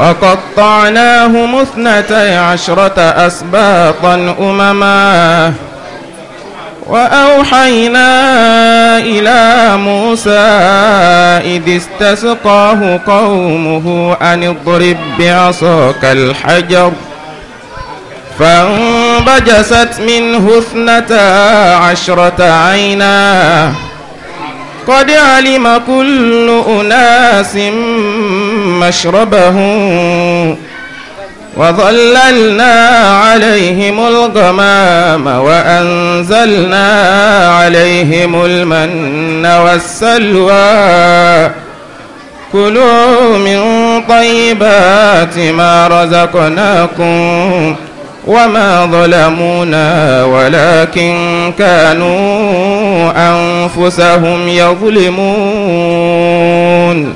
وقطعناهم اثنتي عشرة أسباطا أمما وأوحينا إلى موسى إذ استسقاه قومه أن اضرب بعصاك الحجر فانبجست منه اثنتا عشرة عينا قد علم كل أناس مشربه وظللنا عليهم الغمام وأنزلنا عليهم المن والسلوى كلوا من طيبات ما رزقناكم وما ظلمونا ولكن كانوا أنفسهم يظلمون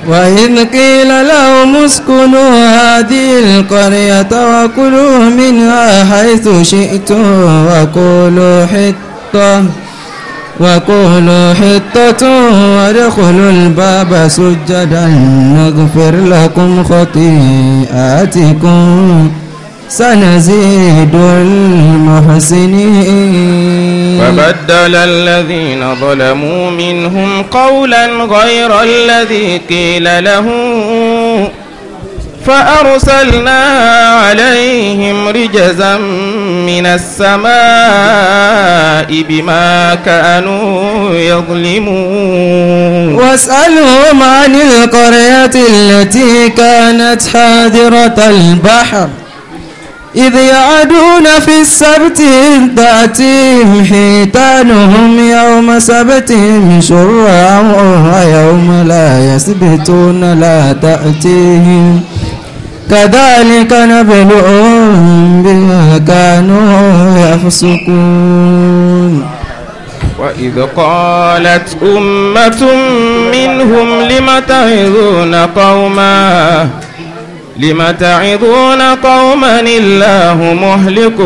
وإذ قيل لهم اسكنوا هذه القرية وكلوا منها حيث شئتم وقولوا حطة وقولوا حطة وادخلوا الباب سجدا نغفر لكم خطيئاتكم سنزيد المحسنين فبدل الذين ظلموا منهم قولا غير الذي قيل له فأرسلنا عليهم رجزا من السماء بما كانوا يظلمون واسألهم عن القرية التي كانت حاضرة البحر إذ يعدون في السبت تأتيهم حيتانهم يوم سبتهم شرعا ويوم لا يسبتون لا تأتيهم كذلك نبلؤهم بما كانوا يفسقون وإذ قالت أمة منهم لم تعظون قوما لم تعظون قوما الله مهلك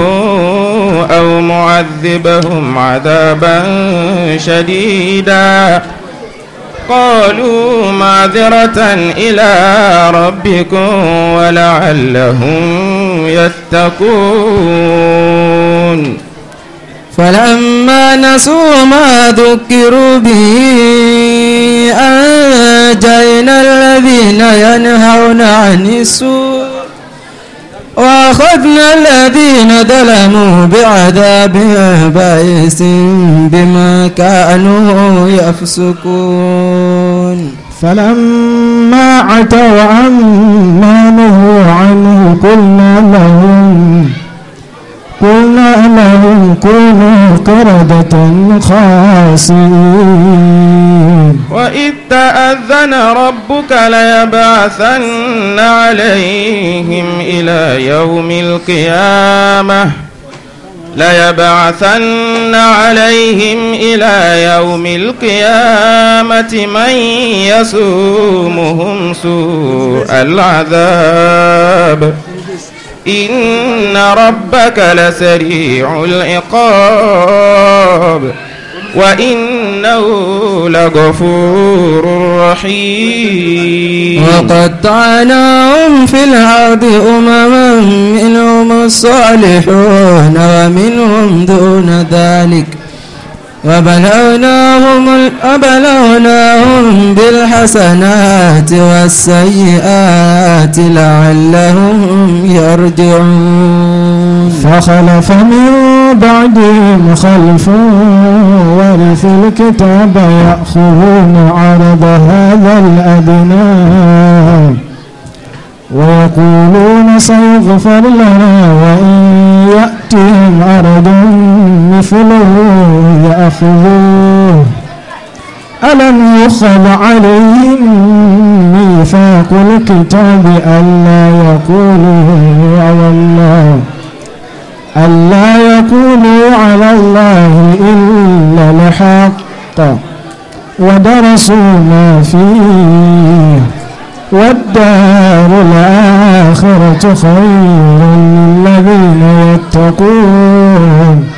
أو معذبهم عذابا شديدا قالوا معذرة إلى ربكم ولعلهم يتقون فلما نسوا ما ذكروا به أنجينا الذين ينهون عن السوء وأخذنا الذين ظلموا بعذاب بائس بما كانوا يفسقون فلما عتوا عما نهوا عنه قلنا لهم قلنا لهم كونوا قردة خاسئين وإذ تأذن ربك ليبعثن عليهم إلى يوم القيامة ليبعثن عليهم إلى يوم القيامة من يسومهم سوء العذاب إن ربك لسريع العقاب وإنه لغفور رحيم وقطعناهم في الأرض أمما منهم الصالحون ومنهم دون ذلك وبلوناهم, وبلوناهم بالحسنات والسيئات لعلهم يرجعون فخلف من بعدهم خلف ورث الكتاب يأخذون عرض هذا الأدنى ويقولون سيغفر لنا وإن يأتهم عرض مثله يأخذوه ألم يخل عليهم ميثاق الكتاب ألا يقولوا على الله ألا يقولوا على الله إلا الحق ودرسوا ما فيه والدار الآخرة خير للذين يتقون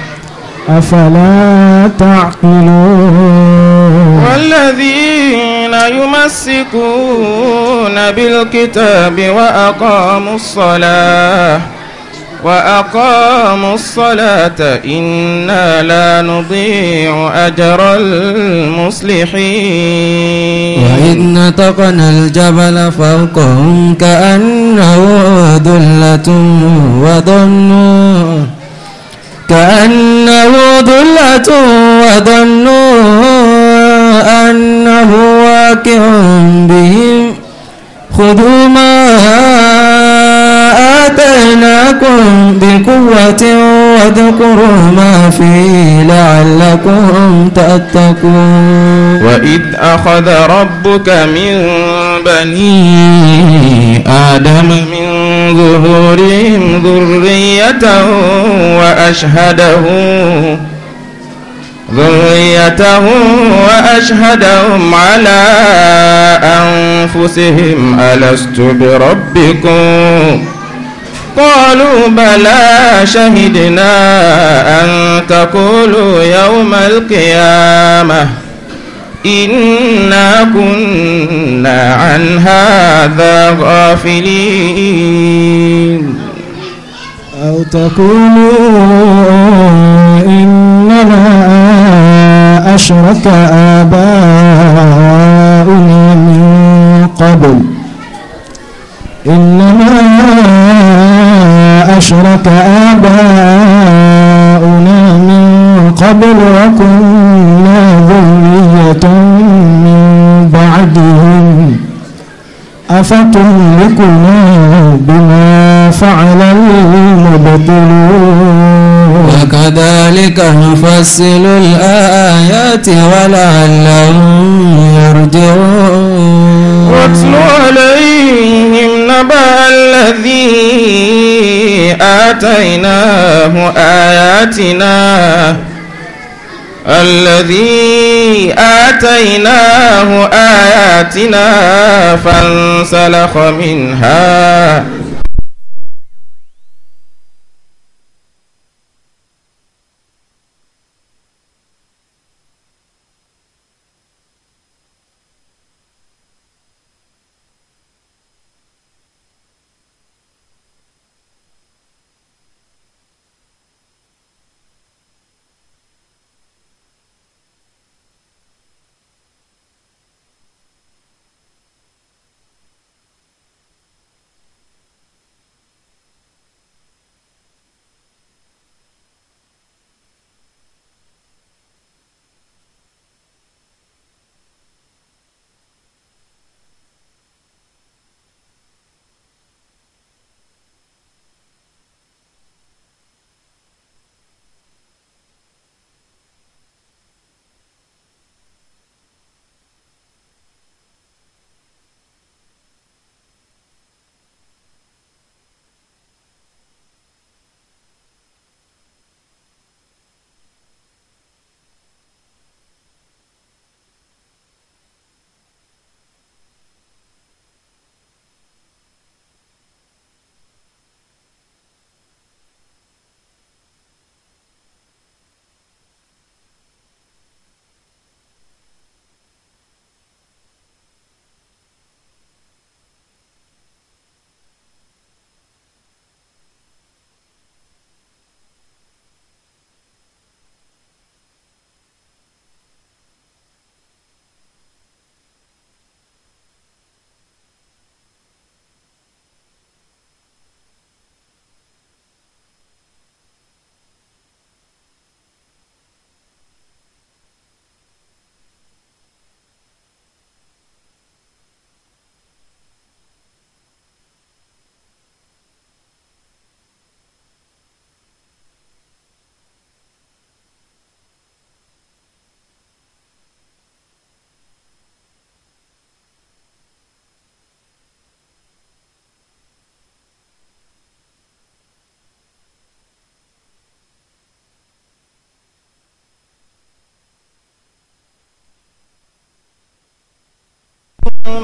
أفلا تعقلون والذين يمسكون بالكتاب وأقاموا الصلاة وأقاموا الصلاة إنا لا نضيع أجر المصلحين وإذ نطقنا الجبل فوقهم كأنه ذلة وظنوا كأنه ذلة وظنوا أنه واقع بهم خذوا ما لكم بقوة واذكروا ما فيه لعلكم تتقون وإذ أخذ ربك من بني آدم من ظهورهم ذريتهم وأشهدهم ذريتهم وأشهدهم على أنفسهم ألست بربكم قالوا بلى شهدنا أن تقولوا يوم القيامة إنا كنا عن هذا غافلين أو تقولوا إنما أشرك آباؤنا من قبل إنما أشرك آباؤنا من قبل وكنا ذرية من بعدهم أفتهلكنا بما فعل المبطلون وكذلك نفصل الآيات ولعلهم يرجعون واتل عليهم نبأ الذين آتيناه آياتنا الذي آتيناه آياتنا فانسلخ منها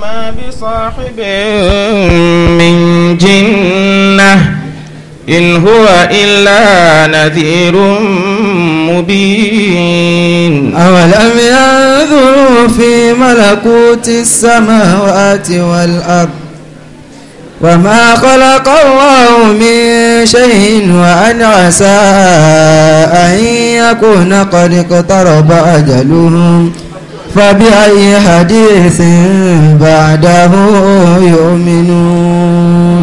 ما بصاحب من جنة إن هو إلا نذير مبين أولم ينظروا في ملكوت السماوات والأرض وما خلق الله من شيء وأن عسى أن يكون قد اقترب أجلهم فبأي حديث بعده يؤمنون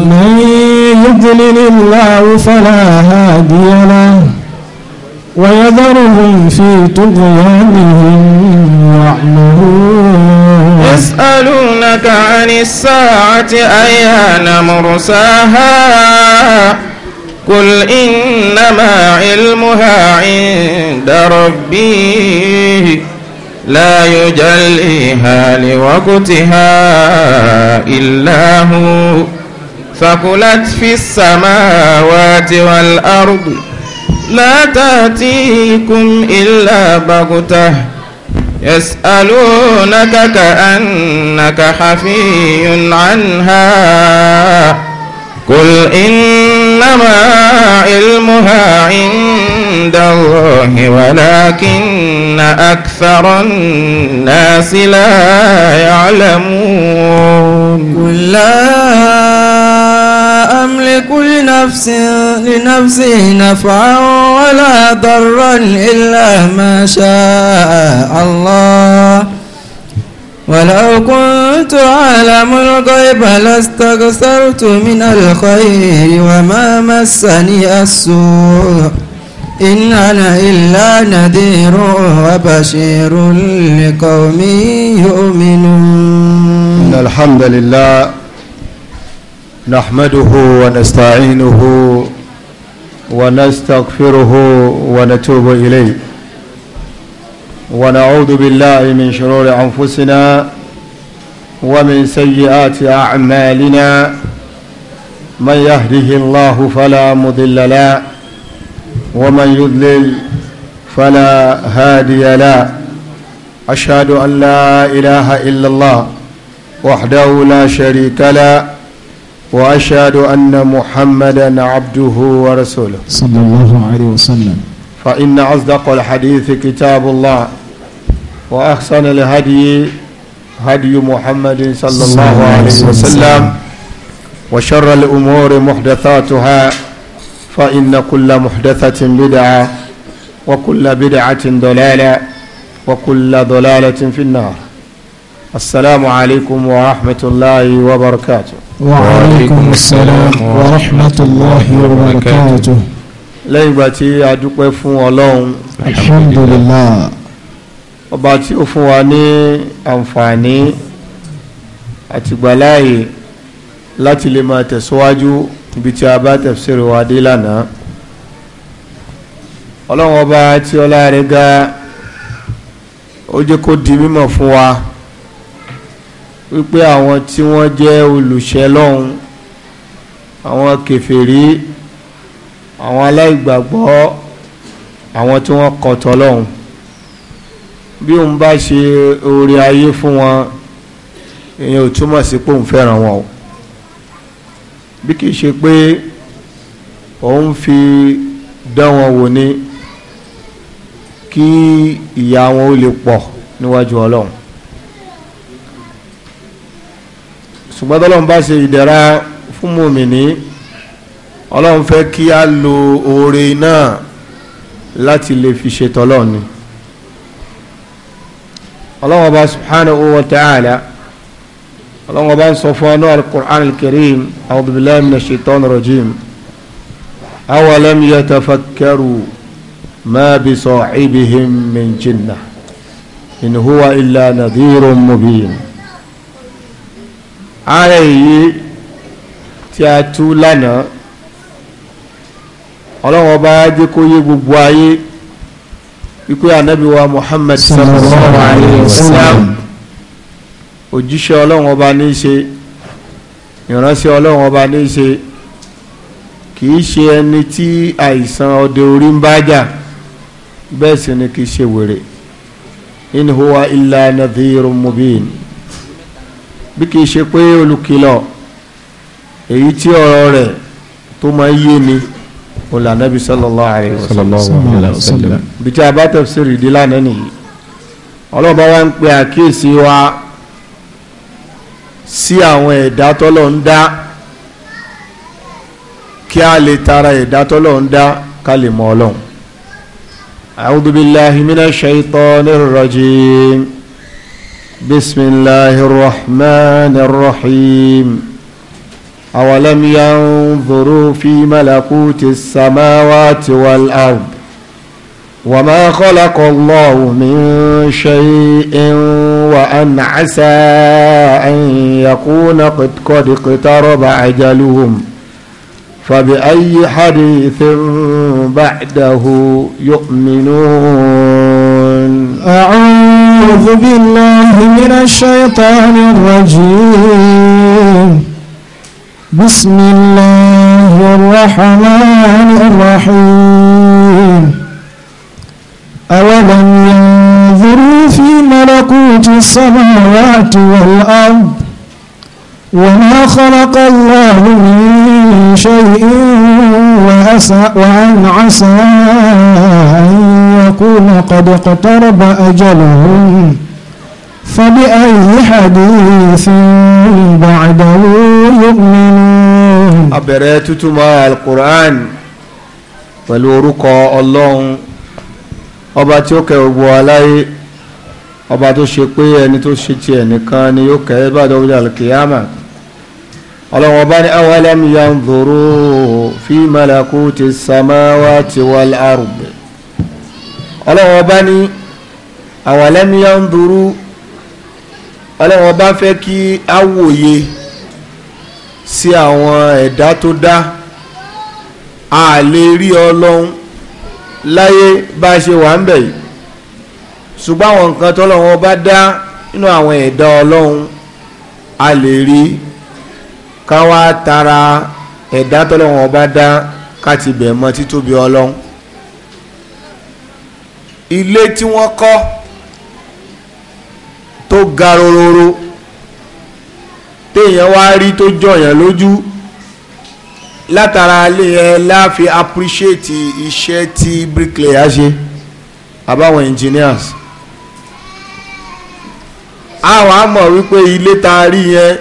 من يضلل الله فلا هادي له ويذرهم في طغيانهم يعمهون يسألونك عن الساعة أيان مرساها قل إنما علمها عند ربي لا يجليها لوقتها إلا هو فكلت في السماوات والأرض لا تأتيكم إلا بغته يسألونك كأنك حفي عنها قل إنما علمها عند عند الله ولكن أكثر الناس لا يعلمون قل لا أملك لنفس لنفسه نفعا ولا ضرا إلا ما شاء الله ولو كنت أعلم الغيب لاستكثرت من الخير وما مسني السوء إن أنا إلا نذير وبشير لقوم يؤمنون إن الحمد لله نحمده ونستعينه ونستغفره ونتوب إليه ونعوذ بالله من شرور أنفسنا ومن سيئات أعمالنا من يهده الله فلا مضل له ومن يذلل فلا هادي له أشهد أن لا إله إلا الله وحده لا شريك له وأشهد أن محمدا عبده ورسوله صلى الله عليه وسلم فإن أصدق الحديث كتاب الله وأحسن الهدي هدي محمد صلى الله عليه وسلم وشر الأمور محدثاتها فإن كل محدثة بدعة وكل بدعة ضلالة وكل ضلالة في النار السلام عليكم ورحمة الله وبركاته وعليكم السلام ورحمة الله وبركاته lẹ́yìn ìgbà tí a dúpẹ́ fún ọlọ́run alhamdulillah ọba tí ó fún wa ní àǹfààní àtìgbàláyè láti lè máa tẹ̀síwájú ibi tí a bá tafsir wa dé lánàá ọlọ́run ọba tí ọlá rẹ̀ ga ó jẹ́ kó di mímọ̀ fún wa wípé àwọn tí wọ́n jẹ́ olùṣẹ́ lọ́hùn àwọn kèfèrí àwọn aláìgbàgbọ́ àwọn tí wọ́n kọ̀tọ̀ lọ́hùn bí òun bá ṣe oore ayé fún wọn ìyẹn ò túmọ̀ sí pé òun fẹ́ràn wọn o bí kìí ṣe pé òun fi dán wọn wò ni kí ìyà wọn ó lè pọ̀ níwájú ọlọ́run ṣùgbọ́n tọ́lọ́run bá ṣe ìdẹ̀ra fún mòmìnì ọlọ́run fẹ́ kí a lo oore náà láti lè fi ṣe tọ́lọ́run ọlọ́run ọba subhanahu wa ta'ala ọlọ́wọ́n bá ń sọ fún ọ́nà al-Qur'an al-Karim a'udhu billahi minash shaitanir rajim awalam yatafakkaru ma bi sahibihim min jinnah in huwa illa nadhirun mubin ara èyí tí a tú lánàá ọlọ́wọ́n bá jẹ́ kó yé gbogbo ayé wípé ànábì wa Muhammad sallallahu alayhi wa sallam òjíṣẹ́ ọlọ́run ọba ní í ṣe ìránṣẹ́ ọlọ́run ọba ní í ṣe kì í ṣe ẹni tí àìsàn ọdẹ orí ń bá jà bẹ́ẹ̀ sì ni kì í ṣe wèrè in huwa illa nadhirun mubin bí kì í ṣe pé olùkìlọ̀ èyí tí ọ̀rọ̀ rẹ̀ tó máa ń yé ni ọ̀là nàbí sallallahu alayhi wa sallam bí tí a bá tafsiri ìdílànà nìyí ọlọ́ba wa ń pe àkíyèsí wa sí àwọn ẹ̀dá tọ́lọ̀ ń dá kí a lè tara ẹ̀dá tọ́lọ̀ ń dá ká lè mọ ọlọ́run. أعوذ بالله من الشيطان الرجيم بسم الله الرحمن الرحيم أولم ينظروا في ملكوت السماوات والأرض وما خلق الله من شيء وأن عسى أن يكون قد قد اقترب عجلهم فبأي حديث بعده يؤمنون أعوذ بالله من الشيطان الرجيم بسم الله الرحمن الرحيم أولم ينظروا في ملكوت السماوات والأرض وما خلق الله من شيء وأن عسى أن يكون قد اقترب أجلهم فبأي حديث بعده يؤمنون أبريت القرآن pẹ̀lú orúkọ ọba tí ó kẹ́ gbogbo aláyé ọba tó ṣe pé ẹni tó ṣe tiẹ̀ nìkan ni yóò kẹ́ bá dọ́gbọ́dọ̀ alkiyama ọlọ́run ọba ní awalam yanzuru fi malakuti samawati wal ardi ọlọ́run ọba ní awalam yanzuru ọlọ́run ọba fẹ́ kí a sí àwọn ẹ̀dá tó dá a rí ọlọ́run láyé bá a ṣe wà ń bẹ̀ yìí ṣùgbọ́n àwọn nǹkan tọ́lọ́wọ́n bá dá nínú àwọn ẹ̀dá ọlọ́run a lè rí ká tara ẹ̀dá tọ́lọ́wọ́n bá dá ká ti bẹ̀ mọ́ títóbi ọlọ́run ilé tí wọ́n kọ́ tó ga rororo téèyàn wá rí tó jọyàn lójú látara ilé ẹ láfi appreciate iṣẹ́ tí bricklayer ṣe àbáwọn engineers àwọn á mọ̀ wípé ilé ta rí yẹn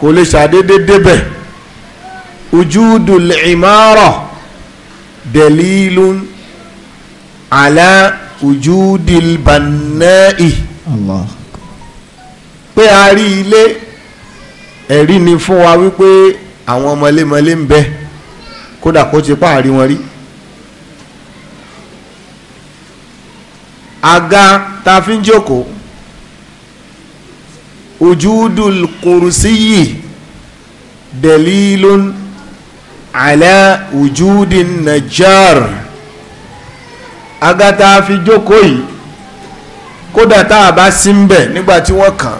kò lè ṣàdédé débẹ̀ ujúdùl ìmárà dalilun àlá ujúdìl bannai Allah pé a rí ilé ẹ̀rí ni fún wa wípé àwọn mọlémọlé ń bẹ kódà kó ti páàrí wọn rí àga tá fi ń jókòó ojúdùl kùrùsíyì dẹ̀lílùn àlẹ́ ojúdìn nàjàr àga tá fi jókòó yìí kódà tá a bá sí ń bẹ̀ nígbà tí wọ́n kàn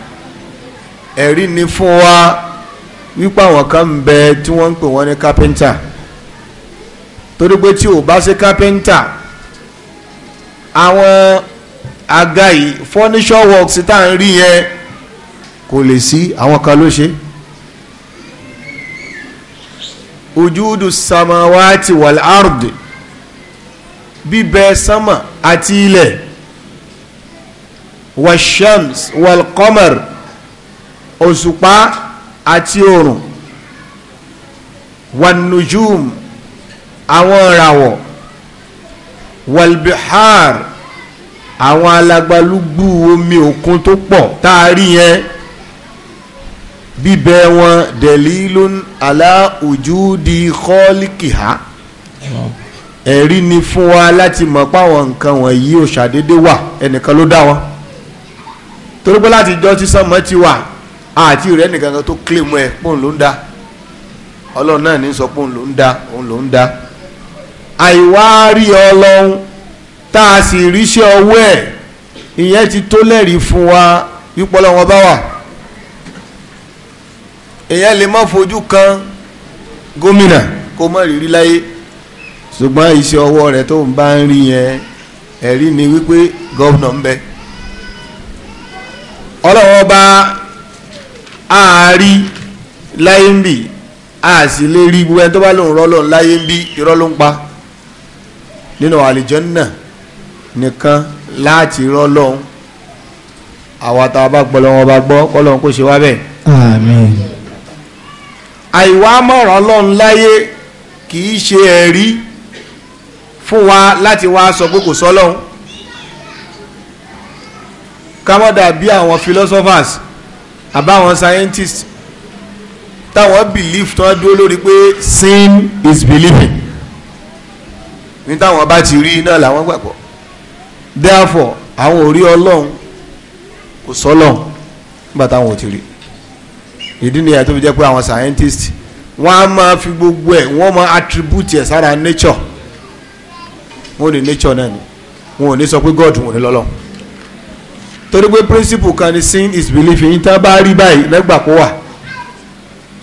ẹ̀rí ni fún wa wípé àwọn kan ń bẹ tí wọ́n ń pè wọ́n ní kápẹ́ńtà torí pé tí ò bá ṣe kápẹ́ńtà àwọn àga yìí furniture works tá à ń rí yẹn kò lè sí àwọn kan ló ṣe ojúdù samawati wal ard bíbẹ sánmà àti ilẹ̀ washams wal qamar òṣùpá àti oòrùn wanujum àwọn ìràwọ̀ walbihar àwọn alagbalúgbú omi òkun tó pọ̀ tá a rí yẹn bíbẹ wọn dẹ̀lílún alá ujudi khaliqiha ẹ̀rí ni fún wa láti mọ̀ páwọn nǹkan wọ̀nyí ò ṣàdédé wà ẹnìkan ló dá wọn torí pé láti jọ́ tí sánmọ̀ ti wà àti rẹ nìkan kan tó claim ẹ pọ́n ló ń da ọlọ́run náà ní sọ pọ́n ló ń da òun ló ń da àìwárí ọlọ́run tá a sì ríṣẹ́ ọwọ́ ẹ̀ ìyẹn ti tó lẹ́rìí fún wa yípọ́lọ́ wọn bá wà èyàn lè má fojú kan gómìnà kó má rírí láyé ṣùgbọ́n iṣẹ́ ọwọ́ rẹ̀ tó ń bá ń rí yẹn ẹ̀rí ni wípé gómìnà ń bẹ ọlọ́wọ́ bá àárí láyé ń bì á sì lè rí gbogbo ẹni tó bá lòun rọ́lọ́ láyé ń bí irọ́ ló ń pa nínú àlìjànnà nìkan láti rọ́lọ́ àwa tá a bá gbọ́ lọ́wọ́ bá gbọ́ kọ́lọ́hún kó ṣe wá bẹ́ẹ̀. àìwá mọ̀ràn ọlọ́run láyé kì í ṣe ẹ̀rí fún wa láti wá sọ pé kò sọ́lọ́hún ká bí àwọn philosophers àbáwọn scientist táwọn belief tó ń dúró lórí pé sin is believing ní táwọn bá ti rí náà làwọn gbàgbọ́ therefore àwọn ò rí ọlọ́run kò sọ́lọ́run nígbà táwọn ò ti rí ìdí nìyẹn tó fi jẹ́ pé àwọn scientist wọ́n á máa fi gbogbo ẹ̀ wọ́n máa attribute ẹ̀ sára nature wọ́n ò ní nature náà ni wọ́n ò ní sọ pé God wọ́n ò ní lọ́lọ́run torí pé principle kan ni sin is belief yìí tá a bá rí báyìí lẹ́gbà kó wà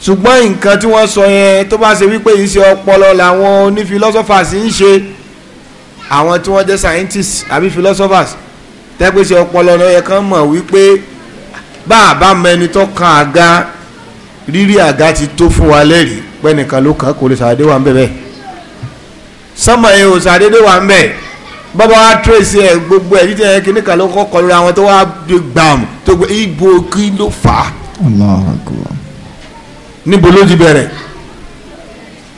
ṣùgbọ́n nǹkan tí wọ́n sọ yẹn tó bá ṣe wípé iṣẹ́ ọpọlọ làwọn oní philosophers ń ṣe àwọn tí wọ́n jẹ́ scientists àbí philosophers tẹ́gbẹ́sẹ̀ ọpọlọ náà yẹ kán mọ̀ wípé bá a bá mẹni tó kan àga rírí àga ti tó fún wa lẹ́rìí pẹ́nìkan ló kàn kó lè ṣàdédé wà ń bẹ̀ bẹ́ẹ̀ sọ́mọ̀ yẹn ò ṣàdédé wà ń bẹ̀ bọ́bá wa tracy ẹ̀ gbogbo ẹ̀ títẹ̀ ẹ̀ kíní kan ló kọ́kọ́ lórí àwọn tó wá di gbàm tó gbé ibo kí ló fà á. níbo ló ti bẹ̀rẹ̀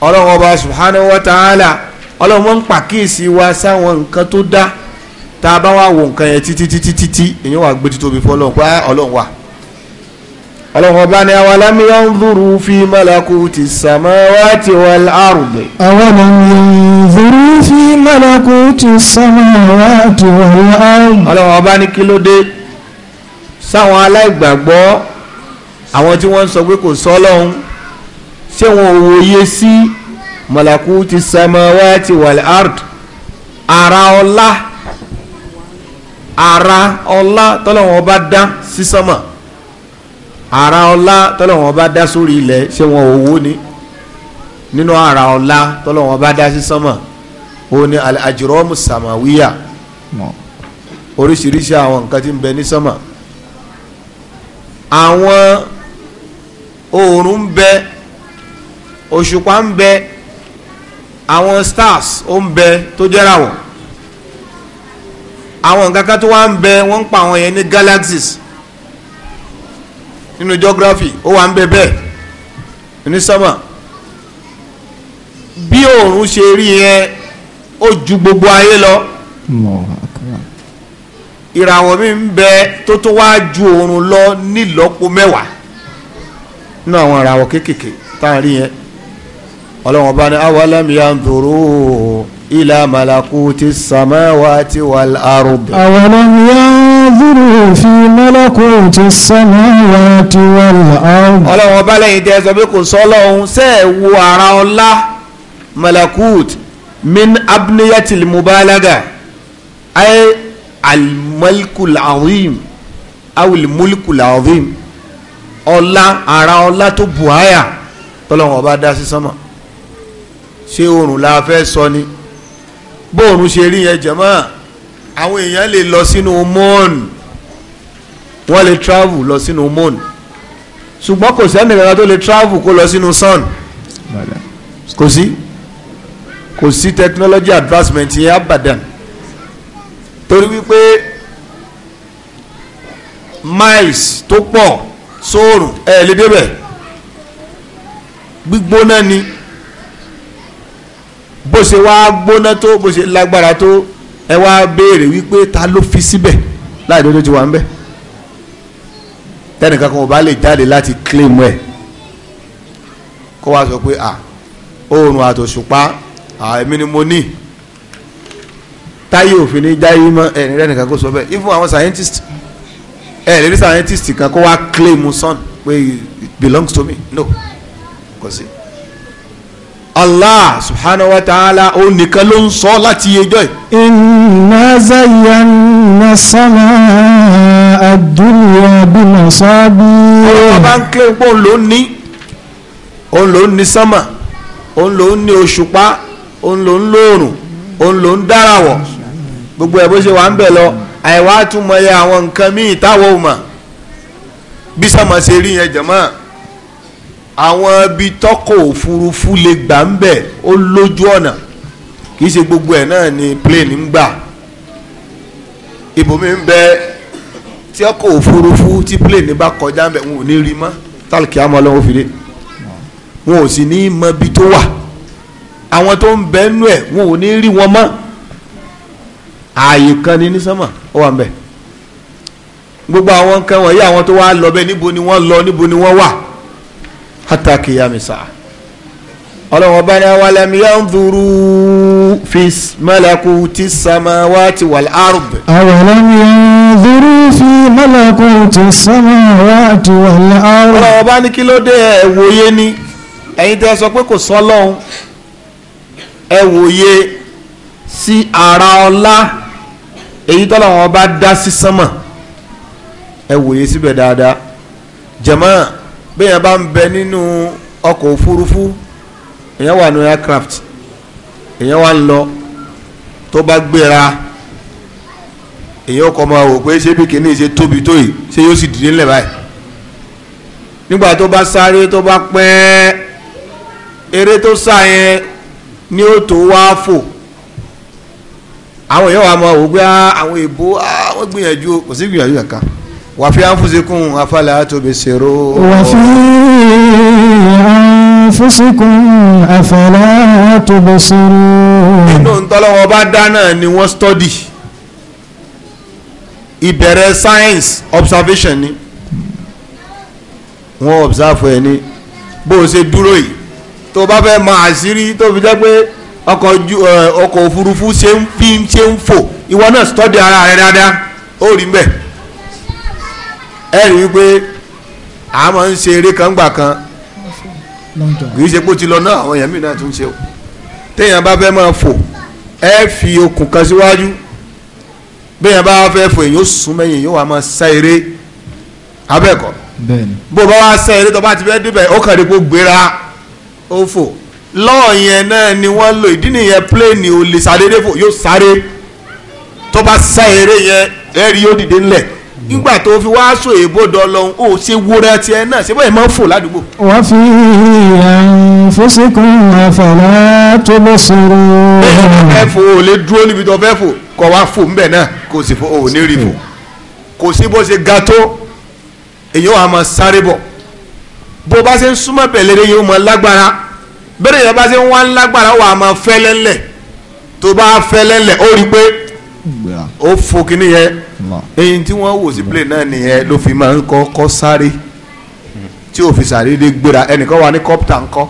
ọlọ́run ọba subhanahu wa ta'ala ọlọ́run wọn ń pàkíyèsí wa sáwọn nǹkan tó dá tá a bá wà wò nǹkan yẹn títí títí títí èèyàn wà gbé títóbi fọlọ́run pé ah, ọlọ́run wà ọlọ́run ọba ni awalam yanzuru fi malakuti samawati wal ardi. awalam yanzuru fi malakuti samawati wal ardi. ọlọ́run ọba ní kí ló dé sáwọn aláìgbàgbọ́ àwọn tí wọ́n ń sọ pé kò sọ ọlọ́run ṣé wọn ò wòye sí malakuti samawati wal ardi ara ọlá ara ọlá tọ́lọ́run ọba dá sí sánmà ara ọlá tọ́lọ́wọ́n bá dá sórí ilẹ̀ ṣé wọn owó ni nínú ara ọlá tọ́lọ́wọ́n bá dá sí sánmà ó ní àjùrọ́mù sàmàwíyà oríṣiríṣi àwọn nǹkan tí ń bẹ ní sánmà àwọn oòrùn ń bẹ òṣùpá ń bẹ àwọn stars ó ń bẹ tó jẹ́ra wọ̀ àwọn nǹkan kan tó wá ń bẹ wọ́n ń pa àwọn yẹn ní galaxies nínú geography ó wà ń bẹ bẹ́ẹ̀ ní sábà bí òòrùn ṣe rí yẹn ó ju gbogbo ayé lọ ìràwọ̀ mi ń bẹ tó tún wá ju òòrùn lọ nílọ́po mẹ́wàá nínú àwọn ìràwọ̀ kéékèèké tá a rí yẹn ọlọ́wọ́n bá ní awalam yanzuru ila malakuti samawati wal ardi. awalam yanzuru. فانظروا في ملكوت السماوات والأرض ọlọ́run ọba lẹ́yìn tẹ́ sọ pé kò sọ ọlọ́run ṣe é wo ara ọlá malakut min abniyatil mubalaga ay almalkul azim awilmulkul azim ọlá ara ọlá tó buhaya tọ́lọ́run ọba dá sí sánmà ṣé oòrùn la fẹ́ sọ ni bóòrùn ṣe rí yẹn jẹ̀mọ́ àwọn èèyàn lè lọ sínú mọ́ọ̀nù wọ́n lè travel lọ sínú mọ́ọ̀nù ṣùgbọ́n kò sẹ́ni kankan tó lè travel kó lọ sínú sun kò sí kò sí technology advancement yẹn abadan torí wípé miles tó pọ̀ sóòrùn ẹ̀ lè débẹ̀ gbígbóná ni bó ṣe wá gbóná tó bó ṣe lágbára tó ẹ wá béèrè wípé ta ló fi síbẹ̀ láì dúró ti wà ń bẹ̀ tẹnìkan kan ò bá lè jáde láti claim ẹ̀ kó wá sọ pé à oòrùn àtòṣùpá àmì ni mo ní táyé òfin ní jáyé mọ́ ẹ̀rín rẹ̀ nìkan kó sọ bẹ́ẹ̀ even àwọn scientist ẹ̀ lè rí scientist kan kó wá claim son. pé it belongs to me no kò sí. Allah subhanahu wa ta'ala ó nìkan ló ń sọ láti ẹjọ́ ẹ̀. inna zayyana sama ad-dunya bi masabi. ọlọ́pàá bá ń kílẹ̀ pé òun ló ní òun ló ní sánmà òun ló ní òṣùpá òun ló ń lóòrùn òun ló ń dáràwọ̀ gbogbo ẹ̀ bó ṣe wà ń bẹ̀ lọ àìwá túmọ̀ yẹ àwọn nǹkan míì táwọn ò mọ̀ bí sánmà ṣe rí yẹn jẹ̀mọ́ àwọn ibi tọ́kọ̀ òfurufú lè gbà ń bẹ̀ ó lójú ọ̀nà kì ṣe gbogbo ẹ̀ náà ni plane ń gbà ibòmí ń bẹ tí ọkọ̀ òfurufú tí plane bá kọjá ń bẹ̀ wọn ò ní rí mọ́ tálkì àmọ́ ọlọ́wọ́ fìdí wọn ò sì ní mọ ibi tó wà àwọn tó ń bẹ nú ẹ̀ wọn ò ní rí wọn mọ́ ààyè kan ní ní ó wà ń bẹ̀ gbogbo àwọn kan wọ̀nyí àwọn tó wá lọ bẹ́ẹ̀ níbo ni wọ́n lọ níbo ni wọ́n wà hata kìyàmìsà ọlọ́wọ́n bá ní awalam yanzuru fi malakuti samawati wal ard. awalam yanzuru fi malakuti samawati wal ard. ọlọ́wọ́n bá ní kí ló dé ẹ wòye ni ẹ̀yin tẹ́ sọ pé kò sọ́lọ́hún ẹ wòye sí ara ọlá èyí tọ́lọ́wọ́n bá dá sí sánmà ẹ wòye síbẹ̀ dáadáa jẹ̀mọ́ bẹ́ẹ̀ bá ń bẹ nínú ọkọ̀ òfurufú èèyàn wà ní aircraft èèyàn wà ń lọ tó bá gbéra èèyàn kọ́ máa wò pé ṣé bí kìíní ṣe tóbi tó yìí ṣé yóò sì dìde ńlẹ̀ báyìí nígbà tó bá sáré tó bá pẹ́ eré tó sá yẹn ni ó tó wá fò àwọn èèyàn wà máa wò pé ah, àwọn èèbó àwọn ah, gbìyànjú kò sí gbìyànjú wà anfusikun afala tubisiru. wà fi anfusikun afala tubisiru. inú ntọ́lọ́wọ́ bá dáná ni wọ́n study ìbẹ̀rẹ̀ science observation ni wọ́n observe ẹ̀ ní bó o ṣe dúró yìí tó o bá fẹ́ mọ àṣírí tó fi jẹ́ pé ọkọ̀ òfurufú ṣe ń fi ṣe ń fò ìwọ náà study ara rẹ dáadáa ó rí mbẹ́ ẹ rí i pé a máa ń ṣe eré kan gbà kan kì í ṣe pé ó ti lọ náà àwọn èèyàn mi náà tún ṣe o téèyàn bá fẹ́ máa fò ẹ fi okùn kan síwájú béèyàn bá fẹ́ fò èyàn ó sún mẹ́yìn yóò wá máa sá eré abẹ́ẹ̀kọ́ bó bá wá sá eré tó bá ti fẹ́ débẹ̀ ó kàn rí pé ó gbéra ó fò lọ́ọ̀ yẹn náà ni wọ́n lò ìdí nìyẹn pléènì ò lè sáré fò yóò sáré tó bá sá eré yẹn ẹ̀rí yóò dìde ńlẹ̀ nígbà tó fi wá sọ èèbó dọlọ́hún ó ṣe wúra tiẹ̀ náà ṣé báyìí máa ń fò ládùúgbò. wọ́n fi àǹfọ̀síkún àfàlà tó bọ́ sọ̀rọ̀. ẹ fò ò lè dúró níbi tó fẹ́ fò kọ́ wá fò ńbẹ̀ náà kò sì fò ò ní rí fò kò sí bó ṣe ga tó èyí wàá máa sáré bọ̀ bó bá ṣe ń súnmọ́ pẹ̀lẹ́rẹ́ yóò máa lágbára bẹ́ẹ̀ ni bá ṣe ń wá lágbára wàá máa fẹ́lẹ́lẹ̀ tó bá fẹ́lẹ́lẹ̀ ó rí pé ó fo kínní yẹn eyín tí wọ́n wò sí plane náà nìyẹn ló fi máa ń kọ́kọ́ sáré tí ò fi sàdédé gbéra ẹnìkan wà ní kọ́pútà ńkọ́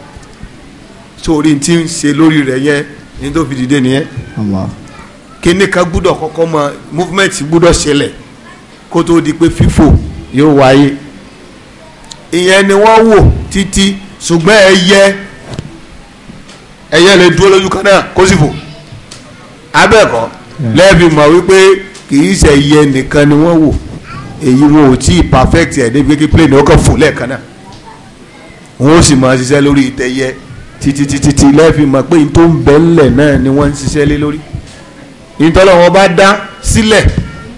sórí tí ń ṣe lórí rẹ̀ yẹn ní tó fi dìde nìyẹn kínní kan gbúdọ̀ kọ́kọ́ mọ movement gbúdọ̀ ṣẹlẹ̀ kó tó di pé fífò yóò wáyé ìyẹn ni wọ́n wò títí ṣùgbọ́n ẹyẹ ẹyẹ lè dúró lójú kan náà kó sì fò abẹ́ẹ̀kọ́ lẹ́ẹ̀bí mọ̀ wípé kì í ṣe iye nìkan ni wọ́n wò èyí wọn ò tí ì perfect ẹ̀ débi kí plane ó kàn fò lẹ́ẹ̀kan náà wọn ó sì máa ṣiṣẹ́ lórí ìtẹ̀yẹ títí títí tí lẹ́ẹ̀fì mọ̀ pé n tó ń bẹ ńlẹ̀ náà ni wọ́n ń ṣiṣẹ́ lé lórí ìtọ́lọ̀ wọn bá dá sílẹ̀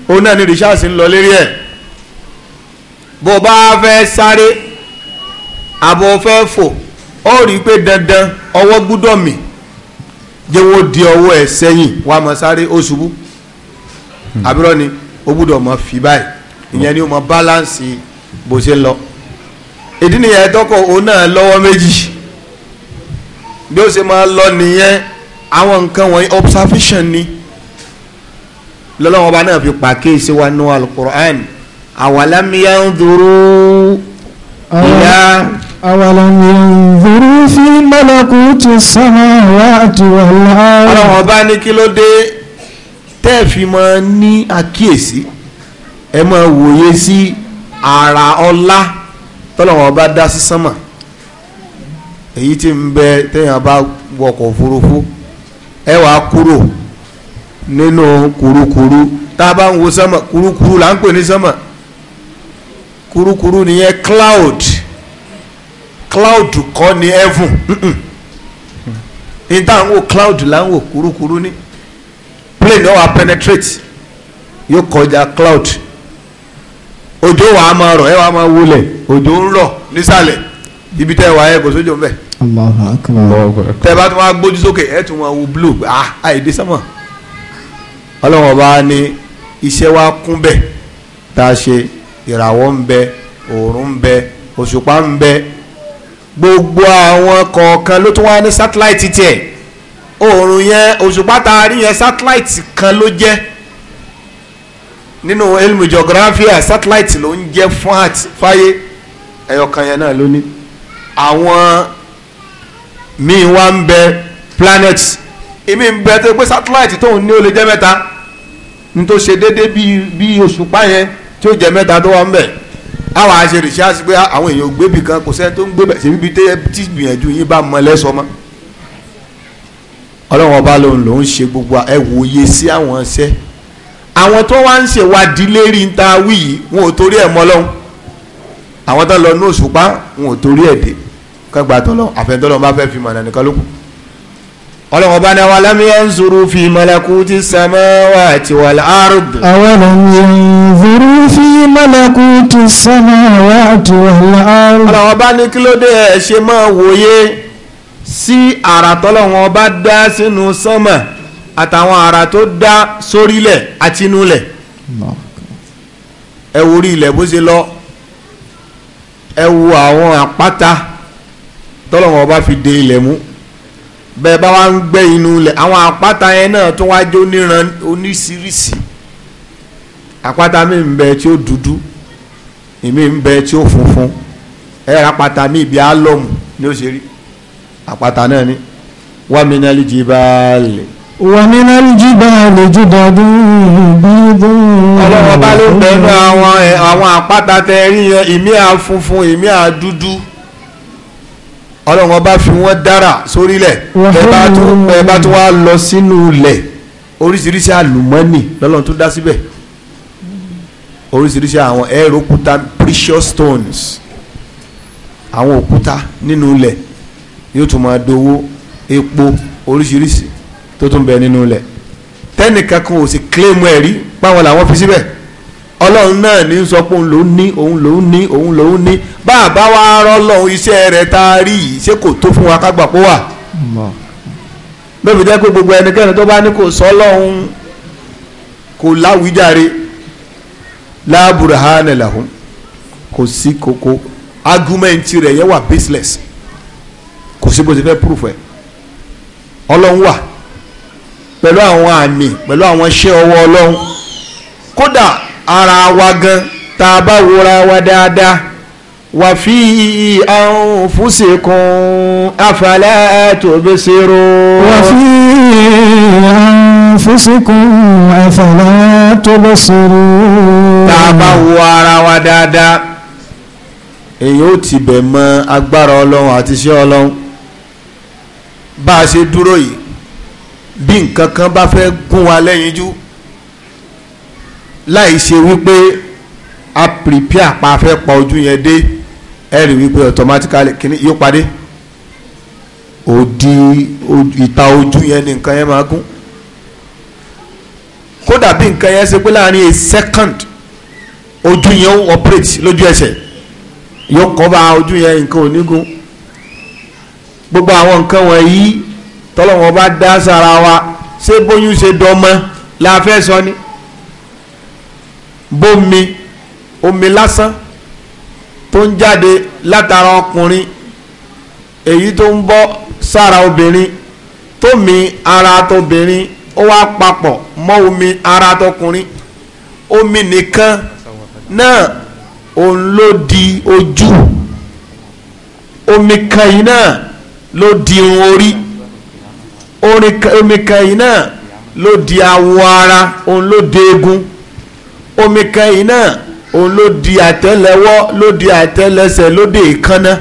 òun náà ni rìṣáàsì ń lọ lérí ẹ̀ bó bá fẹ́ sáré àbò fẹ́ fò ó rí i pé dandan ọwọ́ gbúdọ̀ mì jẹ́ wọ́n di ọwọ́ ẹ̀ sẹ́yìn wọ́n á máa sáré ó ṣubú hmm. àbúrò ni ó gbúdọ̀ máa fi báyìí ìyẹn ni ó máa báláǹsì bó ṣe ń lọ ìdí nìyẹn tọkọ òun náà lọ́wọ́ méjì bí ó ṣe máa lọ nìyẹn àwọn nǹkan wọ̀nyí observation ni lọ́lọ́wọ́n ọba náà fi pàkíyèsí wa nù alukur'an awalam yanzuru ila. أولم ينظروا في ملكوت السماوات والأرض ọlọ́run ọba ní kí ló dé tẹ́ ẹ fi máa ní àkíyèsí ẹ máa wòye sí ara ọlá tọ́lọ́run ọba dá sí sánmà èyí tí ń bẹ téèyàn bá wọkọ̀ òfurufú ẹ wàá kúrò nínú kurukuru tá a bá ń wo sánmà kurukuru là ń pè ní sánmà kurukuru nìyẹn cloud cloud kọ ni heaven ní táwọn wò cloud láwọn kúrúkúrú ní plane náà penetrate yóò kọjá cloud òjò wà á máa rọ̀ ẹ wà á máa wulẹ̀ òjò ń rọ̀ nísàlẹ̀ ibi tẹ́ wà ẹ tẹ́ bá tún wá gbójú sókè tún wo blue ah àìdí ọlọ́wọ́n bá ní iṣẹ́ wa kún tá a ṣe ìràwọ̀ ń bẹ òòrùn ń bẹ òṣùpá ń bẹ gbogbo àwọn kọ̀ọ̀kan ló tún wá ní satellite tiẹ̀ oòrùn yẹn òṣùpá tá a rí yẹn satellite kan ló jẹ́ nínú elmu geographia satellite ló ń jẹ́ fún fáyé ẹyọkan yẹn náà ló ní àwọn míì wá ń bẹ planet èmi ń bẹ tó pé satellite tóun ní ó lè jẹ́ mẹ́ta ní tó ṣe déédéé bíi bíi òṣùpá yẹn tí jẹ́ mẹ́ta tó wà ń bẹ àwọn àṣeré ṣe àṣepé àwọn èèyàn gbébì kan kò sẹ́ni tó ń gbébẹ̀ ṣe bíbi tí gbìyànjú yín bá mọ lẹ́sọ mọ́ ọlọ́run ọba lòun lòun ṣe gbogbo ẹ wòye sí àwọn ṣẹ́ àwọn tó wá ń ṣèwádìí lérí ń ta wí yìí wọn ò torí ẹ̀ mọ́ lọ́hùn àwọn tó ń lọ ní òṣùpá wọn ò torí ẹ̀ dé kẹgbàá tó lọ àfẹnudọ́lọ́wọ́n bá fẹ́ fi mọ̀ nànìkan lókun ọlọ́wọ́n bá ní wa lam yanzuru fi malakuti samawati wal ard. awalam yanzuru fi malakuti samawati wal ard. ọlọ́wọ́n bá ní kí ló dé ẹ̀ ṣe máa wòye sí àrà tọ́lọ́wọ́n bá dá sínú sánmà àtàwọn àrà tó dá sórílẹ̀ àti inúlẹ̀ ẹ wo orí ilẹ̀ bó ṣe lọ ẹ wo àwọn àpáta tọ́lọ́wọ́n bá fi de ilẹ̀ mú bẹ́ẹ̀ bá wá ń gbẹ́ inú ilẹ̀ àwọn àpáta yẹn náà tó wá jó níran oníṣiríṣi àpáta mi ń bẹ tí ó dúdú èmi ń bẹ tí ó funfun ẹ̀rọ àpáta mi ìbí álọ́mù ni ó ṣe rí àpáta náà ni wàmínálì jìbàlẹ̀. wàmínálì jìbàlẹ̀ jìdàdú bídú. ọlọ́wọ́ bá ló bẹ̀rù àwọn àpáta tẹ rí yẹn ìmí à ìmí à ọlọ́run ọba fi wọ́n dára sórílẹ̀ ẹ bá tún wá lọ sínú ilẹ̀ oríṣiríṣi àlùmọ́nì lọ́lọ́run tó dá síbẹ̀ oríṣiríṣi àwọn ẹ̀rọ òkúta precious stones àwọn òkúta nínú ilẹ̀ yóò tún máa dowó epo oríṣiríṣi tó tún bẹ nínú ilẹ̀ tẹ́nìkan kan ò sì claim ẹ̀rí páwọn làwọn fi síbẹ̀ ọlọ́run náà ní sọ pé òun ló ní òun ló ní òun ló ní bàbá wa rọ́ lọ́hùn iṣẹ́ rẹ̀ tá a rí yìí ṣé kò tó fún wa ká gbà pọ̀ wà. lóbi jẹ́ pé gbogbo ẹnikẹ́ni tó bá ní kò sọ lọ́hùn kò láwùjáre láàbùrà hánà làhùn kò sí kókó argument rẹ̀ yẹ wà baseless kò sí bó ti fẹ́ proof ẹ̀ ọlọ́run wà pẹ̀lú àwọn àmì pẹ̀lú àwọn iṣẹ́ ọwọ́ ọlọ́run kódà ara wa gan tá a bá wora wa dáadáa wà fi anfusikum afala tubsirun. wà fi anfusikum afala tubsirun. tá a bá wo ara wa dáadáa èyí ó ti bẹ̀ mọ agbára ọlọ́run àti iṣẹ́ ọlọ́run bá a ṣe dúró yìí bí nǹkan kan bá fẹ́ gún wa lẹ́yinjú láì ṣe wípé a prepare pa afẹ́ pa ojú yẹn dé ẹ rí wípé automatically kìíní yóò padé òdi ìta ojú yẹn ni nǹkan yẹn máa gún kódà bí nǹkan yẹn ṣe pé láàrin a second ojú yẹn ó operate lójú ẹsẹ̀ yóò kọ́ bá ojú yẹn nǹkan onígun gbogbo àwọn nǹkan wọ̀nyí tọ́lọ́wọ́n bá dá sára wa ṣé bóyún ṣe dọ́mọ la fẹ́ sọ ni. Bomi, omi lásán tó ń jáde látara ọkùnrin èyí tó ń bọ́ sára obìnrin tómi ara tóbìnrin ó wá papọ̀ mọ́ omi ara tọkùnrin omi nìkan náà òun ló di ojú omi kan yìí náà ló di irun orí omi kan yìí náà ló di awọ ara òun ló di eegun omi kan yìí náà òun ló di àtẹ́lẹwọ́ ló di àtẹ́lẹsẹ̀ ló dé èékánná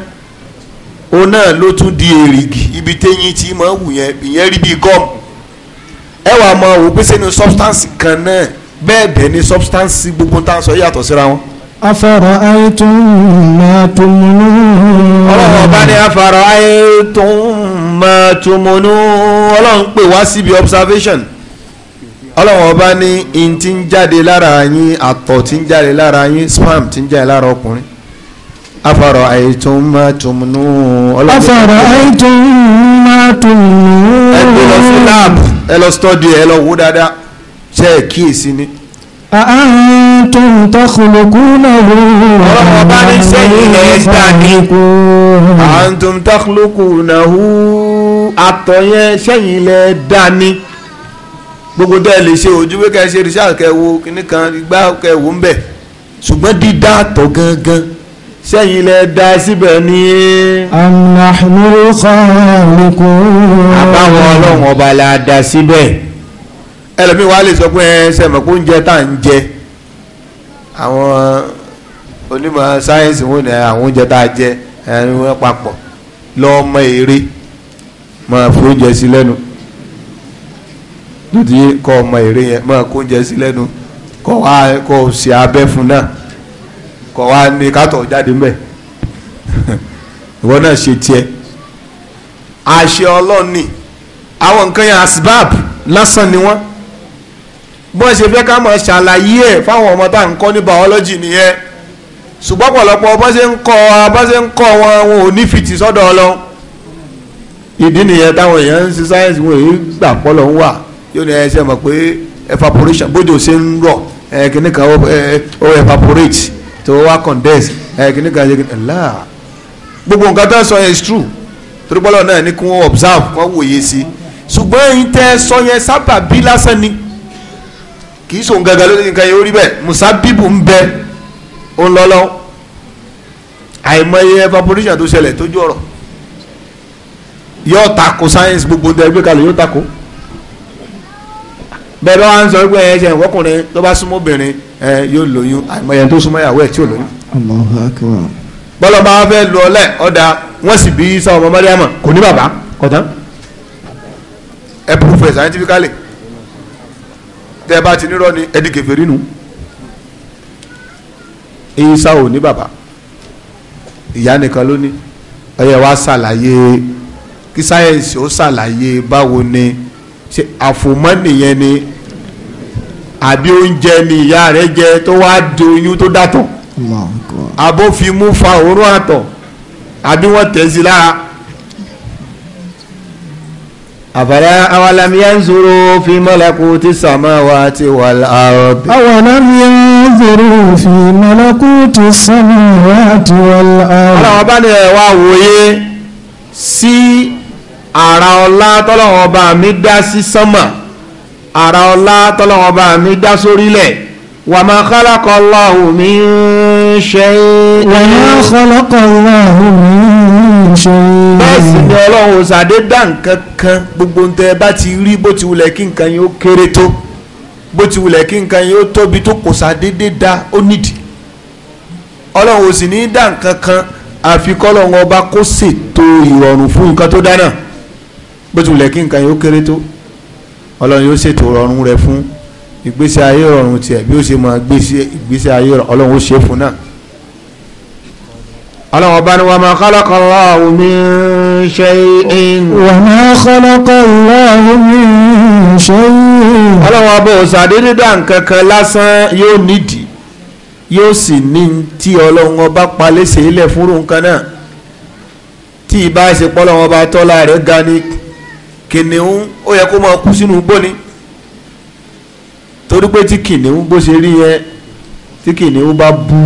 òun náà ló tún di èrìgì ibi téyín tí mo wù yẹn ìyẹn rí bí gum ẹ mọ òun pèsè ní substance kan náà bẹ́ẹ̀ bẹ́ẹ̀ ni substance gbogbo tá a sọ yàtọ̀ síra wọn. afara ayetun ma tumunu. ọlọ́run ọba ní afara ayetun ma tumunu ọlọ́run pè wá síbi observation ọlọ́wọ́n ọba ní in ti ń jáde lára yín àtọ̀ ti ń jáde lára yín spam ti ń jáde lára ọkùnrin afọ̀rọ̀ àìtún máa tún nù. afọ̀rọ̀ àìtún máa tún nù. ẹ gbé lọ sí lab ẹ lọ stọ́dì ẹ lọ wò dáadáa ṣe é kíyèsí ni. àǹtún takùlùkù náà wò. ọlọ́wọ́n ọba ní sẹ́yìn ẹ̀ dà ní. àǹtún takùlùkù náà wò. àtọ̀ yẹn sẹ́yìn lẹ̀ dà ní gbogbo dẹ́ lè ṣe ojú pé kẹ́ ṣe research kẹ́ wo kíní kan gbá kẹ́ wò ń bẹ̀ ṣùgbọ́n dídá àtọ̀ gangan sẹ́yìn lẹ da síbẹ̀ ní. amúnáhùnmí kọ́ọ̀lùkù. àbáwọn ọlọ́run ọba la da síbẹ̀. ẹlòmíì wàá lè sọ pé ẹ sẹ́mọ̀ kó ń jẹ tá à ń jẹ àwọn onímọ̀ sáyẹ́nsì wọn ni àwọn oúnjẹ tá a jẹ ẹni wọn papọ̀ lọ́ọ́ mọ èrè máa fi oúnjẹ sí lẹ́nu dùdú yìí kọ́ ọmọ èrè yẹn máa kó oúnjẹ sí lẹ́nu kọ́ wá kọ́ ṣe abẹ́ fún náà kọ́ wá ní kátó jáde mbẹ́ ìwọ náà ṣe tiẹ̀ àṣẹ ọlọ́ọ̀ni àwọn nǹkan yẹn asbab lásán ni wọ́n bọ́n ṣe fẹ́ ká mọ̀ ṣàlàyé ẹ̀ fáwọn ọmọ tá à ń kọ́ ní biology nìyẹn ṣùgbọ́n pọ̀lọpọ̀ bọ́n ṣe ń kọ́ wa bọ́n ṣe ń kọ́ wọn wọn ò ní fìtì sọ́dọ̀ ọlọ́run ìdí nìyẹn táwọn èèyàn ń ṣe sáyẹ́nsì wọn èyí gbà pọ́lọ́ ń wà yóò ní ẹsẹ̀ mọ̀ pé evaporation bójú ṣe ń rọ̀ kíní kan ó evaporate tó wá condense kíní kan ṣe kíní ẹ̀là gbogbo nǹkan tó ń sọ yẹn is true torípọ́lọ́ náà ní kí wọ́n observe kí wọ́n wòye sí ṣùgbọ́n èyí tẹ́ sọ yẹn sábà bí lásán ni kì í sòun gàgà lórí nǹkan yẹn ó rí bẹ́ẹ̀ musa bíbù ń bẹ ó lọ́lọ́ àìmọye evaporation tó ṣẹlẹ̀ tójú ọ̀rọ̀ yóò tako science gbogbo ń tẹ́ ẹgbẹ́ kalẹ̀ yóò tako. bẹ́ẹ̀ bá wà ń sọ pé ẹ ṣe ìwọ́kùnrin tó bá súnmọ́ obìnrin ẹ yóò lóyún tó ìyàwó tí ò lóyún. bọ́lá bá fẹ́ lu ọlẹ́ ọ̀dà wọ́n sì bí Ìsá ọmọ Màríàmù kò ní bàbá kọ̀tán ẹ bá ti ni ẹ di ṣe àfòmọ́ nìyẹn ni àbí oúnjẹ ni ìyá rẹ̀ jẹ tó wá di oyún tó dàtọ̀ abófimú fa òórùn àtọ̀ àbí wọ́n tẹ̀ sí lára. أفلا أولم ينظروا في ملكوت السماوات والأرض أولم ينظروا في ملكوت السماوات والأرض. ọlọ́wọ́ bá ní ẹ̀ wá wòye sí ara ọlá tọ́lọ́wọ́n ọba mi dá sí sánmà ara ọlá tọ́lọ́wọ́n ọba mi dá sórílẹ̀ wa ma khalaqa Allahu min shay. wa ma khalaqa Allahu min shay. bẹ́ẹ̀ sì ni ọlọ́run ṣàdédá nǹkan kan gbogbo ń tẹ́ bá ti rí bó ti wulẹ̀ kí nǹkan yóò kéré tó bó ti wulẹ̀ kí nǹkan yóò tóbi tó kò ṣàdédé dá ó nídìí ọlọ́run ò sì ní dá nǹkan kan àfi kọ́lọ́run ọba kó ṣètò ìrọ̀rùn fún nǹkan tó dá náà bó ti wùlẹ̀ kí nǹkan yóò kéré tó ọlọ́run yóò ṣètò ọrùn rẹ̀ fún ìgbésí ayé ọrùn tiẹ̀ bí ó ṣe máa ìgbésí ayé ọlọ́run ó ṣe fún náà. ọlọ́run ọba ni wa ma khalaqa Allahu min shay'in. wa ma khalaqa Allahu min shay'in. ọlọ́run ọba òṣàdédé dá nǹkan kan lásán yóò nídìí yóò sì ní tí ọlọ́run ọba palẹ̀ ṣe é lẹ̀ fúnrú nǹkan náà tí ìbá ṣe pọ́ tọ́lá rẹ̀ ga ni kìnìún ó yẹ kó máa kú sínú igbó ni torí pé tí kìnìún bó ṣe rí yẹn tí kìnìún bá bú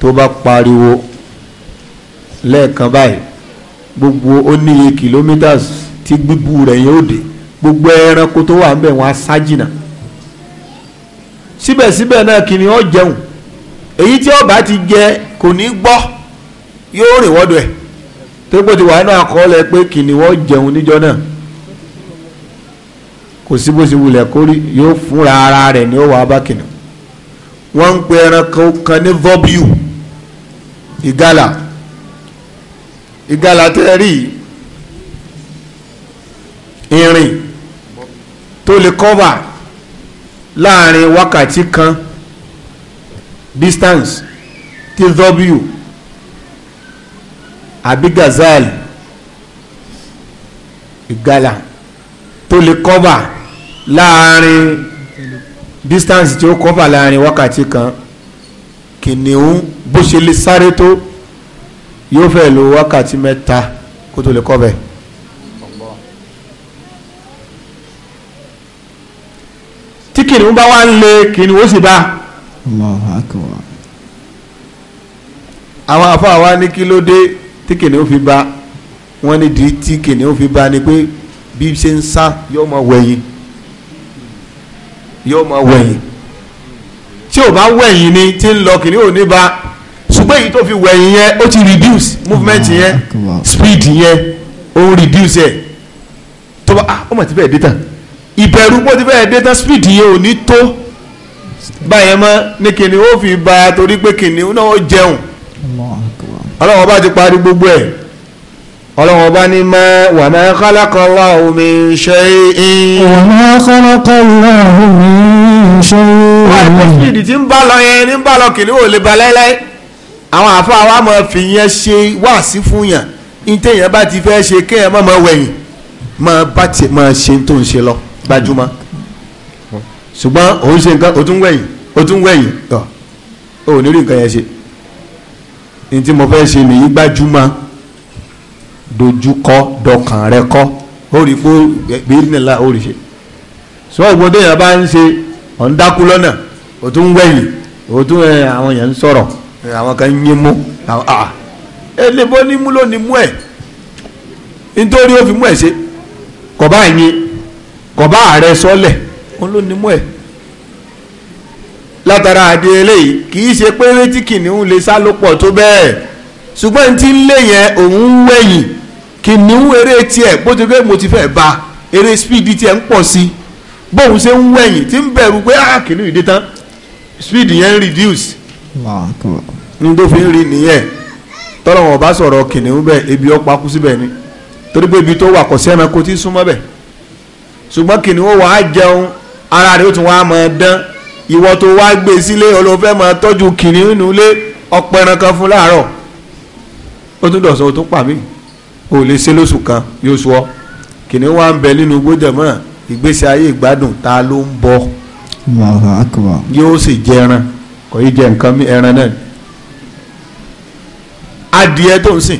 tó bá pariwo lẹ́ẹ̀kan báyìí gbogbo ó níye kìlómítàs tí gbígbú rẹ̀ yẹn ó dé gbogbo ẹranko tó wà níbẹ̀ wọn á sá jìnnà síbẹ̀síbẹ̀ náà kìnìún ó jẹun èyí tí ó ti jẹ kò ní gbọ́ yóò rìn wọ́dọ̀ ẹ̀ tó kò ti wà nínú àkọọ́lẹ̀ pé kìnìún jẹun níjọ́ náà kò sí bó ṣe wulẹ̀ kórí yóò fúnra ara rẹ̀ ní ó wà bá kìnìún wọ́n ń pe ẹranko kan ní vobiu ìgalà ìgalà tẹ́ ẹ rí irin tó lè kọ́bà láàrin wákàtí kan distance ti vobiu àbí gazal ìgalà tó lè kọ́bà láàrin distance tí ó kọ́bà láàrin wákàtí kan kìnìún bó ṣe lè sáré tó yóò fẹ́ lo wákàtí mẹ́ta kó tó lè kọ́bẹ̀. tí kìnìún bá wá ń lé kìnìún ó sì bá. àwọn àfa wa ní kí ló dé tí kìnìún fi ba wọ́n ní di tí kìnìún fi ba ni pé bí ṣe ń sá yóò máa wẹ̀yìn yóò máa wẹ̀yìn tí ò bá wẹ̀yìn ni tí ń lọ kìnìún ò ní ba ṣùgbọ́n èyí tó fi wẹ̀yìn yẹn ó ti reduce movement yẹn speed yẹn ó reduce ẹ̀ tó bá ah ó mà ti bẹ́ẹ̀ dé tán ìbẹ̀rù pọ̀ ti bẹ́ẹ̀ dé tán speed yẹn ò ní tó báyẹn mọ́ ní kìnìún ó fi ba torí pé kìnìún náà ó jẹun ọlọ́run ọba ti parí gbogbo ẹ̀ ọlọ́run ọba ní ma wa ma khalaqa Allahu min shay'in. wa ma khalaqa Allahu min shay'in. wọ́n àti fídì tí ń bá lọ yẹn ní bá lọ kìlí ò lè ba láéláé àwọn àfáà wa máa fi yẹn ṣe wáàsí fún yàn ní téèyàn bá ti fẹ́ ṣe kéèyàn má máa wẹ̀yìn máa bá tiẹ̀ máa ṣe tó ń ṣe lọ gbajúmọ̀ ṣùgbọ́n òun ṣe nǹkan òtún wẹ̀yìn òtún wẹ̀yìn ò ní rí nǹkan yẹn ṣe ní tí mo fẹ́ ṣe nìyí gbajúmọ̀ dojúkọ dọkàn rẹ kọ ó rí pé bíi nílá ó rí ṣe sọ ìgbọ́dọ̀ yẹn bá ń ṣe ọ̀ndákú lọ́nà ó tún wẹ̀yìn ó tún àwọn yẹn ń sọ̀rọ̀ àwọn kan ń yín mú àwọn àà elebo ni mú lónìí mú ẹ nítorí ó fi mú ẹ ṣe kọba yín kọba ààrẹ sọlẹ òun ló ní mú ẹ látara àdé eléyìí kì í ṣe pé rétí kìnìún lè sá ló pọ̀ tó bẹ́ẹ̀ ṣùgbọ́n ní ti ń lé yẹn òun ń wẹ̀yìn kìnìún eré tiẹ̀ bó ti gbé mo ti fẹ́ ba eré speed tiẹ̀ ń pọ̀ sí bóun ṣe ń wẹ̀yìn tí ń bẹ̀rù pé ah kìnìún ìdí tán speed yẹn ń reduce ní tó fi ń rí nìyẹn tọ́lọ́wọ́n bá sọ̀rọ̀ kìnìún bẹ́ẹ̀ ebi ọ̀pá kú síbẹ̀ ni torí pé ibi tó wà kò sí ẹranko tí súnmọ́ bẹ̀ ṣùgbọ́n kìnìún wàá jẹun ara rẹ̀ ó tún wàá mọ̀ ẹ́ dán ìwọ tó wá gbé sílé olófẹ́ máa tọ́jú kìnìún nínú ilé ọ̀pọ̀ ẹran kan fún láàárọ̀ ó tún dọ̀sán ó tún pàmì ò lè ṣe lóṣù kan yóò sọ ọ́ kìnìún wá ń bẹ nínú gbójàmọ́ ìgbésí ayé ìgbádùn ta ló ń bọ́ yóò sì jẹ ẹran kò yí jẹ nǹkan mi ẹran náà adìẹ tó ń sìn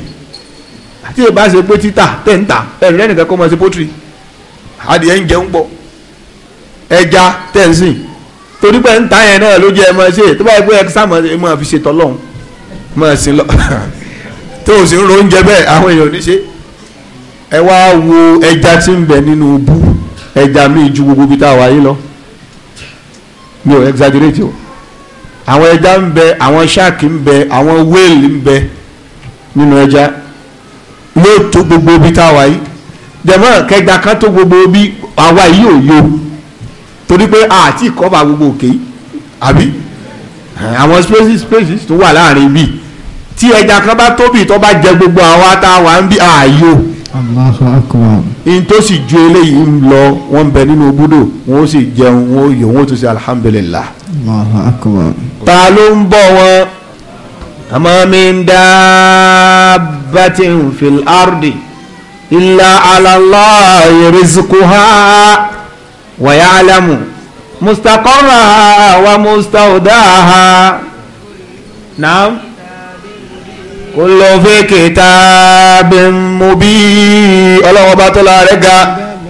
àti ìbá ṣe pé títà tẹ̀ ń tà ẹ̀ lẹ́nìkan kó máa ṣe pọ́tìrì adìẹ ń jẹun pọ̀ ẹja tẹ̀ ń sìn torí pé ntá yẹn náà ló jẹ́ ẹ máa ṣe tó báyìí pé ẹ sá máa fi ṣe tọ́lọ́hún máa sin lọ tó o sì ń ro oúnjẹ bẹ́ẹ̀ àwọn èèyàn ní ṣe ẹ wá wo ẹja tí ń bẹ nínú bú ẹja míì ju gbogbo ibi tá a wà yìí lọ mi ò exaggerate o àwọn ẹja ń bẹ àwọn shark ń bẹ àwọn whale ń bẹ nínú ẹja yóò tó gbogbo ibi tá a wà yìí kẹgbà kan tó gbogbo ibi àwa yìí ò yọ torí pé àti ìkọ́ba gbogbo òkè yìí àbí àwọn spaces spaces tó wà láàrin bíi tí ẹja kan bá tóbi tó bá jẹ gbogbo àwa tá a wà ń bí ààyò n tó sì ju eléyìí ń lọ wọ́n bẹ nínú búdò wọ́n sì jẹun wọ́n yọ wọ́n tún ṣe alhamdulillah. ta ló ń bọ̀ wọn àmọ́ min dabbatin fil ardi illa ala Allahi rizquha wa ya'lamu mustaqarraha wa mustawdaha naam kullu fi kitabin mubin ọlọ́wọ́ bá tó la rẹ̀ ga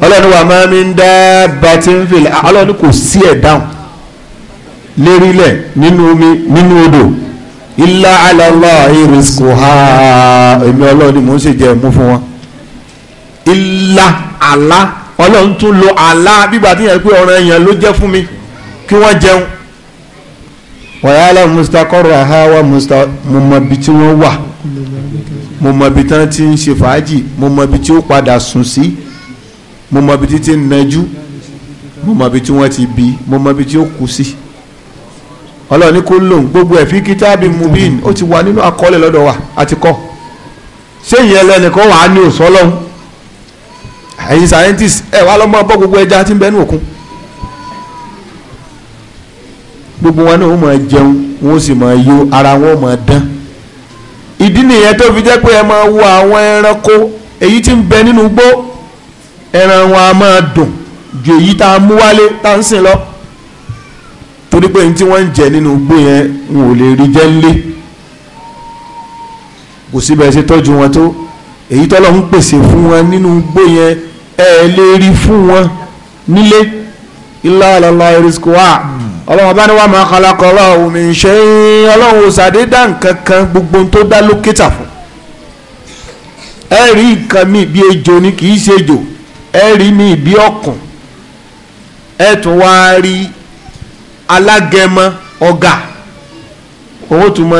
ọlọ́ni wa ma min dabbatin fil ọlọ́ni kò sí ẹ̀ dáhùn lérílẹ̀ nínú omi nínú odò illa ala Allahi rizquha èmi ọlọ́ni mò ń ṣe jẹ́ mú fún wọn illa ala ọlọ́run tún lo àlá gbígbà tí yẹn pé ọ̀ràn èèyàn ló jẹ́ fún mi kí wọ́n jẹun. wàhálà mustakọrọ ahawa musta mo mọ ibi tí wọ́n wà mo mọ ibi tí wọ́n ti ń ṣe fàájì mo mọ ibi tí ó padà sùn sí mo mọ ibi tí ti ń najú mo mọ ibi tí wọ́n ti bí mo mọ ibi tí ó kú sí. ọlọ́run ní kó lóun gbogbo ẹ̀ fi kitabi mubin ó ti wà nínú àkọọ́lẹ̀ lọ́dọ̀ wa àti kọ́ ṣé ìyẹn lẹ́nìkan wà á ní òsọ́lọ́hún ẹ̀yin scientist ẹ̀ wá lọ́mọ bọ́ gbogbo ẹja ti ń bẹ ní òkun gbogbo wọn náà wọ́n máa jẹun wọ́n sì máa yó ara wọn máa dán ìdí nìyẹn tó fi jẹ́ pé ẹ máa wo àwọn ẹranko èyí ti ń bẹ nínú igbó ẹran wọn a máa dùn ju èyí tá a mú wálé tá a ń sìn lọ torí pé ní tí wọ́n ń jẹ nínú igbó yẹn wọn ò lè rí jẹ ńlé kò síbẹ̀ ṣe tọ́jú wọn tó èyí tọ́lọ́ ń pèsè fún wọn nínú igbó yẹn ẹ lè rí fún wọn nílé illa lala iriskuwa bá ní wàá máa ọlọ́run ṣe é òsàdédà nǹkan gbogbo tó dá lókítà fún ẹ rí nǹkan mi bí ejò ni kì í ṣe ejò ẹ rí mi bí ẹ tún wá rí alágẹmọ ọ̀gà owó tún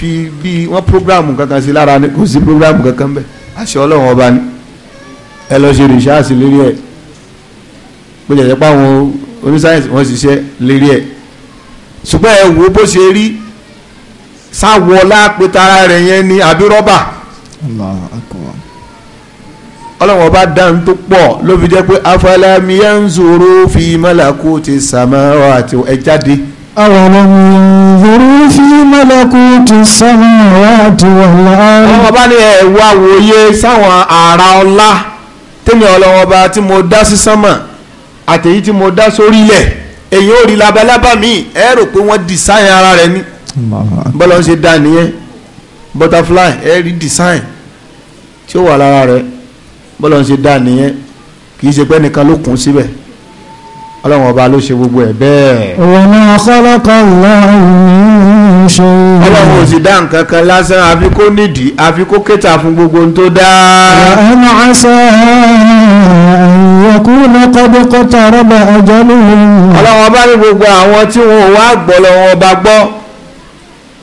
fi bí wọn kankan sí lára ni kò sí àṣẹ ọlọ́run ọba ni ẹ lọ ṣe rìṣáàsì lérí ẹ̀ bó jẹ̀jẹ̀ pé àwọn oníṣáyẹ̀nsì wọ́n ṣiṣẹ́ lérí ẹ̀ ṣùgbọ́n ẹ wo bó ṣe rí sáwọ́ lápẹ́tara rẹ̀ yẹn ni àbí rọ́bà ọlọ́run ọba dáhùn tó pọ̀ ló fi jẹ́ pé afalamiyanzuru fi malakuti samawati ẹ jáde. أولم ينظروا في ملكوت السماوات والأرض àwọn ọba ní ẹ wá wòye sáwọn àrà ọlá tèmi ọlọ́wọ́n ọba tí mo dá sí sánmà àtẹ̀yí tí mo dá sórílẹ̀ èyí ò rí labalábá mi ẹ rò pé wọ́n design ara rẹ̀ ni bọ́lá ń ṣe dá nìyẹn butterfly ẹ rí design tí ó wà lára rẹ̀ bọ́lá ń ṣe dá nìyẹn kì í ṣe pé ẹnìkan ló kún síbẹ̀ ọlọ́run ọba ló ṣe gbogbo ẹ̀ bẹ́ẹ̀. ọ̀nà ọ̀kọ́lọ́kọ́ lọ́rùn ṣe. ọlọ́run ò sì dá nǹkan kan lásán àfi kó nídìí àfi kó kẹta fún gbogbo ohun tó dá. ọ̀nà àṣà ìyẹ̀kú lọ́kọ́dé kọ́ta rọ́bà ọjọ́ lóhùn. ọlọ́run ọba ní gbogbo àwọn tí wọn ò wá gbọ́ lọ́wọ́ ọba gbọ́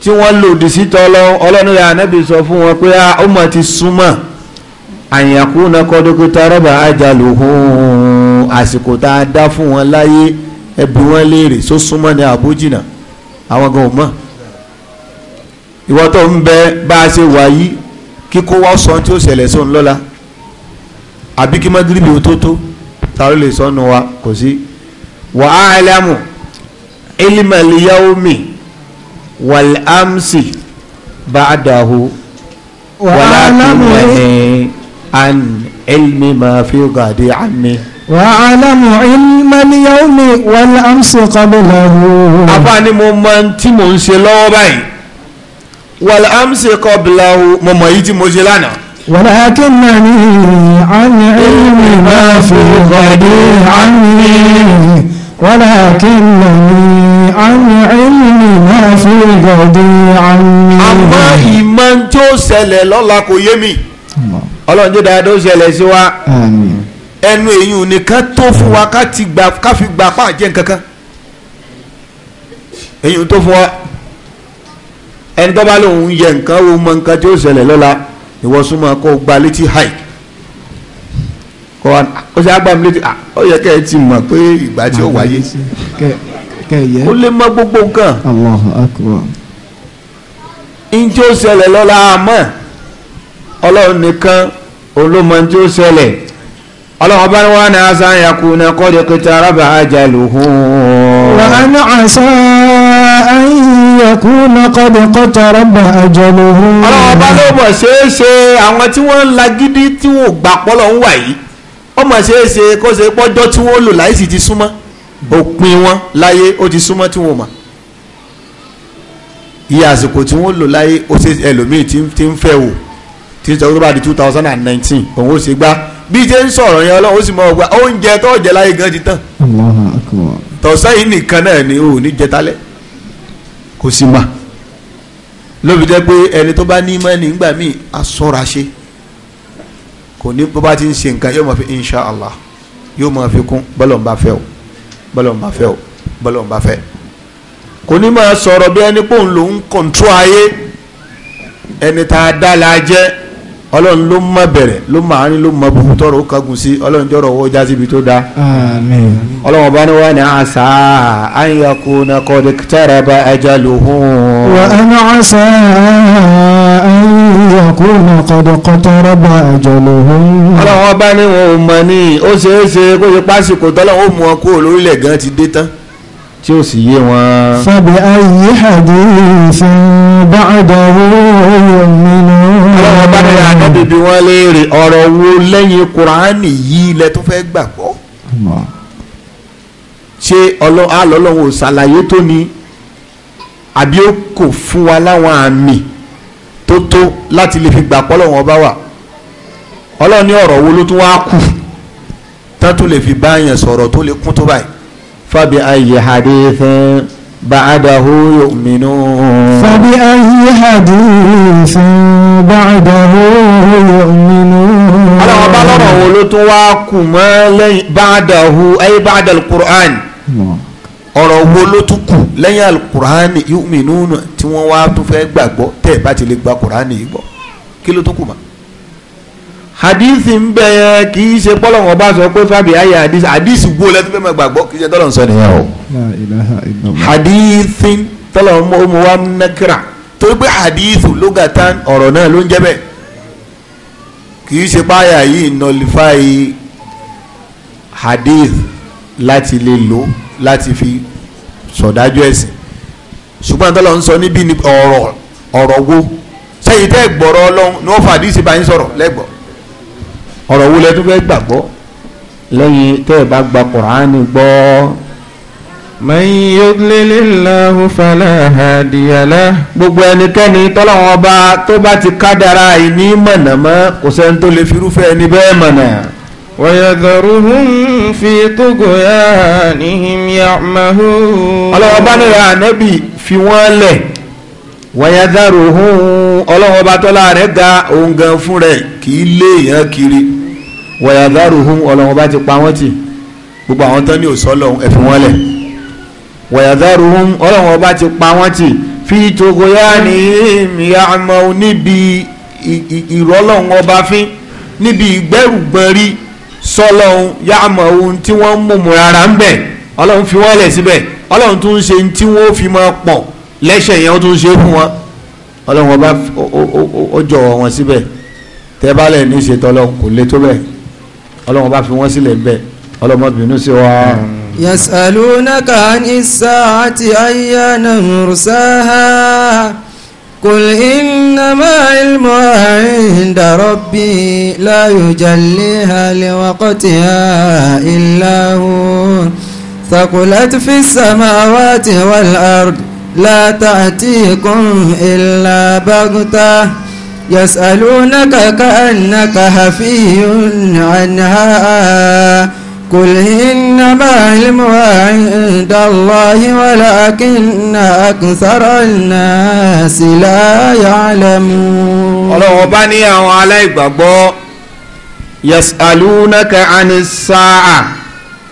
tí wọ́n lòdì síta ọlọ́run rẹ̀ ànábì sọ fún wọn pé ó mọ̀ ti súnmọ́ àyẹ̀kú lọ́kọ́dé kọ́ta ọlọ́run àsìkò tá a dá fún wọn láyé ẹ bi wọ́n léèrè só súnmọ́ ní àbójìnà àwọn gan ò mọ̀ ìwọ tó ń bẹ bá a ṣe wà yìí kíkó wá sọ tí ó ṣẹlẹ̀ sóun lọ́la àbí kí mọ́gìrìbì ó tó tó lè sọnù wa kò sí wa a'lamu ilma al-yawmi wal amsi ba'dahu walakin an ilmi ma fi gadi anni. وأعلم علم اليوم والأمس قبله Àfáà ni mo mọ tí mò ń ṣe lọ́wọ́ báyìí والأمس قبله mo mọ èyí tí mo ṣe lánàá. ولكنني عن علم ما في غدي عني ولكنني عن علم ما في غدي عني. àmọ́ ìmọ̀ tí ṣẹlẹ̀ lọ́la kò yé mi ọlọ́run tó dáa ṣẹlẹ̀ sí wa ẹnu èyàn nìkan tó fún wa ká ti gbà ká fi gbà pa àjẹ́ nkankan èyàn tó fún wa ẹni tó bá lóun yẹ nǹkan wo mọ nǹkan tí ó ṣẹlẹ̀ lọ́la ìwọ súnmọ́ kó gba létí hàì kó wa ó ṣe agbá mi létí ó yẹ kẹ́ ẹ ti mọ̀ pé ìgbà tí ó wáyé ó lè mọ gbogbo nǹkan ní tí ó ṣẹlẹ̀ lọ́la àmọ́ ọlọ́run nìkan olómọ tí ó ṣẹlẹ̀. ọlọ́ọ̀bá ni wọ́n náà sá yakuna qad iqtaraba ajaluhum. wọ́n náà sá yakuna qad iqtaraba ajaluhum. ọlọ́ọ̀bá ló mọ̀ ṣeéṣe àwọn tí wọ́n ń tí wọ́n gbà pọ́lọ̀ ń wà yìí mọ̀ ṣeéṣe kó ṣe pọ́jọ́ tí wọ́n lò ti súnmọ́ òpin wọn láyé ti súnmọ́ tí wọ́n mọ̀ iye àsìkò tí wọ́n lò láyé ó ṣe ẹlòmíì tí ń fẹ́ wò tí ń sọ bí jẹ́ ń sọ̀rọ̀ yẹn ọlọ́run ó sì mọ ọgbà oúnjẹ tó jẹ láyé gan ti tán tọ̀sán yìí nìkan náà ni ò ní jẹ tálẹ̀ kò sí mà lóbi jẹ́ pé ẹni tó bá ní mọ́ni nígbà míì asọ́ra ṣe kò ní bó bá ti ń ṣe nǹkan yóò máa fi insha allah yóò máa fi kún bọ́lọ̀ ń bá fẹ́ o bọ́lọ̀ ń bá fẹ́ o bọ́lọ̀ ń bá fẹ́ kò ní máa sọ̀rọ̀ bí ẹni pòun lòún kọ̀ǹtú ayé ẹni tá a dá la jẹ́ ọlọ́run ló mọ bẹ̀rẹ̀ ló mọ àárín ló mọ bubu tọrọ kagun sí ọlọ́run jọrọ owó já síbi tó dáa. ọlọ́run bá ní wà ní àṣà an yakuna qad iqtaraba ajaluhum. wa ana àṣà an yakuna qad iqtaraba ajaluhum. ọlọ́run bá ní wọn ò mọ̀ ní ó ṣeé ṣe kó ṣe pásìkò tọ́lọ́run ó mú wọn kúrò gan ti dé tán tí ó sì yé wọn. fàbí ayé hadithin ba'dahu yu'minun. ọlọ́run bá dẹ̀ ànábì bí wọ́n léèrè ọ̀rọ̀ wo lẹ́yìn kuraani yìí lẹ tó fẹ́ gbàgbọ́. ṣé alọ́lọ́run ṣàlàyé tó ni àbí ó kò fún wa láwọn àmì tó tó láti lè fi gbà pọ́ lọ́wọ́n bá wà ọlọ́run ní ọ̀rọ̀ wo ló tún wá kù tán tó lè fi báyàn sọ̀rọ̀ tó lè kún tó báyìí. فبأي حديث بعده يؤمنون؟ فبأي حديث بعده يؤمنون؟ ba'dahu yu'minun. aláwọ̀ bá lọ́rọ̀ wo ló tún wá kù mọ́ lẹ́yìn ba'dahu ayé ba'da al-Qur'an ọ̀rọ̀ wo ló tún kù lẹ́yìn al-Qur'an yu'minun tí wọ́n wá tún fẹ́ gbàgbọ́ tẹ̀ bá ti lè gba Qur'an yìí gbọ́ kí ló tún kù mọ́ hadith ń bẹ yẹn kì í ṣe pọ́lọ́wọ́n bá sọ pé fábí ayé hadith hadith wo lẹ́tí fẹ́ máa gbàgbọ́ kì í ṣe tọ́lọ̀ ń sọ nìyẹn o hadith tọ́lọ̀ ń mú wa nàkìrà torí pé hadith lugatan ọ̀rọ̀ náà ló ń jẹ́ bẹ́ẹ̀ kì í ṣe páyà yìí nullify hadith láti lè lò láti fi sọ̀dájú ẹ̀sìn ṣùgbọ́n tọ́lọ̀ ń sọ níbi ọ̀rọ̀ ọ̀rọ̀ wo sẹ́yìn tẹ́ gbọ́rọ̀ ọlọ́run ní wọ́n fà hadith bá yín sọ̀rọ̀ lẹ́gbọ̀ọ́ ọ̀rọ̀ wo lẹ tó fẹ́ gbàgbọ́ lẹ́yìn tẹ́ ẹ bá gba kùránì gbọ́. man yudlilillahu fala hadiya lah. gbogbo ẹnikẹ́ni tọ́lọ́wọ́n ọba tó bá ti kádàrá ìní mọ̀nàmọ́ kò sẹ́ni tó lè firúfẹ́ ẹni bẹ́ẹ̀ mọ̀nà. wa yadharuhum fi tughyanihim ya'mahun. ọlọ́wọ́ bá nílẹ̀ ànábì fi wọ́n lẹ̀ wọ́yẹ́dárò hún ọlọ́wọ́ bá tọ́lá rẹ̀ ga òun gan fún rẹ̀ kì í lé èèyàn kiri wọ́yẹ́dárò hún ọlọ́wọ́ bá ti pa wọ́n tì gbogbo àwọn tán ní òsọ́lọ̀ ẹ̀fìn wọn lẹ̀ wọ́yẹ́dárò hún ọlọ́wọ́ bá ti pa wọ́n tì fi togoyá ní ìyàmọ̀ níbi ìrọ́lọ́wọ́ bá fín níbi ìgbẹ́rùgbẹ́rí sọ́lọ́hún yàmọ̀ ohun tí wọ́n mú mu rárá ń bẹ̀ ọlọ́run fi wọ́n lẹ̀ síbẹ̀ ọlọ́run tún ń ṣe tí wọ́n fi máa pọ̀ lẹ́sẹ̀ yẹn ó tún ṣe fún wọn ọlọ́run ọba ó jọ̀wọ́ wọn síbẹ̀ tẹ́ bá lẹ̀ ní ìṣètò ọlọ́run kò lè tó bẹ́ẹ̀ ọlọ́run ọba fi wọ́n sílẹ̀ bẹ́ẹ̀ ọlọ́run ọba bínú sí wa. yasalunaka ani saati ayyana mursaha kul innama ilmu inda rabbi la yujalliha liwaqtiha illa hu thaqulat fi samawati wal ard. لا تأتيكم إلا بغتة يسألونك كأنك هفي عنها قل إنما علمها عند الله ولكن أكثر الناس لا يعلمون بني أو ní بابو يسألونك عن الساعة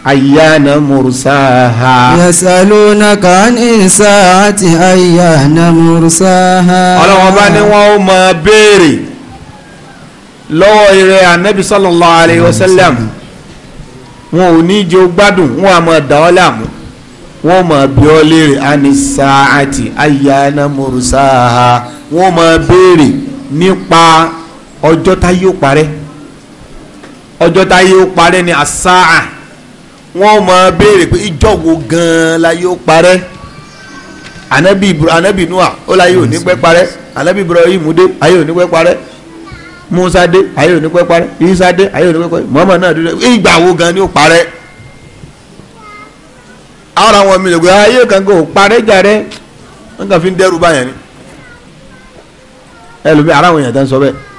ayyana mursaha. yasalunaka ani saati ayyana mursaha. ọlọ́wọ́n bá ní wọ́n ó máa béèrè lọ́wọ́ ìrẹ́ anabi sallallahu alayhi wa sallam wọn ò ní jẹ́ gbádùn wọn a máa dà ọ́ láàmú wọn máa bi ọ́ léèrè ani saati ayyana mursaha wọn máa béèrè nípa ọjọ́ tá yóò parẹ́ ọjọ́ tá yóò parẹ́ ni asáà wọ́n máa béèrè pé ìjọ wo gan-an la yóò parẹ́ anabi anabi noah ó la yóò ní pẹ́ parẹ́ anabi ibrahim dé ayé òní pẹ́ parẹ́ musa dé ayé òní pẹ́ parẹ́ isa dé ayé òní pẹ́ parẹ́ muhammad náà dúró ìgbà wo gan ni ó parẹ́ ara wọn mi lògbé ayé kankan ò parẹ́ jàre wọn kàn fi ń dẹ́rù báyẹn ni ẹlòmíì ara wọn yẹn sọ bẹ́ẹ̀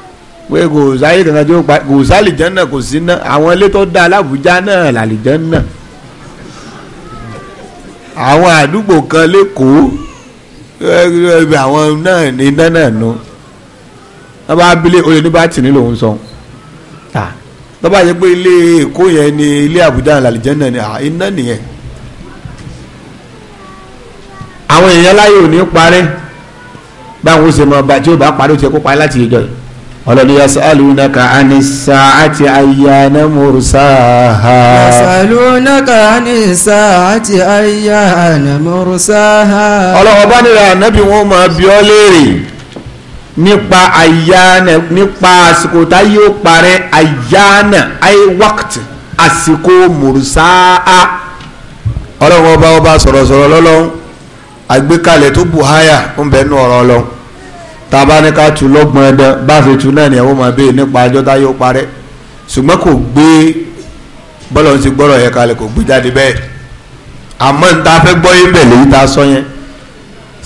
pé kò sáyé kankan tí ó pa kò jẹ́nà kò sí ná àwọn ilé tó dá alábùjá náà làlì jẹ́nà àwọn àdúgbò kan lẹ́kọ̀ọ́ àwọn náà ní iná náà nu wọ́n bá abilé olè ní bá tì ní sọ tó bá yẹ pé ilé èkó yẹn ni ilé àbújá làlìjẹ́ náà ni iná nìyẹn àwọn èèyàn láyé ò ní parẹ́ báwọn ṣe mọ̀ bá tí ó bá parí ó ti kó parí láti ìjọ yìí ọlọ́ni yasalunaka ani sa'ati ayyana mursaha. yasalunaka ani sa'ati ayyana mursaha. ọlọ́wọ́ bá nílẹ̀ ànábì wọn máa bi ọ́ léèrè nípa ayyana nípa àsìkò tá yóò parẹ́ ayyana ay waqt àsìkò mursaha. ọlọ́wọ́ bá ọba sọ̀rọ̀sọ̀rọ̀ lọ́lọ́run àgbékalẹ̀ tó bù háyà ń bẹ́ẹ̀ ọ̀rọ̀ ọlọ́run tábà ní ká tu lọ́gbọ̀n ẹ̀dán bá a ṣe tu náà ni ẹ̀wọ́n máa bèè nípa ajọ́ tá yóò parẹ́ ṣùgbọ́n kò gbé bọ́lọ̀ ń ti gbọ́rọ̀ yẹn kalẹ̀ kò gbé jáde bẹ́ẹ̀ àmọ́ ní ta fẹ́ gbọ́ yín bẹ̀ lèyí ta sọ yẹn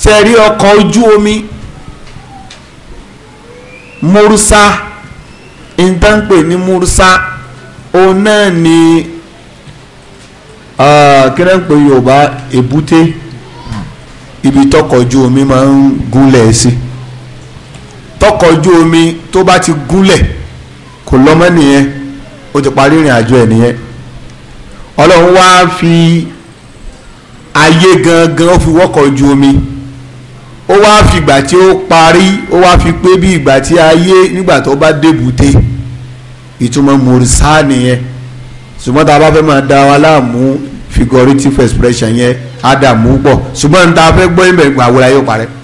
ṣe rí ọkọ̀ ojú omi murusa ìdánpè ní murusa òun náà ni kírẹ́ǹpé yorùbá èbúté ibi tọkọ̀ ojú omi máa ń gúnlẹ̀ sí. Si tọkọ̀ ojú omi tó bá ti gúnlẹ̀ kò lọ́mọ nìyẹn ó ti parí ìrìn àjò ẹ̀ nìyẹn ọlọ́run wá fi ayé gangan ó fi wọ́kọ̀ ojú omi ó wá fi ìgbà tí ó parí ó wá fi pé bí ìgbà tí ayé nígbà tó bá débùté ìtumọ̀ mùrìsá nìyẹn ṣùgbọ́n tá a bá fẹ́ máa da wa láàmú figurative expression yẹn á dààmú pọ̀ ṣùgbọ́n tá a fẹ́ gbọ́ ìbẹ̀rù àwòrán yóò parẹ́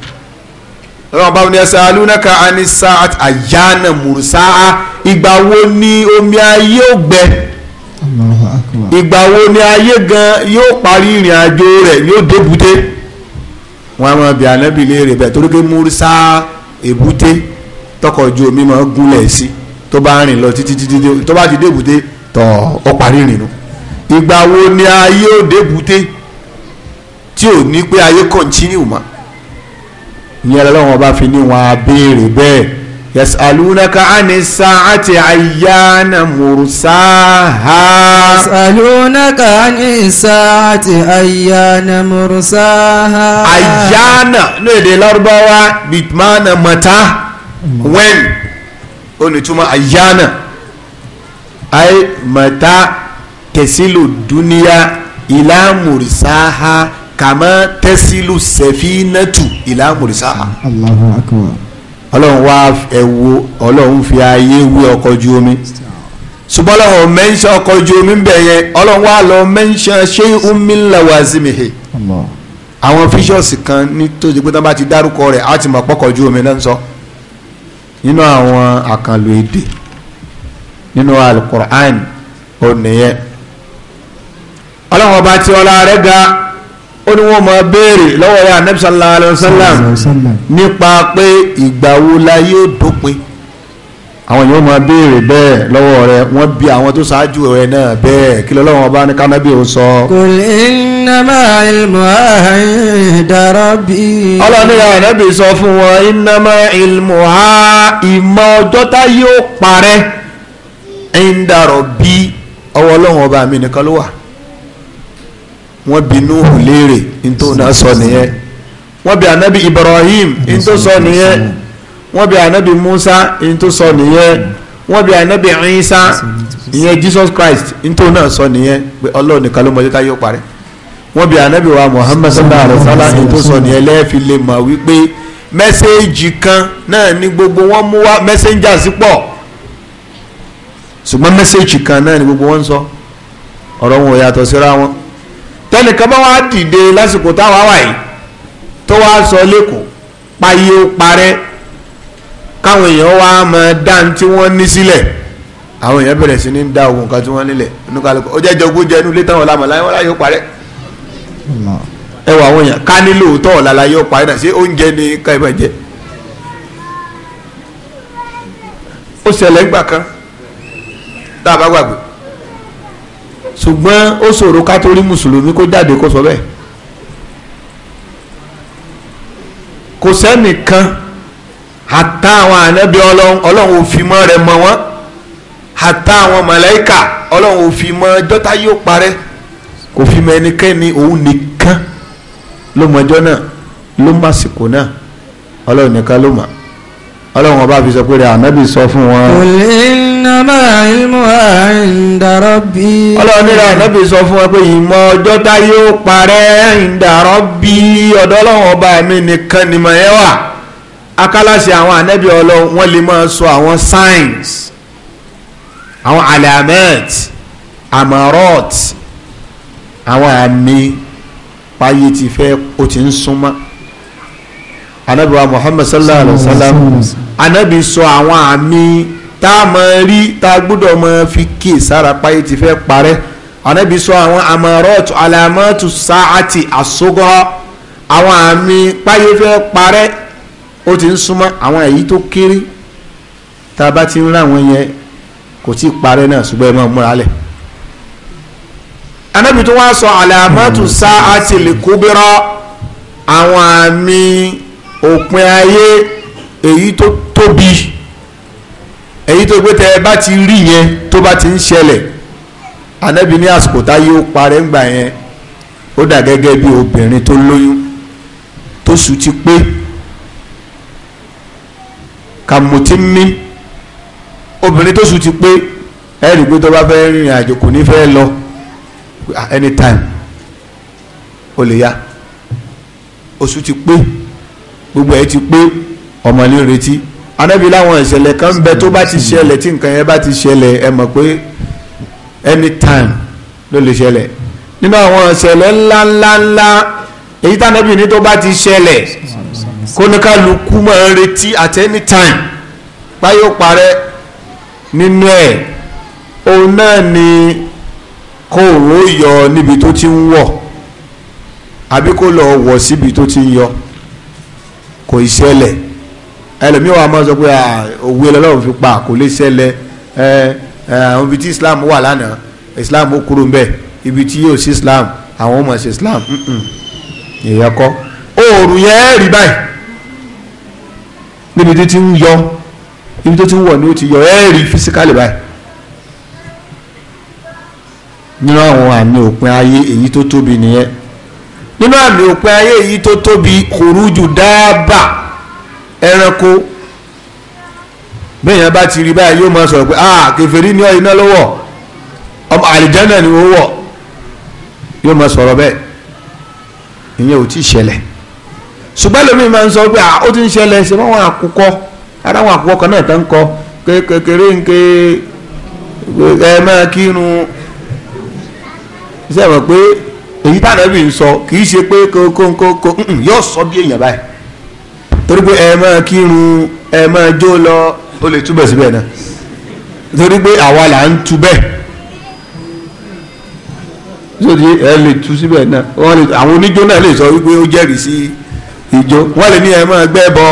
ọlọ́run bá ní ẹsẹ̀ alúnáka anisa àyànà mùrùsáà ìgbà wo ni omi ayé ò gbẹ ìgbà wo ni ayé gan yóò parí ìrìn àjò rẹ̀ yóò débùté wọn àwọn ọbẹ̀ ànábì léèrè bẹ́ẹ̀ torí pé mùrùsáà èbúté tọkọ̀ ojú omi máa gúnlẹ̀ sí tó bá rìn lọ títí títí tó bá ti débùté tọ̀ ọ́ parí ìrìn nu ìgbà wo ni ayé ò débùté tí ò ní pé ayé kọ̀ntínú mọ́ ìyẹn lọ́wọ́n bá fi ní wọn á béèrè bẹ́ẹ̀ yasalunaka ani saati ayyana mursaha. yasalunaka ani saati ayyana mursaha. ayyana ní èdè lárúbáwá bitmana mata when onítúmọ̀ ayyana ay mata tẹ̀sílò dúníyà ìlà mursaha kàmá tẹ́sílù sẹ̀fínàtù ìlà mùrìsà. ọlọ́run wá ẹ̀wò ọlọ́run fi ayé wí ọkọ̀ ojú omi ṣùgbọ́n ọlọ́run mẹ́ńṣẹ́ ọkọ̀ ojú omi ń bẹ̀ yẹn ọlọ́run wá lọ mẹ́ńṣẹ́ ṣé umi ńlá wà sí mi hè àwọn fíṣọ́ọ̀sì kan ní tó ṣe pé tán bá ti dárúkọ rẹ̀ á ti mọ̀ pọ́kọ̀ ojú omi náà ń sọ nínú àwọn àkànlò èdè nínú alukur'an ònìyẹn ọlọ́run ọba tí ọlá rẹ̀ ga ó ní wọ́n máa béèrè lọ́wọ́ rẹ̀ anabi sallallahu alayhi wa sallam nípa pé ìgbà wo la yóò dópin àwọn èèyàn máa béèrè bẹ́ẹ̀ lọ́wọ́ rẹ̀ wọ́n bí àwọn tó ṣáájú rẹ̀ náà bẹ́ẹ̀ kí lọ́wọ́ bá ní kánábì ò sọ. kul innama ilmu inda rabbi. ọlọ́ni ànábì sọ fún wọn innama ilmu ha ìmọ̀ ọjọ́ tá yóò parẹ́ inda rabbi ọwọ́ ọlọ́run ọba mi nìkan ló wà wọ́n bi nuhu léèrè nítorí náà sọ nìyẹn wọ́n bi anabi ibrahim nítorí sọ nìyẹn wọ́n bi anabi musa nítorí sọ nìyẹn wọ́n bi anabi isa ìyẹn jesus christ nítorí náà sọ nìyẹn pé ọlọ́run nìkan ló mọ̀jẹ́ táyé ó parẹ́ wọ́n bi anabi wa muhammad sallallahu alayhi wa sallam nítorí sọ nìyẹn lẹ́ẹ̀fi lè mọ̀ wípé mẹ́sẹ̀gì kan náà ni gbogbo wọn mú wá mẹ́sẹ̀njà sí pọ̀ ṣùgbọ́n mẹ́sẹ̀gì kan náà ni gbogbo wọn sọ ọ̀rọ̀ wọn ò yàtọ̀ síra wọn tẹnìkan bá wá dìde lásìkò táwa wà yìí tó wá sọ lẹ́kọ̀ọ́ payé ó parẹ́ káwọn èèyàn wá máa dá ní tí wọ́n ní sílẹ̀ àwọn èèyàn bẹ̀rẹ̀ sí ní dá owó nǹkan tí wọ́n nílẹ̀ inú kálukú ó jẹ́jọ́ ogún jẹ́ inú ilé táwọn ọ̀làmọ̀ láyé wọ́n láyé ó parẹ́ ẹ wọ àwọn èèyàn ká ní lóòótọ́ ọ̀la láyé ó parẹ́ náà sí oúnjẹ ní ká ẹ ó ṣẹlẹ̀ gbà kan tá a bá gbàgbé ṣùgbọ́n ó ṣòro ká tó rí mùsùlùmí kó jáde kó sọ bẹ́ẹ̀ kò sẹ́nìkan àtà àwọn ànábì ọlọ́run ọlọ́run ò fi mọ́ rẹ̀ mọ́ wọn àtà àwọn màláíkà ọlọ́run ò mọ́ ọjọ́ tá yóò parẹ́ kò fi mọ ẹnikẹ́ni òun nìkan ló mọ ọjọ́ náà ló mọ àsìkò náà ọlọ́run nìkan ló mọ̀ ọlọ́run ọba fi sọ pé rẹ̀ ànábì sọ fún wọn. ìnáma ìlmù àìndàrọ́bì. ọlọ́run nílẹ̀ ànábì sọ fún wọn pé ìmọ̀ ọjọ́ tá yóò parẹ́ ìndàrọ́bì ọ̀dọ̀ ọlọ́run ọba mi nìkan nìmọ̀ ẹ wà akálàsì àwọn ànábì ọlọ́run wọ́n lè máa sọ àwọn signs àwọn alamet amarot àwọn àmì payé ti fẹ́ o ti ń súnmọ́ anabi wa muhammad sallallahu alaihi Wasallam. sallam anabi sọ àwọn àmì tá a máa rí tá a gbọ́dọ̀ máa fi kí sára páyé ti fẹ́ parẹ́ anabi sọ àwọn amarọ́tù alamọ́tù sáàtì àsogọ́ àwọn àmì páyé fẹ́ parẹ́ ó ti ń súnmọ́ àwọn èyí tó kéré tá a bá ti ń ráwọn yẹn kò tí ì parẹ́ náà ṣùgbọ́n ẹ máa múra lẹ̀ anabi tó wá sọ alamọ́tù sáàtì lè kóbírọ́ àwọn àmì òpin ayé èyí tó tóbi èyí tó gbé tẹ bá ti rí yẹn tó bá ti ń ṣẹlẹ̀ ànábì ní àsìkò táyé ó parẹ́ ńgbà yẹn ó dà gẹ́gẹ́ bí obìnrin tó lóyún tó sù ti pé kàmùtí mí obìnrin tó sù ti pé ẹ̀rí pé tó bá fẹ́ rìnrìn àjò kò ní fẹ́ lọ anytime ó lè yá oṣù ti pé gbogbo ẹ ti pé ọmọ lè retí anábì láwọn ìṣẹ̀lẹ̀ kan ń bẹ tó bá ti ṣẹlẹ̀ tí nǹkan yẹn bá ti ṣẹlẹ̀ ẹ mọ̀ pé anytime ló lè ṣẹlẹ̀ nínú àwọn ìṣẹ̀lẹ̀ ńláńláńlá èyí tànàbì ní tó bá ti ṣẹlẹ̀ kóníkàlùkù máa ń retí at anytime time báyọ̀ parẹ́ nínú ẹ̀ òun náà ni kóòrò yọ níbi tó ti ń wọ̀ àbí kó lọ wọ̀ síbi tó ti ń yọ. Si kò í ṣẹlẹ̀ ẹlòmíì wa máa sọ pé òwe lọ́lọ́run fi pa kò lè ṣẹlẹ̀ àwọn ibi tí islam wà lánàá islam ó kúrò mbẹ ibi tí yóò sí islam àwọn ọmọ ṣe islam èèyàn kọ oòrùn yẹn rí báyìí níbi tó ti ń yọ ibi tó ti ń wọ̀ ni ó ti yọ ẹ rí fisikálì báyìí nínú àwọn àmì òpin ayé èyí tó tóbi nìyẹn nínú àmì òpin ayé yìí tó tóbi kòrújù dáàbà ẹranko bẹ́ẹ̀ yẹn bá ti rí báyìí yóò máa sọ̀rọ̀ pé ah kèfèrí ní iná lọ́wọ́ ọmọ àlìjánà ni ó wọ̀ yóò máa sọ̀rọ̀ bẹ́ẹ̀ ìyẹn ò tí ì ṣẹlẹ̀ ṣùgbọ́n lómi máa ń sọ pé ah, ó ti ń ṣẹlẹ̀ ṣe fún àwọn ara àwọn àkùkọ kan náà tó ń kọ kékeré nké ẹ máa kírun ṣe é mọ̀ pé èyí tá ànábì ń sọ kì í ṣe pé kókókókó mm, mm, yóò sọ bí èèyàn báyìí torí pé ẹ máa kírun ẹ máa jó lọ ó lè túbọ̀ síbẹ̀ náà torí pé àwa là ń tu bẹ́ẹ̀ sóde ẹ lè tu síbẹ̀ náà àwọn oníjó náà lè sọ wípé ó jẹ́rìí sí ìjó wọ́n lè ní ẹ máa gbẹ́ bọ́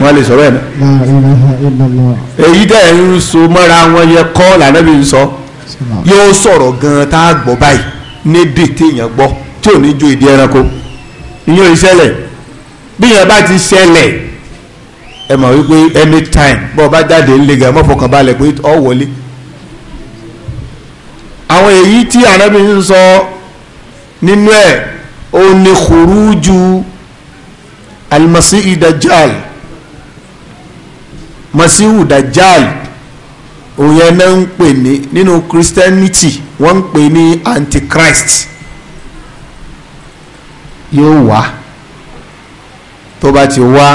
wọ́n lè sọ bẹ́ẹ̀ náà èyí tẹ̀ ń so mọ́ra wọn yẹ kọ́ lànà sọ yóò sọ̀rọ̀ gan-an tá a gbọ́ báyìí ní èdè téèyàn gbọ́ tí ò ní ju èdè ẹranko ìyẹn ò ní ṣẹlẹ̀ bí yẹn bá ti ṣẹlẹ̀ ẹ mọ̀ wípé anytime bọ́ ọ bá jáde ńlẹ̀ gan mọ́fọkànbalẹ̀ pé ọ wọlé àwọn èyí tí ànábì ń sọ nínú ẹ̀ ó ní khuruju almasi idajal masihu dajal òun yẹn náà ń pè ní nínú christianity wọ́n ń pè ní antichrist yóò wá tó bá ti wá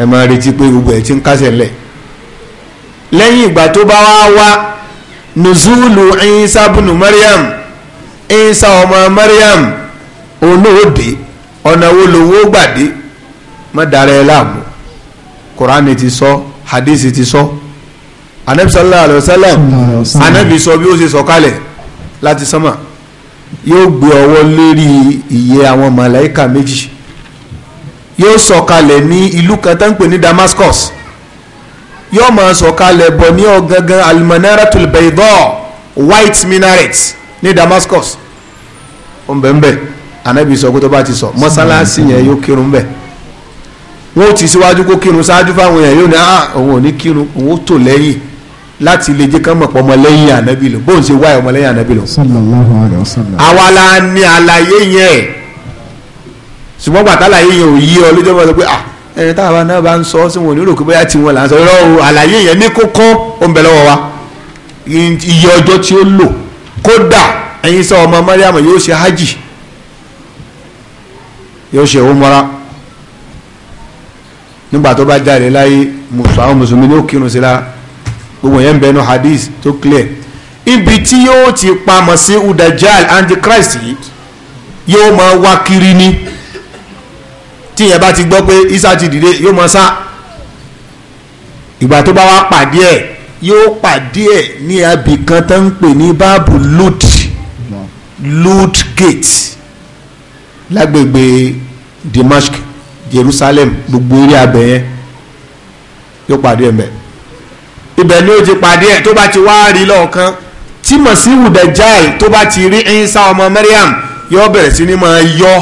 ẹ máa retí pé gbogbo ẹ̀ ti ń kásẹ̀ lẹ̀ lẹ́yìn ìgbà tó bá wá wá nùzúlù ìsá bùnú mariam ìsá ọmọ mariam olóòdè ọ̀nà wo lòun gbàdé má dára ẹ láàmú kùránì ti sọ hadith ti sọ. So, anabi sallallahu alayhi wa sallam anabi sọ bí ó ṣe sọ̀kalẹ̀ láti sánmà yóò gbé ọwọ́ lérí ìyẹ́ àwọn màláìka méjì yóò sọ̀kalẹ̀ ní ìlú kan tó ń pè ní Damascus yóò máa sọ̀kalẹ̀ bọ̀ ní ọ̀gangan almanaratul bayda white minaret ní Damascus ọ̀nbẹ̀nbẹ̀ anabi sọ pé tó bá ti sọ mọ́sálásí yẹn yóò kírun bẹ́ẹ̀ wọ́n ó ti síwájú kó kírun ṣáájú fáwọn èèyàn yóò ní àwọn ah, òní kírun òun ó tò lẹ́yìn láti lè jẹ́ kán mọ̀ pọ̀ ọmọlẹ́yìn ànábì lò bóun ṣe wáyé ọmọlẹ́yìn ànábì lò. sallallahu alaihi wasallam. àwa la ní àlàyé yẹn ṣùgbọ́n bàtà àlàyé yẹn ò yí ọ lójó bá sọ pé ah ẹni táwa náà bá ń sọ sí wọn ò ní rò pé bóyá tiwọn là ń sọ irọ́ o àlàyé yẹn ní kókó ó ń bẹ lọ́wọ́ wa iye ọjọ́ tí ó lò kódà ẹ̀yin sọ ọmọ Mariam yóò ṣe hajj yóò ṣe umrah nígbà tó bá jáde láyé mùsùlùmí ní ó sí la gbogbo yẹn ń bẹnu hadith tó clear ibi tí yóò ti pa Masihu Dajjal antichrist yìí yóò máa wá kiri ni tí yẹn bá ti gbọ́ pé isa ti dìde yóò máa sá ìgbà tó bá wá pàdé ẹ̀ yóò pàdé ẹ̀ ní abìkan tó ń pè ní báàbù lud lud gate lágbègbè Dimashq Jerusalem gbogbo eré abẹ yẹn yóò pàdé ẹ̀ mẹ́ẹ̀ ibẹ̀ ni ó ti pàdé ẹ̀ tó bá ti wá rí lọ́ọ̀kan tí masiwu dajjal tó bá ti rí ẹ̀yìnsá ọmọ mariam yọ bẹ̀rẹ̀ sí ni máa yọ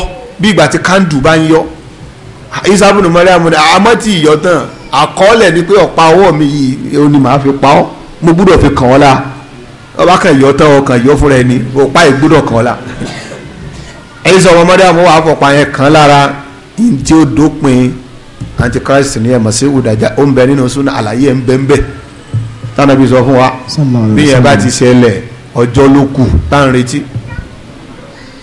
bí ìgbà tí kandu bá ń yọ isabu ni mariam ni àmọ́ tí ìyọ tán àkọọ́lẹ̀ ni pé ọ̀pá ọwọ́ mi yìí ó ní màá fi pa ọ́ mo gbúdọ̀ fi kàn ọ́ la ọba kan yọ tán ọkàn yọ fúnra ẹni ọ̀pá yìí gbúdọ̀ kàn ọ́ la ẹ̀yìnsá ọmọ mariam wà fọ̀pá yẹn kàn lára ní ó dópin antichrist ni ẹ̀ masiwu dajjal ó ń bẹ nínú súnà àlàyé ẹ̀ ń bẹ ń bẹ́ẹ̀ tánàbí sọ fún wa bí yẹn bá ti ṣẹlẹ̀ ọjọ́ ló kù tá à ń retí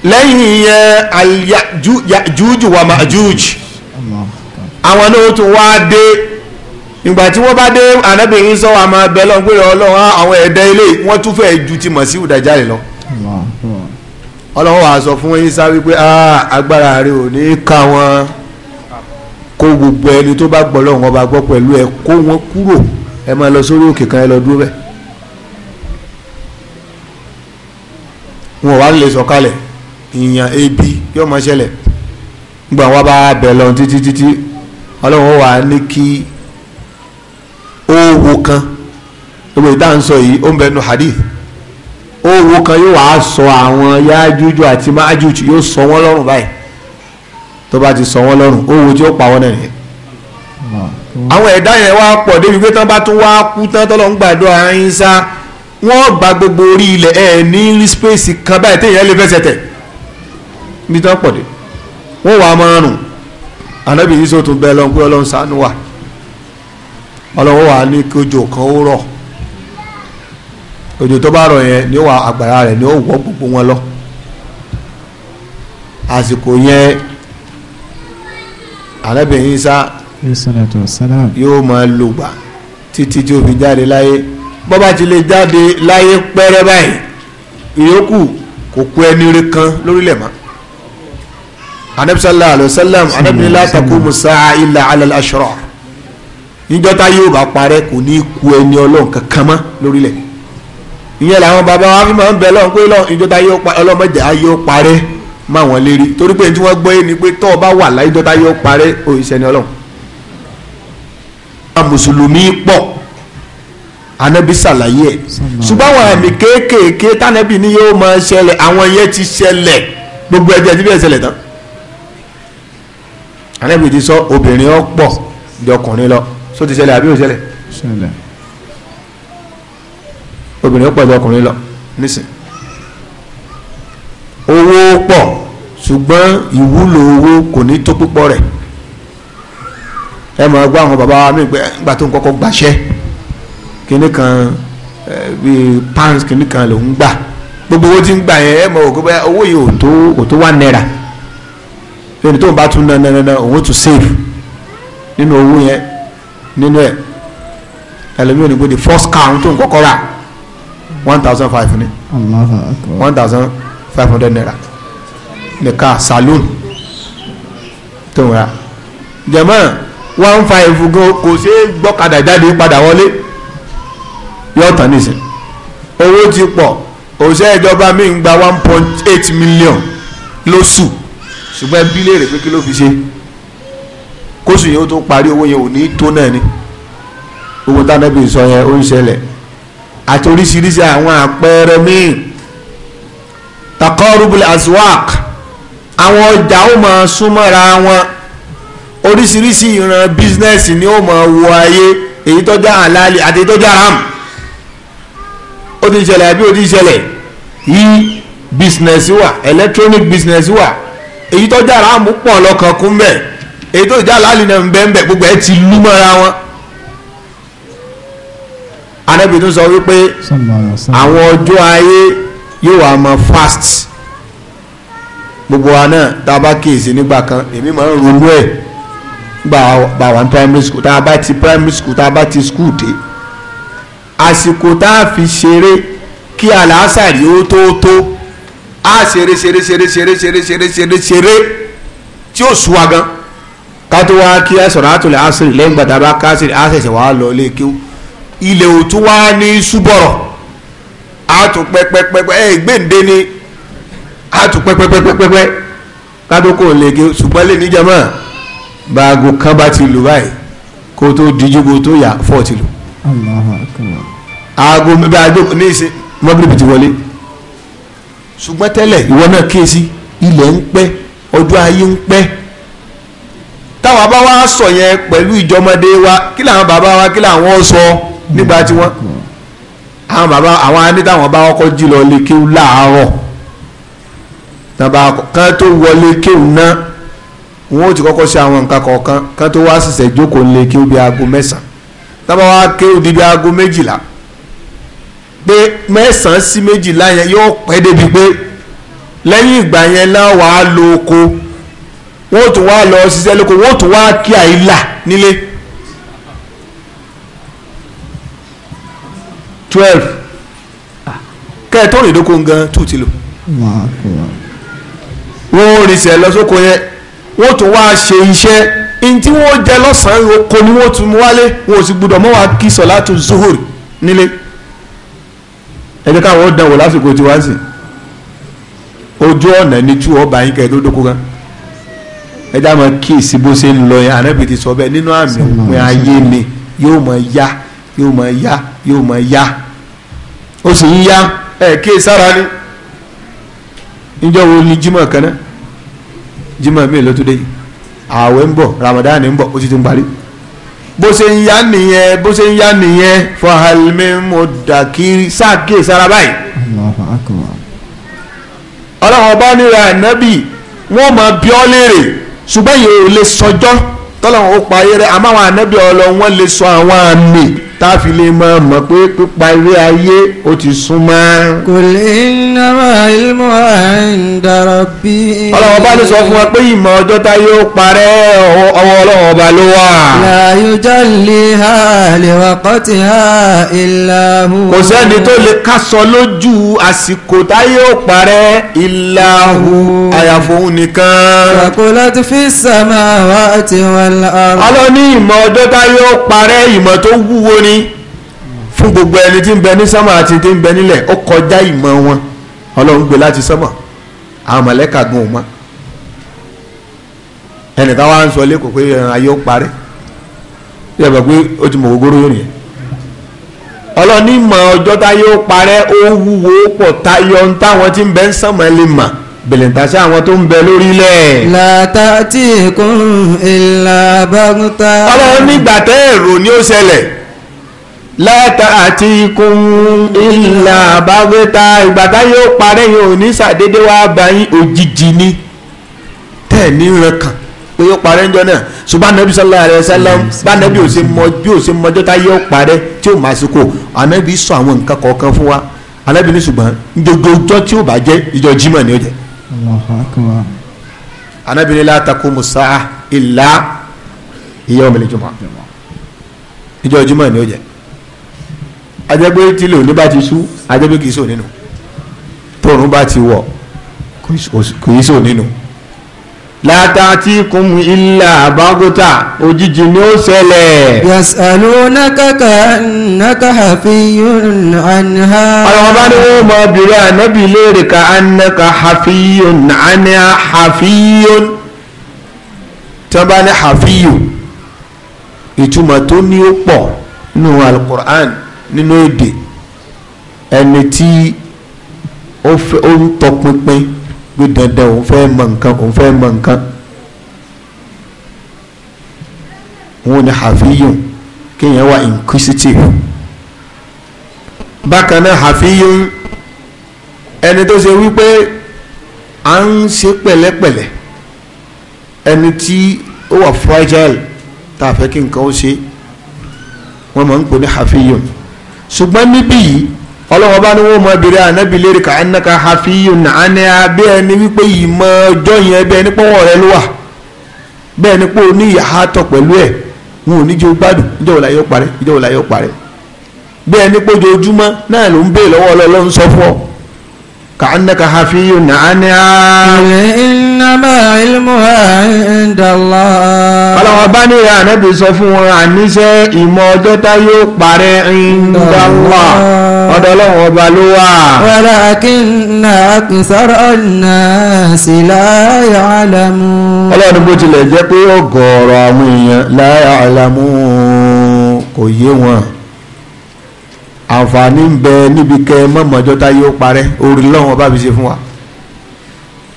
lẹ́yìn yẹn al-Ya'juj wa Ma'juj àwọn náà tún wá dé ìgbà tí wọ́n bá dé Ànábì Ìsá àmọ́ abẹ́ lọ pé ọlọ́run àwọn ẹ̀dá ilé wọ́n tún fẹ́ ju ti Masihu Dajjal lọ ọlọ́run wàá sọ fún Ìsá wípé agbára rẹ ò ní ká wọn kó gbogbo ẹni tó bá gbọ́ lọ́wọ́ bá gbọ́ pẹ̀lú ẹ kó wọn kúrò ẹ máa lọ sórí òkè kan ẹ lọ dúró bẹ́ẹ̀ wọn ò wá lè sọ̀kalẹ̀ ìyàn ebi yóò máa ṣẹlẹ̀ gbọ́n wọn bá bẹ̀ lọ títí títí ọlọ́run wà ní kí owó kan gbogbo ìdáhùnsọ yìí ó ń bẹnu hadith owó kan yóò wá sọ àwọn yájújú àti májújú yóò sọ wọ́n lọ́rùn báyìí tó bá ti sọ wọ́n lọ́rùn owó tí ó pa wọ́n náà àwọn ẹ̀dá yẹn wá pọ̀ débi pé tán bá tún wá kú tán tọ́lọ́ ń gbàdúrà yín sá wọ́n gba gbogbo orí ilẹ̀ ẹ̀ ní space kan báyìí téèyàn lè fẹsẹ̀ tẹ̀ ní tán pọ̀ dé wọ́n wà á máa rùn ànábì yìí sọ tún bẹ́ẹ̀ lọ́n pé ọlọ́run ṣàánú wa ọlọ́run wà á ní kójò kan ó rọ̀ òjò tó bá rọ̀ yẹn ni ó wà àgbàrá rẹ̀ ni ó wọ́ gbogbo wọn lọ àsìkò yẹn ànábì yìí sá yóò máa lògbà títí tí ó fi jáde láyé bọ́bá ti lè jáde láyé pẹ́rẹ́ báyìí ìyókù kò kú ẹni rí kan lórílẹ̀ mọ́ anabi sallallahu alayhi wa sallam anabi ní la taqumu sa'a illa ala al-ashrar níjọ́tá yóò bá parẹ́ kò ní ku ẹni ọlọ́run kankan mọ́ lórílẹ̀ ìyẹn làwọn bàbá wa fi máa ń bẹ lọ́n pé lọ́n ìjọ́tá yóò parẹ́ ọlọ́mọdé á yóò parẹ́ máa wọ́n lérí torí pé tí wọ́n gbọ́ yé ni pé tọ́ ọ wà láyé ìjọ́tá yóò parẹ́ òyìnbó sẹ́ni ọlọ́run mùsùlùmí pọ̀ anabi ṣàlàyé ẹ̀ ṣùgbọ́n àwọn àmì kéékèèké tánàbì ni yóò máa ṣẹlẹ̀ àwọn yẹn ti ṣẹlẹ̀ gbogbo ẹgbẹ́ ti bẹ́ẹ̀ ṣẹlẹ̀ tán anabi ti sọ obìnrin ọ pọ̀ di ọkùnrin lọ só ti ṣẹlẹ̀ àbí ò ṣẹlẹ̀ obìnrin ọ pọ̀ di ọkùnrin lọ nísìn owó pọ̀ ṣùgbọ́n ìwúlò owó kò ní tó púpọ̀ rẹ̀ ẹ mọ̀ ẹgbẹ́ àwọn bàbá wa mi gbẹ gba tó ń kọ́kọ́ gbàṣẹ́ kínní kan bíi pounds kínní kan ló ń gbà gbogbo owó tí ń gbà yẹn ẹ mọ̀ òkú bẹ́ẹ̀ owó yìí ò tó ò tó wà náírà ẹni tó ń bá tún nana nana òun ó tún save nínú owó yẹn nínú ẹ̀ ẹlòmíràn ní gbòdì first count tó ń kọ́kọ́ rà one thousand five ni one thousand five hundred naira nìka saloon tó ń rà jẹ̀mọ́ one five gan kò ṣeé gbọ́kadà jáde padà wọlé yóò tán nìsín owó ti pọ̀ òṣìṣẹ́ ìjọba mi ń gba one point eight million lóṣù ṣùgbọ́n ẹbí léèrè pé kí ló fi ṣe kóṣù yẹn ó tún parí owó yẹn ò ní tó náà ni owó tánàbí sọ yẹn ó ń ṣẹlẹ̀ àti oríṣiríṣi àwọn àpẹẹrẹ míì takọ́rùbùlẹ̀ aswak àwọn ọjà ó máa súnmọ́ra wọn oríṣiríṣi ìran bísínẹ́sì ni ó máa wo ayé èyí tó jẹ́ àlàálì àti èyí tó jẹ́ haram ó ti ṣẹlẹ̀ àbí ó ti ṣẹlẹ̀ yìí bísínẹ́sì wà electronic bísínẹ́sì wà èyí tó jẹ́ haram pọ̀ lọ́kàn kún bẹ́ẹ̀ èyí tó jẹ́ àlàálì náà ń bẹ́ẹ̀ bẹ́ẹ̀ gbogbo ẹ̀ ti lú mọ́ra wọn anábì tún sọ wípé àwọn ọjọ́ ayé yóò wá mọ fast gbogbo wa náà tá a bá kíyèsí nígbà kan èmi máa ń ronú ẹ̀ gba gba wọn primary school tá a bá ti primary school tá a bá ti school dé àsìkò tá a fi ṣeré kí àlàásàrí ó tó tó a ṣeré ṣeré ṣeré ṣeré ṣeré ṣeré ṣeré ṣeré tí ó sùn wa gan ká tó wá kí ẹ sọ̀rọ̀ àtúnlẹ̀ àṣírí lẹ́yìn gbàtà bá káṣírí àṣẹṣẹ wàá lọ ilé kí ilẹ̀ ò wá ní súbọ̀rọ̀ a tún pẹ́pẹ́pẹ́pẹ́ ẹ̀ ni a tún pẹ́pẹ́pẹ́pẹ́pẹ́ ká tó kó lè kí ṣùgbọ́n lè níjàmọ́ báago kan bá ti lù báyìí kó tó díjú kó tó yà fọ́ ti lù. aago bá a jókòó ní ìsìn mọ́gìrìbì ti wọlé ṣùgbọ́n tẹ́lẹ̀ ìwọ náà kíyèsí ilẹ̀ ń pẹ́ ọjọ́ ayé ń pẹ́ táwa bá wá sọ yẹn pẹ̀lú ìjọmọdé wa kí làwọn bàbá wa kí làwọn sọ nígbà tí wọ́n àwọn bàbá àwọn anítàwọn bá kọ́kọ́ jí lọ lè kéwù láàárọ̀ tàbá kan tó wọlé kéwù náà wọn ò ti kọ́kọ́ ṣe àwọn nǹkan kọ̀ọ̀kan kan tó wá ṣiṣẹ́ jókòó nílé kí ó bí aago mẹ́sàn tábà wá ké ó di bí aago méjìlá pé mẹ́sàn-án sí méjìlá yẹn yóò pẹ́ débi pé lẹ́yìn ìgbà yẹn náà wà lo oko wọn ò tún wá lọ ṣiṣẹ́ lóko wọn ò tún wá kí àìlà nílé twelve kẹ́ẹ̀ tó rìn dóko gan two ti lò wọ́n ò rìṣẹ́ lọ sóko yẹn wọ́n tún wá ṣe iṣẹ́ in tí wọ́n jẹ lọ́sàn-án oko ni wọ́n tún wálé wọn sì gbúdọ̀ mọ́ wá kí sọ̀látù zuhur nílé ẹ jẹ́ káwọn ó dánwò lásìkò tí wá sí ojú ọ̀nà ni tí wọ́n bá yín kẹ́ẹ́ tó dókó kan ẹ já kí èsì bó ṣe ń lọ yẹn ànábì ti sọ bẹ́ẹ̀ nínú àmì òpin ayé ni yóò máa yá yóò máa yá yóò máa yá ó sì ń yá ẹ̀ kí èsì ara ni níjọ́ wo ni jímọ̀ kan náà jimá mi ló tún dé ń bọ̀ Ramadan ń bọ̀ ó ti tún parí bó ṣe ń yá nìyẹn bó ṣe ń yá nìyẹn fahalmi mudakiri sáàkì sára báyìí. ọlọ́run ọba nira ànábì wọ́n máa bí ọ́ léèrè ṣùgbọ́n yìí ò lè sọjọ́ tọ́lọ́run ó parí rẹ̀ àmọ́ àwọn ọlọ́run wọ́n lè sọ àwọn àmì táfi lè mọ mọ̀ pé pípa ilé ayé ó ti súnmọ́. kò lè nàmà ilmọ̀ àìndàrọ̀ bí. ọlọ́wọ́ bá ló sọ fún wa pé ìmọ̀ ọjọ́ tá yóò parẹ́ ọwọ́ ọlọ́wọ́ ọba ló wà. láàyò jálè ha lè wà kọ́tì ha ìlàhù. kò sẹ́ni tó lè kásọ lójú àsìkò tá yóò parẹ́ ìlàhù àyàfòun nìkan. kàkúlá ti fi sàmà wá àti wọn lọ. ọlọ́ni ìmọ̀ ọjọ́ tá yóò parẹ́ ìmọ̀ tó wúwo ní fún gbogbo ẹni tí ń bẹ ní àti tí ń bẹ ó kọjá ìmọ̀ wọn ọlọ́run gbé láti sánmà àwọn mọ̀lẹ́kà gan ò ẹnìkan wá ń sọ lẹ́kọ̀ọ́ pé ayé ó parí yẹ pé ó ti mọ gbogbo yóò yẹn mọ táyé ó tayọ ń táwọn tí ń bẹ ń lè mà àwọn tó láta àti ikun ìlà àbáwẹ́ta ìgbàdá yóò parẹ́ yóò ní sàdédé wá báyìí òjijì ni tẹ̀ ní rankan pé yóò parẹ́ njọ́ náà ṣùgbọ́n anabi sallallahu alayhi wa sallam bánabi ò ṣe mọ bí ò ṣe mọjọ́ tá yóò parẹ́ tí ò máa ṣekò anabi sọ àwọn nǹkan kọ̀ọ̀kan fún wa anabi ní ṣùgbọ́n gbogbo ọjọ́ tí ò bá jẹ́ ìjọ jimá ni ó jẹ́. anabi ní la taqumu sa'a illa yawm al-jum'ah ìjọ jimá ni ó jẹ́ ajẹ́pẹ́ tílé òní bá ti sú ajẹ́pẹ́ kìí sò nínú tóòrùn bá ti wọ̀ kìí sò nínú. látà tí kún ilà àbágọ́tà òjijì ni ó ṣẹlẹ̀. yasalu nakaka nakaha fiyun anha. àwọn bá ní wọn mọ obìnrin ànábì léèrè ka anaka hafiyun anha hafiyun tí wọn bá ní hafiyun ìtumọ̀ tó ní ó pọ̀ nínú alukur'an nínú èdè ẹni tí ó ń tọpinpin bí dandan òun fẹ́ mọ nǹkan òun fẹ́ mọ nǹkan òun ni hafiyun kéèyàn wà inquisitive bákan náà hafiyun ẹni tó ṣe wípé à ń ṣe pẹ̀lẹ́pẹ̀lẹ́ ẹni tí ó wà fragile tá a fẹ́ kí nǹkan ó ṣe wọ́n máa ń pè ní hafiyun. ṣùgbọ́n níbí yìí ọlọ́wọ́ bá ní wọ́n mọ abiri anabi lérí ká ẹnìkan hafiyun a abẹ́ ẹni wípé ìmọ̀ ọjọ́ yẹn bẹ́ẹ̀ ní pọ́wọ́ rẹ ló wà bẹ́ẹ̀ ni pé o ní ìhàtọ̀ pẹ̀lú ẹ̀ wọn ò ní jẹ́ gbádùn ìjọba làyọ̀ parẹ́ ìjọba làyọ̀ parẹ́ bẹ́ẹ̀ ni pé ojoojúmọ́ náà ló كأنك حفي عنها إنما علمها عند الله ọlọ́wọ́ bá ní ànábì sọ fún wọn àníṣẹ́ ìmọ̀ ọjọ́ tá yóò parẹ́ عند الله ọ̀dọ̀ ọlọ́run ọba ló wà. walakinna akthara an-nasi la ya'lamun. ọlọ́run bó tilẹ̀ jẹ́ pé ọ̀gọ̀ọ̀rọ̀ àwọn èèyàn la ya'lamun kò yé wọn àǹfààní ń bẹ níbi kẹ mọ́mọ́jọ́ tá yóò parẹ́ orí lọ́wọ́n bá fi ṣe fún wa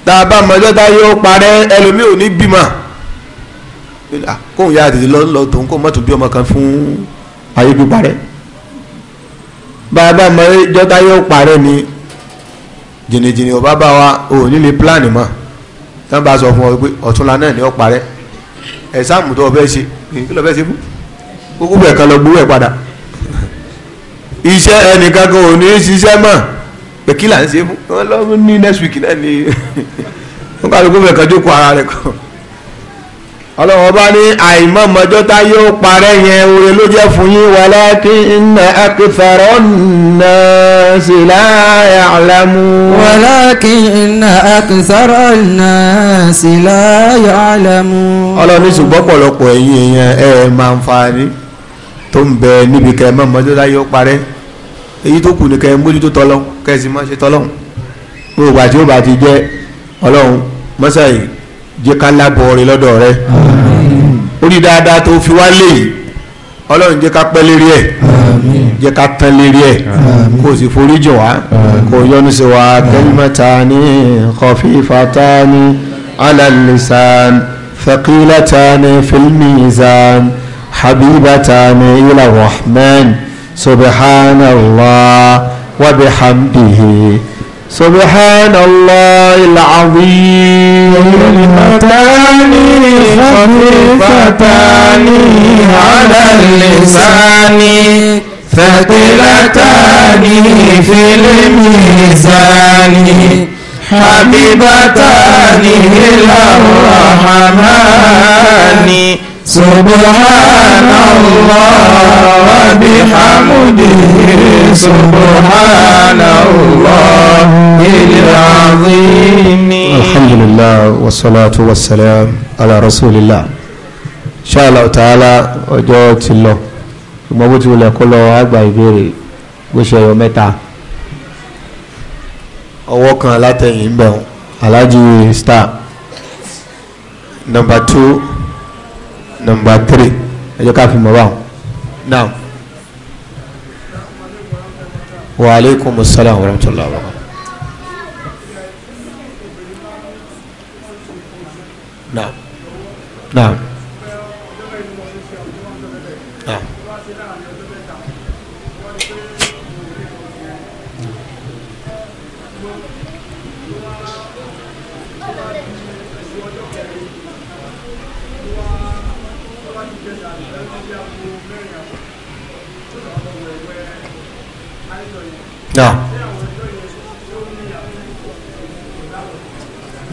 tá a bá mọ́jọ́ tá yóò parẹ́ ẹlòmíì ò ní bímọ ah, kóun yá àtètè lọ lọ tòun kó mọ́tò bí ọmọ kan fún ayé pípa rẹ bá a bá mọ́jọ́ yóò parẹ́ ni jìnnìjìnnì ọba bá wa ò nílé pílánì mọ́ tí wọ́n bá sọ fún ọ pé ọ̀túnla náà ni ó parẹ́ ẹ̀sáàmù tó o fẹ́ ṣe kí ló fẹ́ ṣe fún kókó bẹ̀ kan lọ gbowó ẹ̀ padà iṣẹ́ ẹnìkankan ò ní ṣiṣẹ́ mọ̀ pé kí là ń ṣe fún wọn lọ ní next week náà ni wọn kàlùkù fẹ̀ kan jókòó ara rẹ̀ kan ọlọ́wọ́n bá ní àìmọ̀mọ́jọ́ tá yóò parẹ́ yẹn oore ló jẹ́ fún yín walakinna akthara an-nasi la ya'lamun. walakinna akthara an-nasi la ya'lamun. ọlọ́run ní ṣùgbọ́n pọ̀lọpọ̀ ẹ̀yin èèyàn ẹ̀ máa ń fa ni tó ń bẹ níbi kẹ mọ́ mọ́tò láyé ó parẹ́ èyí tó kù ní kẹ mójútó tọ́lọ́ kẹsì má ṣe tọ́lọ́ gbogbo àti òbá ti jẹ́ ọlọ́run mọ́sàáyì jẹ́ ká lábọ̀ rẹ lọ́dọ̀ rẹ orí dáadáa tó fi wá léyìí ọlọ́run jẹ́ ká pẹ́ lérí ẹ̀ jẹ́ ká pẹ́ lérí ẹ̀ kò sì forí jìn wá kò yọ́nú sí wa kalimatani khafifatani ala lisan thaqilatani fil mizan. حبيبتان إلى الرحمن سبحان الله وبحمده سبحان الله العظيم كلمتان خفيفتان على اللسان ثقلتان في الميزان حبيبتان إلى الرحمن subhanallah wa bihamdihi subhanallah il-azim. alhamdulilayi wasalaatu wasalaam ala rasulillah inshallah taala ọjọ́ ti lọ ṣùgbọ́n bó ti wulẹ̀ kó lọ àgbà ìbéèrè bó ṣe yọ mẹ́ta ọwọ́ kan látẹ̀yìn bẹ̀rù alhaji star number two number three ẹ jẹ́ ká fi mọ̀ báwọn. now wa aleykum salaam wa rahmatulah wa barakatuh. now now. náà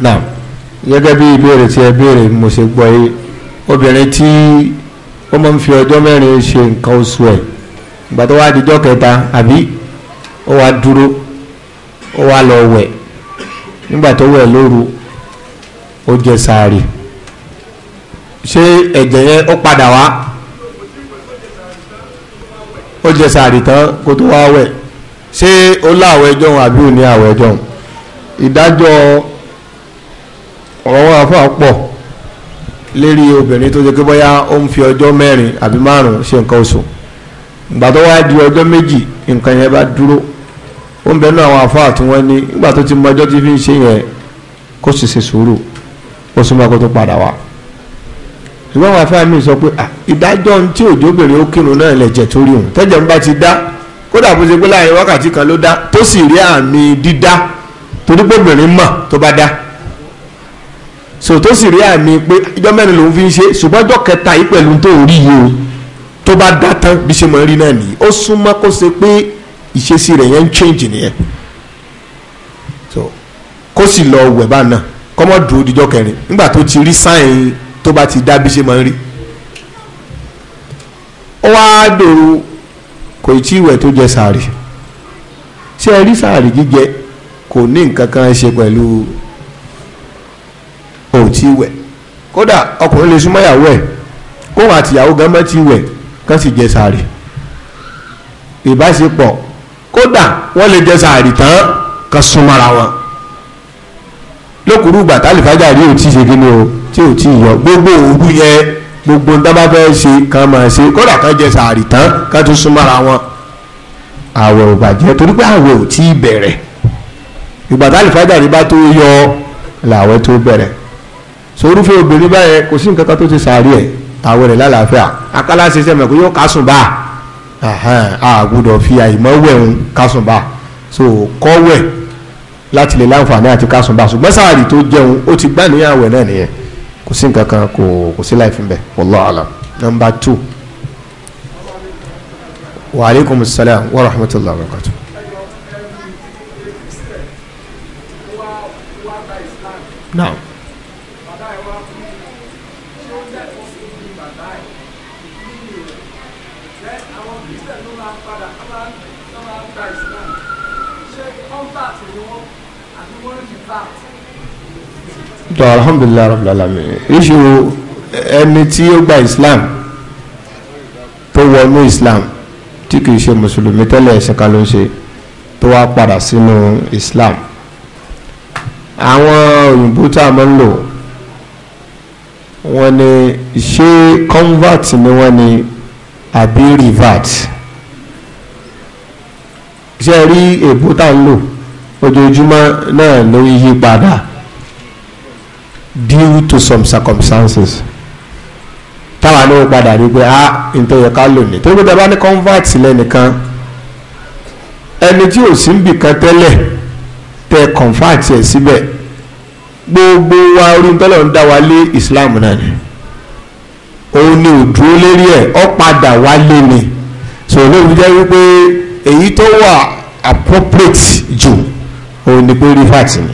náà gẹ́gẹ́ bí ìbéèrè tí ẹ béèrè mo ṣe gbọ́ yé obìnrin tí ó máa ń fi ọjọ́ mẹ́rin ṣe nǹkan oṣù ẹ̀ ìgbà tó wá dijọ́ kẹta àbí ó wá dúró ó wá lọ wẹ̀ nígbà tó wẹ̀ lóru ó jẹ sàárì ṣé ẹ̀jẹ̀ yẹn ó padà wá ó jẹ sàárì tán kó tó wá wẹ̀ ṣé ó láwọ̀ ẹjọ́ òun àbí ò ní àwọ̀ ẹjọ́ òun ìdájọ́ ọ̀rọ̀ wọn àfọ̀ pọ̀ lérí obìnrin tó ṣe pé bóyá ó ń fi ọjọ́ mẹ́rin àbí márùn-ún ṣe nǹkan oṣù ìgbà tó wá di ọjọ́ méjì nǹkan yẹn bá dúró ó ń bẹnu àwọn àfáà tí wọ́n ní nígbà tó ti mọ ọjọ́ tí fi ń ṣe yẹn kó sì ṣe sùúrù ó sì máa kó tó padà wá ṣùgbọ́n àwọn àfáà mi sọ pé ìdájọ́ ohun tí òjòbìnrin ó kírun náà lẹ̀jẹ̀ torí òun tẹ́jẹ̀ ń bá ti dá kódà bó ṣe pé láàrin wákàtí kan ló dá tó sì rí àmì dídá torí pé tó bá dá so tó sì rí àmì pé ijọ́ mẹ́rin lòún fi ń ṣe ṣùgbọ́n ọjọ́ kẹta yìí pẹ̀lú tó rí yìí o tó bá dá tán bí ṣe mọ̀ rí náà nìyí ó súnmọ́ kó ṣe pé ìṣesí rẹ̀ yẹn ń change nìyẹn so kó sì lọ wẹ̀ bá náà kọ́mọ́ dúró dijọ́ kẹrin nígbà tó ti rí sáyìn tó bá ti dá bí ṣe mọ̀ rí ó wá dòru kò tí ìwẹ̀ tó jẹ sàárì ṣé ẹ rí sàárì jíjẹ kò ní nǹkan kan ṣe pẹ̀lú òtí ìwẹ̀ kódà ọkùnrin lè súnmọ́ ìyàwó ẹ̀ kóhùn àtìyàwó gan mọ́ ti ìwẹ̀ kán sì jẹ sàárì ìbáṣepọ̀ kódà wọ́n lè jẹ sàárì tán kan súnmọ́ra wọn lókùrú gbàtà lè fájà rí òtí ṣe kí o tí ò tí gbogbo òru yẹn gbogbo ń dábàá fẹ́ ṣe kan máa ṣe kódà kan jẹ sàárì tán kan tún súnmọ́ra wọn àwẹ̀ ò bàjẹ́ torí pé àwẹ̀ ò tí ì bẹ̀rẹ̀ ìgbà tá àlùfáàjà rí bá tó yọ làwẹ̀ tó bẹ̀rẹ̀ sorúfẹ́ obìnrin báyẹn kò sí nǹkan kan tó ti sàárì ẹ̀ àwẹ̀ rẹ̀ lálàáfíà akálá ṣe sẹ́mi kò yóò kásùn bá a gbọ́dọ̀ fi àìmọ́ wẹ̀hún kásùn bá so kọ́ wẹ̀ láti lè láǹfààní àti kásùn bá ṣùgbọ́n sàárì tó jẹun ó ti gbà níyàwó náà nìyẹn kò sí nǹkan kan kò kò sí láì fi bẹ̀ wallahu alam. nọmba two wa aleykum salaam wa rahmatullahi wa barakatuh. now. tó alhamdulilayi rabbil alamin iṣu ẹni tí ó gba islam tó wọnú islam tí kìí ṣe mùsùlùmí tẹ́lẹ̀ ẹ̀sìn kan ló ń ṣe tó wá padà sínú islam àwọn òyìnbó tá a máa ń lò wọ́n ní ṣé convert ni wọ́n ní àbí revert ṣe rí èbó tá a ń lò ojoojúmọ́ náà ló yí padà due to some circumstances táwa náà padà rí pé ah nítorí yẹ ká lò ní torí pé tí bá ní convert lẹ́nìkan ẹni tí ò sí ń bì kan tẹ́lẹ̀ tẹ convert ẹ̀ síbẹ̀ gbogbo wa orí ntọ́lọ̀ ń dá wa lé Islam náà ni òun ni òdúró lérí ẹ̀ ọ́ padà wá lé ni So ló fi jẹ́ wípé èyí tó wà appropriate jù òun ni pé rí fàtì ni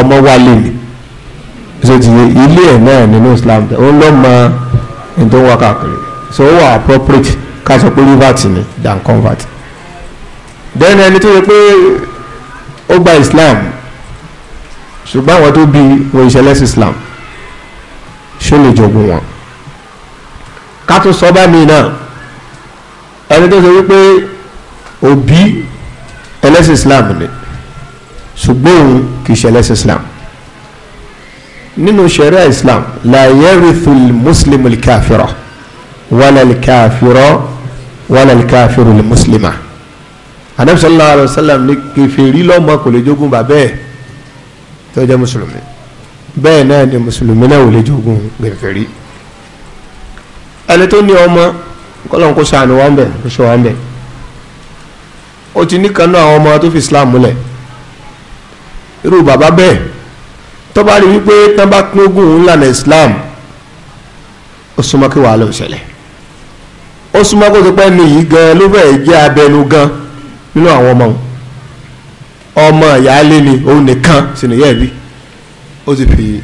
ọmọ wa lé ni so ti ilé ẹ̀ náà nínú Islam ó ń lọ́ mọ ẹni tó ń wá káàkiri so ó wà appropriate ká sọ pé revert ni than convert then ẹni tó yẹ pé ó gba Islam ṣùgbọ́n àwọn tó bí wọn ìṣẹ̀lẹ̀ sí Islam ṣó lè jogún wọn ká tó sọ bá mi náà ẹni tó sọ wípé òbí ẹlẹ́sìn Islam ni ṣùgbọ́n òun kì í ṣe Islam nínú sharia islam la yarithul muslimu likafira wala likafira wala likafiru limuslima anabi sallallahu alayhi wa sallam ní kèfèrí lọ́mọ kò lè jogún bàbá ẹ̀ tó jẹ́ mùsùlùmí bẹ́ẹ̀ náà ni mùsùlùmí náà ò lè jogún kèfèrí ẹni tó ní ọmọ kọ́lọ́n kó sànù wá ń bẹ̀ kó sọ bẹ̀ ó ti ní kanú àwọn ọmọ tó fi islam múlẹ̀ irú bàbá bẹ́ẹ̀ tó bá rí wípé tán bá pín ogún ńlànà Islam ó súnmọ́ kí wàhálà ò ṣẹlẹ̀ ó súnmọ́ kó tó pẹ́ ní yìí gan ló fẹ́ jẹ́ abẹnu gan nínú àwọn ọmọ òun ọmọ ìyáálé ni òun nìkan sì nìyẹn bí ó sì fi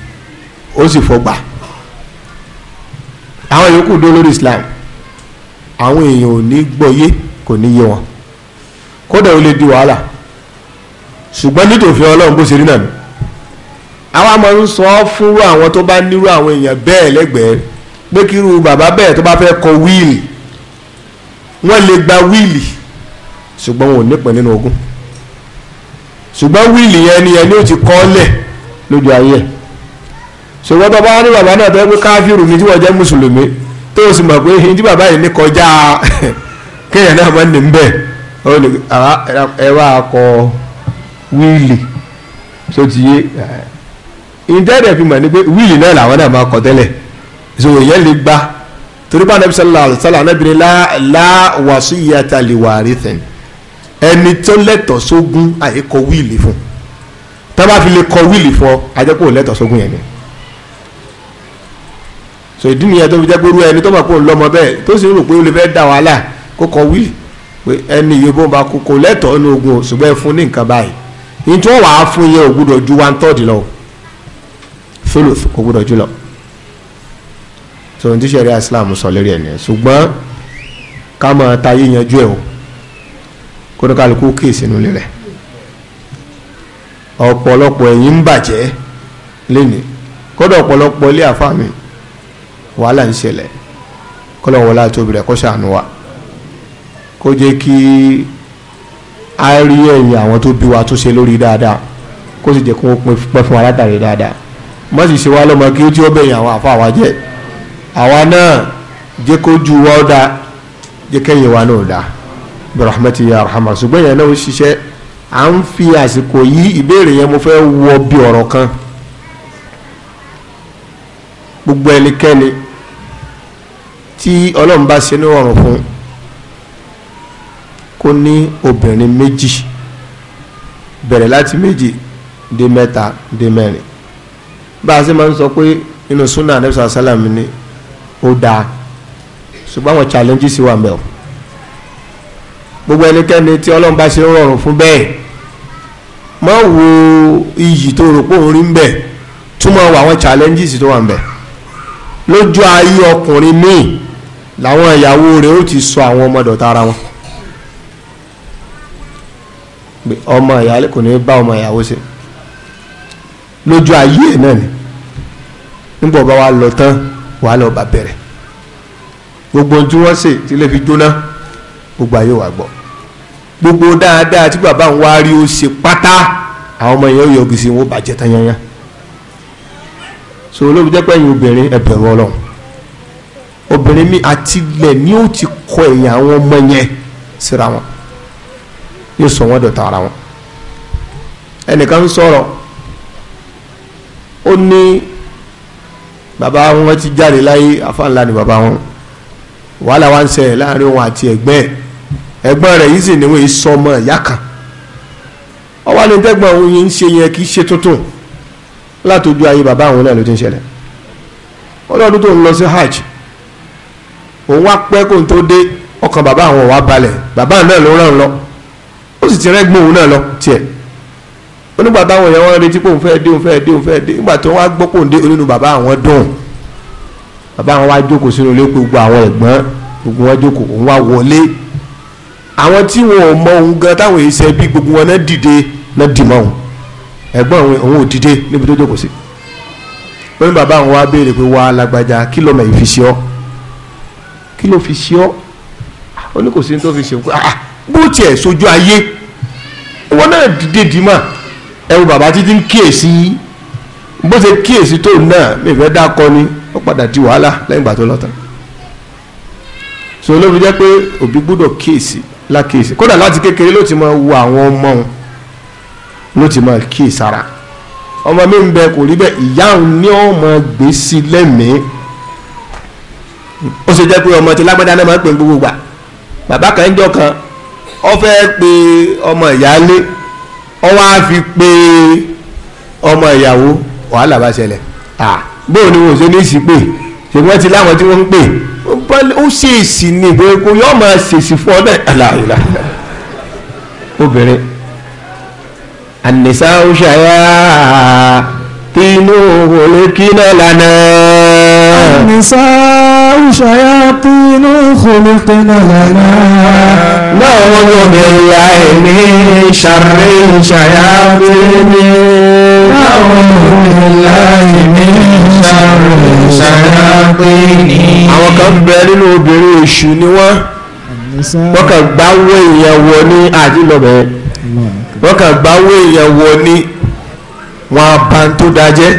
ó sì fọgbà àwọn yòókù dó lórí Islam àwọn èèyàn ò ní gbọ́yé kò ní yé wọn kódà ó lè di wàhálà ṣùgbọ́n nítòfin Ọlọ́run bó ṣe rí nànú àwa máa ń sọ fúnrú àwọn tó bá nírú àwọn èèyàn bẹ́ẹ̀ lẹ́gbẹ̀ẹ́ pé kírú bàbá bẹ́ẹ̀ tó bá fẹ́ kọ wíìlì wọ́n lè gba wíìlì ṣùgbọ́n wọn ò nípìn nínú ogún ṣùgbọ́n wíìlì yẹn ni ẹni ó ti kọ́ lẹ̀ lójú ayé ẹ̀ ṣùgbọ́n tó bá ní bàbá náà tó yẹ pé káfíìrù ni tí wọ́n jẹ́ mùsùlùmí tó o sì mọ̀ pé ẹni tí bàbá yìí ní kọjá kéèyàn náà máa ní bẹ́ẹ̀ ẹ wá kọ wíìlì tó ti yé ìtẹ́ẹ̀dẹ̀ fi mọ̀ ní pé wíìlì náà làwọn náà máa kọ́ tẹ́lẹ̀ so ìyẹn lè gba torí bá anabi sallallahu alayhi wa sallam anabini láwàsíyàtà lè wàrí tẹ̀ ẹni tó lẹ́tọ̀ sógún àyíkọ wíìlì fún tó fi lè kọ wíìlì fún ọ ajẹ́pọ̀ lẹ́tọ̀ sógún yẹn ni so ìdí nìyẹn tó fi jẹ́ pé irú ẹni tó mọ̀ pé òun lọ́mọ bẹ́ẹ̀ tó sì rò pé ó lè fẹ́ dà wàhálà kó kọ wíìlì pé ẹni yìí bó kó kó lẹ́tọ̀ nínú ogun ṣùgbọ́n ẹ fún ní nǹkan báyìí ní tí fún yẹn ò ju one third lọ thuluth kò gbọ́dọ̀ jùlọ so ní tíṣẹ̀rí islam sọ lórí ẹ̀ nìyẹn ṣùgbọ́n ká máa tayé yanjú ẹ̀ o kódó kálukú kì í sínú ilé rẹ̀ ọ̀pọ̀lọpọ̀ ẹ̀yìn ń bàjẹ́ lénìí kódó ọ̀pọ̀lọpọ̀ ilé àfàmì wàhálà ń ṣẹlẹ̀ kọ́lọ́wọ́lá tóbi rẹ̀ kó ṣàánú wa kó jẹ́ kí a rí ẹ̀yìn àwọn tó bí wa tó ṣe lórí dáadáa kó sì jẹ́ kó pẹ́ fún wa látàrí dáadáa má sì ṣe wá lọ́mọ kí ó tí ó bẹ̀yìn àwọn àfa wa jẹ́ àwa náà jẹ́ kó ju wá ó dáa jẹ́ kẹ́yìn wa náà dáa birahmati ya rahman ṣùgbọ́n yẹn náà ṣiṣẹ́ à ń fi àsìkò yí ìbéèrè yẹn mo fẹ́ wọ bí ọ̀rọ̀ kan gbogbo ẹnikẹ́ni tí ọlọ́run bá ṣe ní ọ̀rọ̀ fún kó ní obìnrin méjì bẹ̀rẹ̀ láti méjì dé mẹ́ta dé mẹ́rin bá a ṣe máa ń sọ pé nínú sunna anabi sàlá sàlám ni ó dáa ṣùgbọ́n àwọn challenges wà mẹ́ o gbogbo ẹnikẹ́ni tí ọlọ́run bá ṣe ń rọrùn fún bẹ́ẹ̀ má wo iyì tó rò pé òun rí ń bẹ̀ túmọ̀ wọ àwọn challenges tó wà ń bẹ̀ lójú ayé ọkùnrin míì làwọn ìyàwó rẹ̀ ó ti sọ àwọn ọmọdọ̀ tara wọn ọmọ ìyá kò ní bá ọmọ ìyàwó ṣe lójú ayé ẹ̀ náà ni nígbà bá wa lọ tán wàá lọ bá bẹ̀rẹ̀ gbogbo ohun tí wọ́n ṣe tí lè fi jóná gbogbo ayé wa gbọ́ gbogbo dáadáa tí bàbá ń wá rí ó ṣe pátá àwọn ọmọ yẹn ó yọgi sí wọn bàjẹ́ tán yányá so olóbi jẹ́ pé ẹ̀yin obìnrin ẹ bẹ̀rù ọlọ́run obìnrin mi àtìlẹ̀ ni ó ti kọ ẹ̀yìn àwọn ọmọ yẹn síra wọn yóò sọ wọn dọ̀tá ara wọn ẹnìkan ń sọ̀rọ̀ ó ní bàbá wọn ti jáde láyé afáńlá ni bàbá wọn wàhálà wa ń ṣẹlẹ̀ láàrin òun àti ẹ̀gbọ́n ẹ̀ ẹ̀gbọ́n rẹ̀ yìí sì ni wọ́n sọ ọmọ ìyá kan ọwọ́ ni dẹ́gbọ̀n òun yìí ń ṣe yẹn kì í ṣe tuntun látòjú ayé bàbá àwọn náà ló ti ń ṣẹlẹ̀ ọlọ́dún tó ń lọ sí hajj òun wá pẹ́ kó n tó dé ọkàn bàbá àwọn wá balẹ̀ bàbá náà ló ràn lọ ó sì ti rẹ́gbọ́n òun náà lọ tiẹ̀ onígbà táwọn èèyàn wọn retí pé òun fẹ́ dé òun fẹ́ dé òun fẹ́ dé nígbà tí wọ́n wá gbọ́ pòun dé onínú bàbá àwọn dùn bàbá àwọn wá jókòó sínú ilé gbogbo àwọn ẹ̀gbọ́n gbogbo wọn jókòó òun wá wọlé àwọn tí wọn ò mọ òun gan táwọn èèyàn ṣe bí gbogbo wọn náà dìde náà dì mọ́ òun ẹ̀gbọ́n òun òun ò dìde níbi tó jókòó sí oní bàbá àwọn wá béèrè pé wà á lágbájá kí lọ́mọ yìí fi ṣe ọ́ kí ló fi ṣe ọ́ oníkòsí tó fi ṣe ah, ah, bó tiẹ̀ sojú ayé wọn náà dìde dì máa ẹwù bàbá títí ń kíyèsí bó ṣe kíyèsí tó náà mi fẹ́ dákọ ni ó padà di wàhálà lẹ́yìn ìgbà tó lọ́ta so ló fi jẹ́ pé òbí gbọ́dọ̀ kíyèsí lákíyèsí kódà láti kékeré ló ti máa wo àwọn ọmọ òun ló ti máa kíyèsí ara ọmọ mi ń bẹ kò rí bẹ́ẹ̀ ìyá òun ní ọmọ gbèsè lẹ́mìí ó ṣe jẹ́ pé ọmọ ti lágbádá náà máa ń pè gbogbo gbà bàbá kan ń jọ kan ọ fẹ́ pe ọmọ ìyáálé ó wá fi pé ọmọ ìyàwó wàhálà bá ṣẹlẹ̀ bóun ni wọn ò ṣe ní ìsìpè ṣùgbọ́n ti láwọn tí wọ́n ń pè ó ṣèèṣì ní ìbéèrè kó yọ́ máa ṣèèṣì fún ọ náà àlàyé obìnrin ànìsá ó ṣàyà tinú olókínà lánàá. ànìsá ó ṣàyà tinú. حسن خلقنا نعوذ بالله من شر الشياطين نعوذ بالله من شر الشياطين àwọn kan bẹ nínú obìnrin èṣù ni wọ́n wọ́n kàn gbáwó èèyàn wọ ní àdínlọ́bẹ̀ wọ́n kàn gbáwó dájẹ́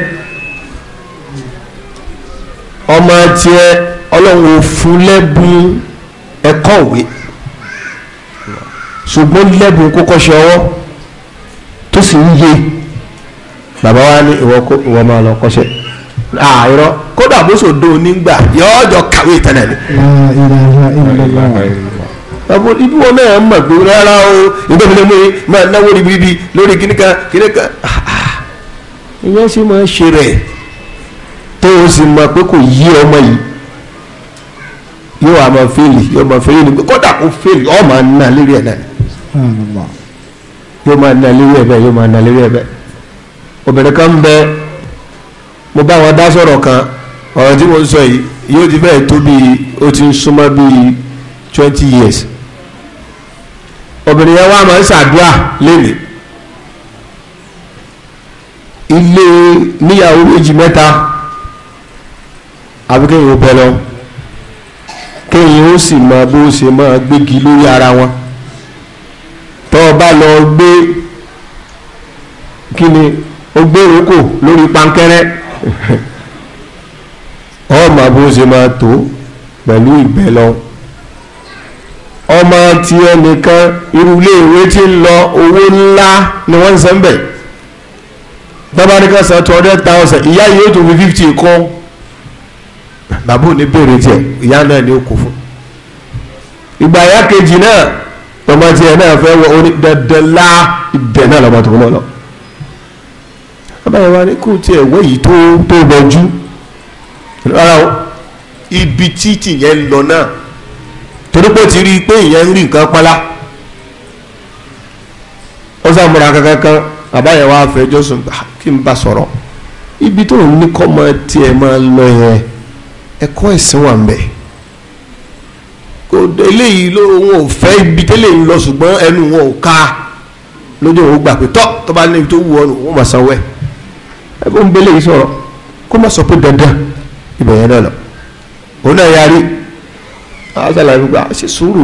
ọmọ tiẹ̀ ọlọ́run ò fún lẹ́bùn ẹ̀kọ́ òwe ṣùgbọ́n lẹ́bùn kókó ṣe ọwọ́ tó sì ń yé bàbá wa ní ìwọ kó ìwọ máa lọ kọ́ṣẹ́ àìrọ kódà bó so do nígbà yọọ jọ kàwé tẹ́lẹ̀ ni. àbọ̀ ibi wọn náà mọ̀ pé rárá o ìgbà mi lè mú yín máa náwó ribiribi lórí kíníkan kíníkan ìyẹn sì máa ṣe rẹ̀ tó o sì mọ̀ pé kò yí ọmọ yìí yóò wá máa fèlì yóò máa fèlì ní kódà kó fèlì ọ̀ máa nà lérí ẹ̀ náà yóò máa nà lérí ẹ̀ bẹ́ẹ̀ yóò máa nà lérí ẹ̀ bẹ́ẹ̀ obìnrin kan ń bẹ mo bá wọn dá sọ̀rọ̀ kan ọ̀rọ̀ tí mo ń sọ yìí yóò ti bẹ́ẹ̀ tó bí ó ti ń súnmọ́ bí twenty years obìnrin yẹn wá máa ń ṣàdúrà lénìí ilé níyàwó méjì mẹ́ta àbíkẹ́yìn ó bẹ lọ́wọ́ kéyìn ó sì mọ bó ṣe máa gbégi lórí ara wọn tó o bá lọ gbé kí ni o gbé roko lórí pankẹ́rẹ́ ọ mọ bó ṣe máa tó pẹ̀lú ìbẹ́ lọ ọmọ tí ẹnìkan irú ilé ìwé tí ń lọ owó ńlá ni wọ́n ń sẹ́ńbẹ̀ tọ́bánikẹ́sán two hundred thousand ìyá yìí ó tó fi fifty kún bàbá ò béèrè tiẹ̀ ìyá náà ni ó kó fún ìgbà ìyá kejì náà tọmọ tiẹ̀ náà fẹ́ wọ oní dandan lá ibẹ̀ náà lọ́mọ tó lọ. abáyọ̀ ni kò tiẹ̀ wọ́ yìí tó tó bọjú rárá o ibi tí tìyẹn lọ náà torí pé ó ti rí i pé ìyẹn ń rí nǹkan pálá ó sàmúra kankan àbáyọ̀ wa fẹjọ́ sùn ah, kí n bá sọ̀rọ̀ ibi tó ń ní kọ́ mọ tiẹ̀ máa lọ yẹn ẹ̀kọ́ ẹ̀sìn wà ń bẹ kò eléyìí ló wọn ò fẹ́ ibi tẹ́lẹ̀ ń lọ ṣùgbọ́n ẹnu wọn ò ká lójú òun gbà pé tọ́ tó bá níbi tó wù ọ́ wọn mà sanwó ẹ̀ ẹ bó ń bẹ eléyìí sọ̀rọ̀ kó má sọ pé dandan ibẹ̀ yẹn náà lọ òun náà yarí àṣàlà ìgbà ṣe sùúrù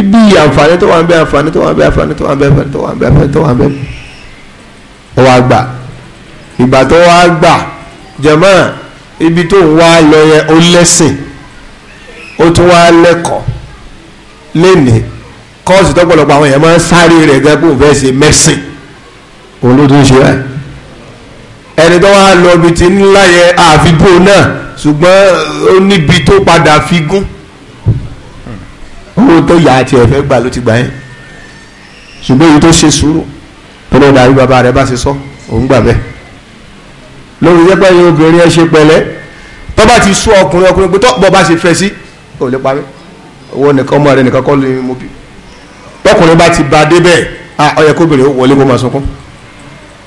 ibi àǹfààní tó wà ń bẹ àǹfààní tó wà ń bẹ àǹfààní tó wà ń bẹ àǹfààní tó wà ń bẹ àǹfààní tó wà ń bẹ ọwọ́ àgbà ìgbà tó wà á gbà ibi tó ń wá lọ yẹn ó lẹ́sìn ó tún wá lẹ́kọ̀ọ́ lénìí kọ́ọ̀sì tọ́pọ̀lọpọ̀ àwọn èèyàn máa ń sáré rẹ̀ gẹ́gẹ́ bó fẹ́ ṣe mẹ́sìn òun ló tún ṣe rẹ̀ ẹni tó wá lọ ibi tí ńlá yẹn àfibó náà ṣùgbọ́n ó níbi tó padà fi gún owó tó yà á tiẹ̀ fẹ́ gbà ló ti gbà yẹn ṣùgbọ́n èyí tó ṣe sùúrù tó lọ́ọ́ darí bàbá rẹ̀ bá ṣe sọ òun gbà bẹ́ẹ̀ lórí yẹ́pẹ́ yín obìnrin ẹ ṣe pẹ̀lẹ́ tó bá ti sún ọkùnrin ọkùnrin pé tó bọ́ bá ṣe fẹ́ sí ò lè parí owó nìkan ọmọ rẹ nìkan kọ́ ló mú bí tọkùnrin bá ti ba débẹ̀ ó yẹ kóbìnrin wọlé kó máa sunkún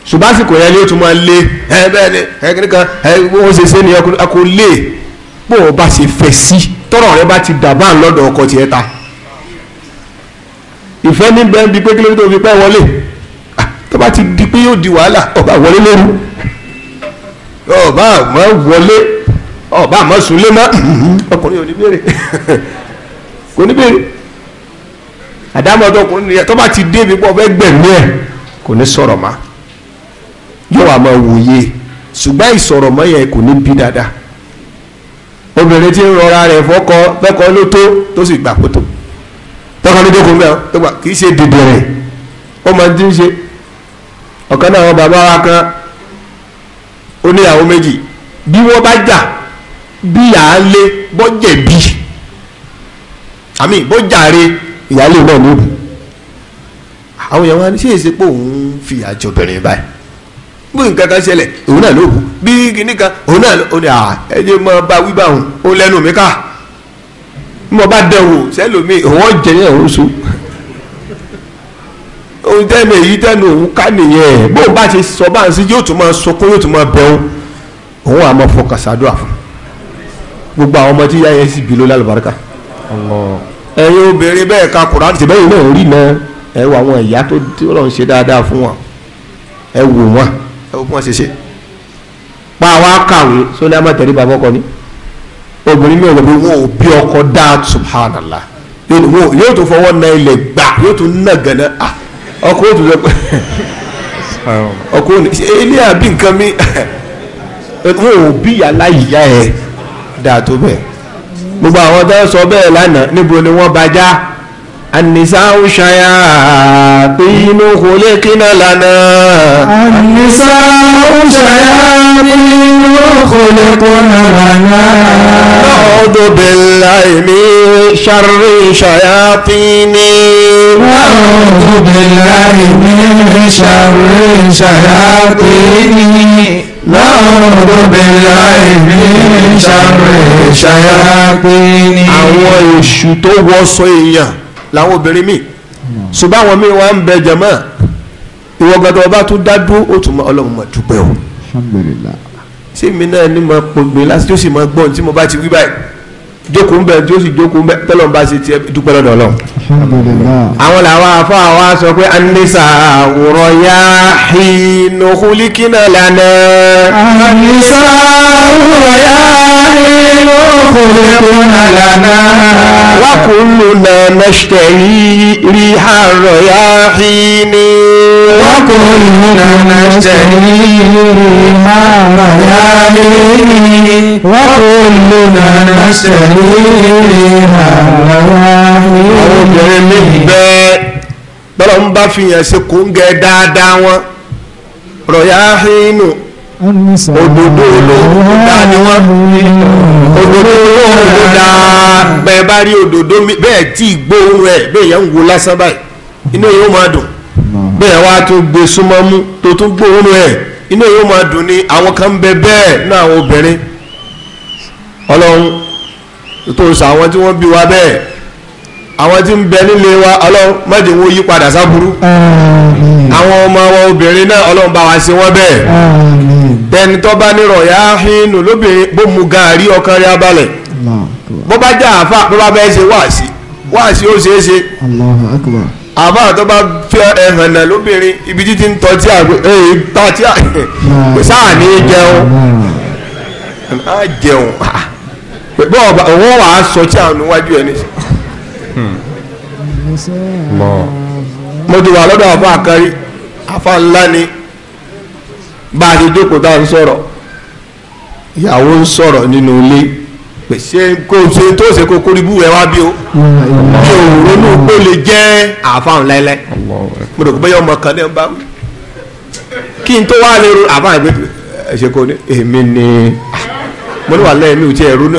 ṣùgbọ́n àsìkò yẹn ni ó tún máa lé ẹ bẹ́ẹ̀ ni ẹ kiri kan ẹ wọ́n ṣe ṣe ni a kò lè bó o bá ṣe fẹ́ sí tọ́rọ̀ rẹ bá ti dàbá lọ́dọ̀ ọkọ tiẹ̀ ta ìfẹ́ ní bẹ́ẹ̀ bíi pé kí ló tó fi pẹ́ wọlé ah, tó bá ti di pé yóò di wàhálà ọba wọlé lóru ọba àmọ́ wọlé ọba àmọ́ súnlé mọ́ ọkùnrin ò ní béèrè kò ní béèrè àdámọ́ ọkùnrin nìyẹn tó bá ti dé ibi pọ̀ fẹ́ gbẹ̀mí ẹ̀ kò ní sọ̀rọ̀ mọ́ yóò wá máa wòye ṣùgbọ́n ìsọ̀rọ̀ mọ́ yẹn kò ní bí dáadáa obìnrin tí ń rọra rẹ̀ fọ́kọ fẹ́kọ ló tó tó sì gbà kótó tọkọ ní dókòó mẹ́rin tó gbà kì í ṣe dèdè rẹ̀ ó máa ń dín ṣe ọ̀kan náà wọn bàbá wa kan oníyàwó méjì bí wọ́n bá jà bí ìyáálé bọ́jẹ̀ bí àmì bọ́jàre ìyáálé náà lóru àwọn èèyàn wa ní ṣèèṣe pé òun fìyà jẹ obìnrin báyìí bí nǹkan kan ṣẹlẹ̀ òun náà ló wù bí kinní kan òun náà ó ní à ẹni mọ bá wí òun ó lẹ́nu mi ká mọ bá dẹ̀wò sẹ́lòmíì òun ọ̀jẹ̀ yẹn òun sùn ohun tẹ́nu èyí tẹ́nu òun ká nìyẹn bó bá ṣe sọ bá ń sí yóò tún máa sunkún yóò tún máa bẹ̀rù òun àmọ́ fọkàn sàdúrà fún gbogbo àwọn ọmọ tí yá yẹn sì bí ló lálùbáríkà ẹ̀yin obìnrin bẹ́ẹ̀ ka kùránì tì bẹ́ẹ̀ náà rí náà ẹ wo àwọn ìyá tó lọ́n ṣe dáadáa fún wọn ẹ wò wọn ẹ wò fún wọn ṣe ṣe pa àwa kàwé sóní amátẹ̀rí bàbá ọkọ ni obìnrin mi ò lọ bí wọn ò bí ọkọ dá subhanallah yóò tó fọwọ́ na ilẹ̀ gbà yóò tó nà gànà ah! ọkọ ó tún sọ pé ọkọ ó ní ilé àbí nǹkan mi wọn ò bí yàrá ìyá ẹ dáa tó bẹ́ẹ̀ gbogbo àwọn tó sọ bẹ́ẹ̀ lánàá níbo ni wọ́n bá já. النساء شياطين خلقنا لنا النساء شياطين خلقنا لنا نعوذ بالله من شر شياطين نعوذ بالله من شر شياطين نعوذ بالله من شر شياطين àwọn èṣù tó wọṣọ èèyàn làwọn obìnrin mi ṣùgbọ́n àwọn míì wọ́n ń bẹ jẹ̀mọ́ ìwọ̀gàdọ̀ ọba tó dá ó tún mọ ọlọ́run mọ̀ dúpẹ́ o. alhamdulillah. sí mi náà ni mo pògbé lásìkò sì mọ gbọ́n tí mo bá ti wí báyìí jókòó ń bẹ tí ó sì jókòó ń bẹ tọ́lọ̀ ń bá ṣe tiẹ̀ dúpẹ́ lọ́dọ̀ lọ. àwọn làwọn afọ àwọn sọ pé anisa àwòrán ya hinukulikina lana. anisa àwòrán ya hinukulikina lana. wakuluna nashtari riha roya hini. wakuluna nashtari riha roya hini. wakuluna nashtari. àwọn obìnrin mi bẹ́ẹ̀ bọ́lá ń bá fi yàn ṣe kó ń gẹ dáadáa wọn rọ̀yà hínú òdòdó olóògùn dáa ni wọ́n òdòdó dáa bẹ́ẹ̀ bá rí òdòdó bẹ́ẹ̀ tí gbóhùn rẹ̀ bẹ́ẹ̀ yẹn ń wo lásán báyìí inú yóò máa dùn bẹ́ẹ̀ wá tó gbé súnmọ́ mú tó tún gbóhùn rẹ̀ inú yóò máa dùn ni àwọn kan ń bẹ bẹ́ẹ̀ náà obìnrin ọlọ́run tó àwọn tí wọ́n bí wa bẹ́ẹ̀ àwọn tí ń bẹ nílé wa ọlọ́run má jẹ́ yí padà sáburú àwọn ọmọ wọn obìnrin náà ọlọ́run bá wa ṣe wọ́n bẹ́ẹ̀ bẹ́ẹ̀ni tó bá nírọ̀ yá hínú lóbìnrin bó mu gàárì ọkàn rẹ̀ abalẹ̀ bó bá jẹ́ àáfà bó bá bẹ́ẹ̀ ṣe wáàsí wáàsí ó ibi títí ń tọ́tí àgbẹ̀ tọ́tí pẹ̀lú ọba òun wàá sọ tí àwọn níwájú ẹni sí. mo ti wà lọ́dọ̀ àfa àkárí àfa ńlá ni bá a ti jókòó tá à ń sọ̀rọ̀ ìyàwó ń sọ̀rọ̀ nínú ilé pèsè kó o ṣe tó ṣe kókó ribú ẹ wá bí o bí o ronú pé o lè jẹ́ àfahàn lẹ́lẹ́ mo rò pé bóyá ọmọ kan náà bá wí kí n tó wá lè ro àfahàn ìgbésẹ̀ ṣe kò ní èmi ni mo ní wà lẹ́yìn mi ò tiẹ̀ ronú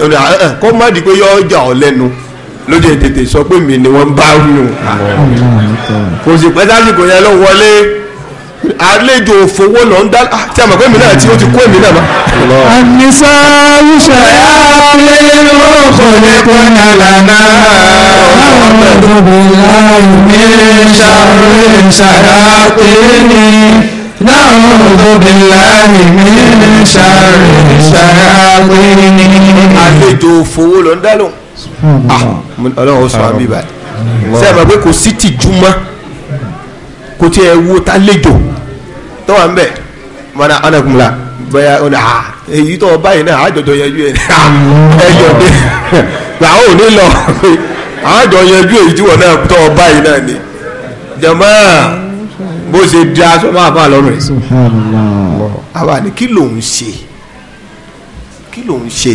kó má di pé yọ ọjà ọ lẹ́nu lójú ẹ̀ tètè sọ pé mi ni wọ́n bá nù kò sì pẹ́ sásìkò yẹn ló wọlé àlejò òfowó lọ ń dá tí a mọ̀ pé mi náà tí ó ti kó èmi náà mọ́. àníṣà ìṣe àpilẹ̀ lóko ní kọ́nyà lànà àwọn ọ̀dọ́ bò láì ní ṣàrẹ́ ṣàrà pé ní. نعوذ بالله من شر الشياطين àlejò fowó lọ ń dá lóhùn hmm. ah, ọlọ́run ó sọ àmì báyìí ṣé ẹ mọ̀ pé kò sí tìjúmọ́ kò tí ẹ wo tá lẹ́jọ́ tó wà ń bẹ̀ mọ́nà anagunla bẹ́ẹ̀ ọ̀nà ah, èyí tó báyìí náà àjọjọ yẹjú ẹ̀ ah, ẹ̀yọ̀ dé làwọn ò ní lọ àjọ yẹjú èyí tí wọ́n náà tó báyìí náà ni jama bó ṣe di aṣọ máa bá lọ́rùn rẹ̀ àwa ni kí lòun ṣe kí lòun ṣe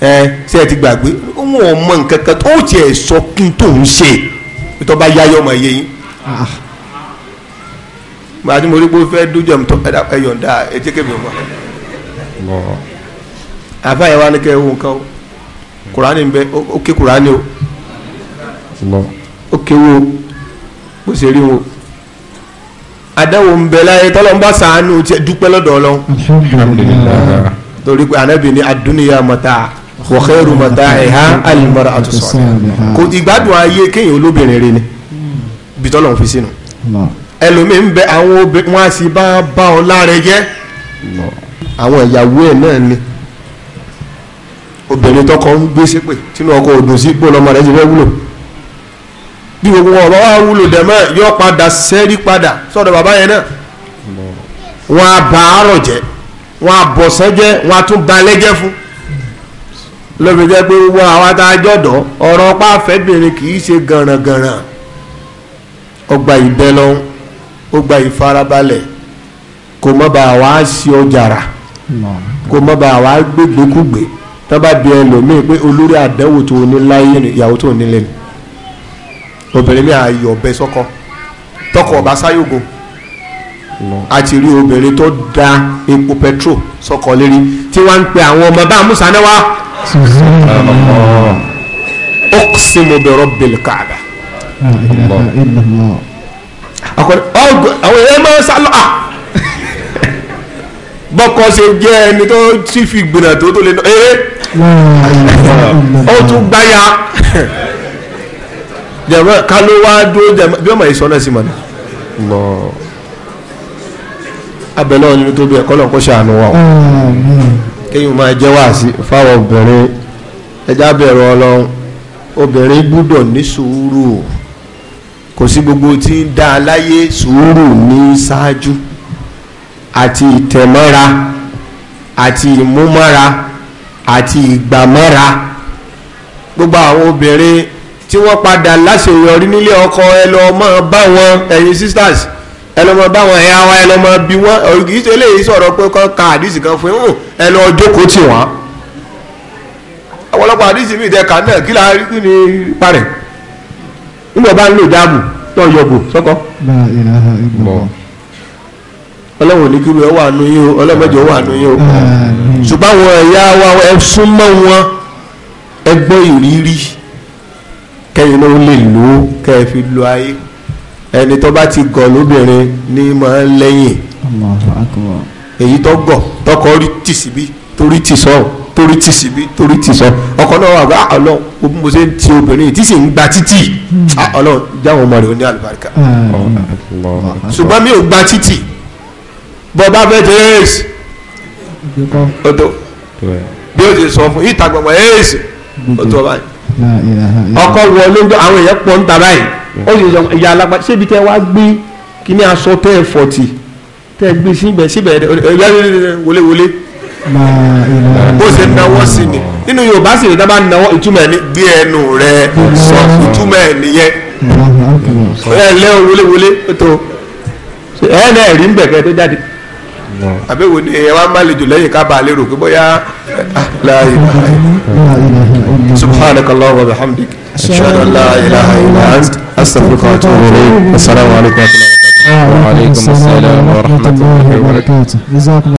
ẹ ṣe ẹ ti gbàgbé òun ò mọ nǹkan kan tó tiẹ̀ sọ kí n tóun ṣe tó bá yáyọ ọmọ yẹ yín gbàdúrà ah. tí mo rí pé ó fẹ́ dójú ọmọ tó ẹ yọ̀ǹda ẹ jẹ́ kébì ọmọ àfáàyè wa ni kẹ́ ẹ wo nǹkan o kùránì ń bẹ ó ké kùránì o ó kéwò bó ṣe rí wọn àdánwò ń bẹ láyé tọ́lọ́n bá sàánú tiẹ̀ dúpẹ́ lọ́dọ̀ ọlọ́run. alhamdulilayi. torí pé anabi ni adúniya mata wa khairu mata'iha al-mar'atu salihah kò ìgbádùn ayé kéèyàn olóbìnrin rẹ ni bí tọ́lọ́run fi sínú. ẹlòmíì ń bẹ àwọn obìnrin wọn a sì bá bá ọ lára jẹ àwọn ìyàwó ẹ̀ náà ni obìnrin tọkọ ń gbé ṣépè tínú ọkọ òdùn sí gbólọmọ rẹ ti fẹ́ wúlò bí gbogbo wọn bá wà wúlò dẹ̀mọ́ yọ padà sẹ́rí padà sọ́dọ̀ bàbá yẹn náà wọn á bà àárọ̀ jẹ́ wọn á bọ̀sán jẹ́ wọn á tún ba lẹ́jẹ́ fún lóbi jẹ́ pé gbogbo àwọn adájọ́dọ̀ ọ̀rọ̀ pàfẹ́bìnrin kì í ṣe gànràngànràn ọgbà ìbẹ́ lọ́hún ọgbà ìfarabalẹ̀ kò mọ́ bá wa ṣe ọjà rà kò mọ́ bá wa gbégbékúgbé tó bá bí ẹlòmíì pé olórí àdánwò tó ní láyé ìyàwó tó ní lẹ́nu obìnrin mi àyè ọ̀bẹ sọ́kọ tọkọ ọba sáyògo àti rí obìnrin tó da epo petrol sọ́kọ lérí tí wọ́n ń pe àwọn ọmọ bá musa náà wá. ọ̀ksìmù bẹ̀rọ̀ bẹ̀lẹ̀ káàdà. àwọn èèyàn máa ń sálọ à ah! bọ́kọ ṣe jẹ́ ẹni tó sì fi gbìnà tó tó lè dán. Eh, eh. ó tún gbáya. jẹ̀mọ́ ká ló wá dúró jẹ̀mọ́ bí ọmọ yìí sọ náà sì mọ̀ ní. abẹ́lẹ́ ọ̀nà tó bí ẹ̀kọ́ náà kó ṣàánú wa o kéyìn máa jẹ́ wá sí fáwọn obìnrin ẹja bẹ̀rù ọlọ́run obìnrin gbúdọ̀ ní sùúrù kò sí gbogbo tí ń dá aláyé sùúrù ní ṣáájú àti ìtẹ̀mọ́ra àti ìmúmọ́ra àti ìgbàmọ́ra gbogbo àwọn obìnrin tí wọ́n padà láṣeyọrí nílé ọkọ ẹ ọmọ ọba wọn sisters ẹ lọ ẹyà wọn ẹ̀yà wa ẹ lọ mọ́ sọ̀rọ̀ pé kọ́ ka àdìsí kan fún un ẹlọ ọjọ́ jókòó ọ̀pọ̀lọpọ̀ àdìsí mi ìdẹ́ka náà kí láà rí kí ni nígbà bá ń lò dáàbò tó kẹ́yìn náà lè lò ó kẹ́ ẹ fi lo ayé ẹni tó bá ti gọ̀ lóbìnrin ní máa ń lẹ́yìn èyí tó gọ̀ tọkọ rí tì síbí torí tì sọ̀rọ̀ torí tì síbí torí tì sọ̀rọ̀ ọkọ náà wà bá ah, ọlọ́run òbí mo ṣe ń ti obìnrin tí sì ń gba títì hmm. ah, ọlọ́run jáwọn ọmọ rẹ̀ ó ní àlùbáríkà hmm. ṣùgbọ́n mi ò gba títì bọ́ bá fẹ́ jẹ́ bí ó ṣe sọ fún ìta gbọ̀ngbọ̀n ẹ̀ẹ́sì ọ̀dọ́ báyìí ọkọ wọlé ń jọ àwọn èèyàn pọ̀ ń ta báyìí ó sì sọ ìyá alápá síbi tẹ́ wá gbé kí ní aṣọ tẹ́ ẹ fọ̀tì tẹ́ ẹ gbé síbẹ̀ síbẹ̀ wọlé wọlé bó ṣe náwó sí ni nínú Yorùbá sì lè dábàá náwó ìtumọ̀ ẹ̀ ní díẹ̀ ẹnu rẹ̀ sọ ìtumọ̀ ẹ̀ nìyẹn ẹ lẹ́ o wọlé wọlé tó ẹ náà rí ń bẹ̀kẹ́ tó jáde àbẹ̀wò ni ẹ wá má lè jò lẹ́yìn ká bàa lérò pé bóyá láàyè ah, láàyè. سبحانك اللهم وبحمدك أشهد أن لا إله إلا أنت أستغفرك وأتوب إليك السلام عليكم ورحمة الله وبركاته وعليكم السلام ورحمة الله وبركاته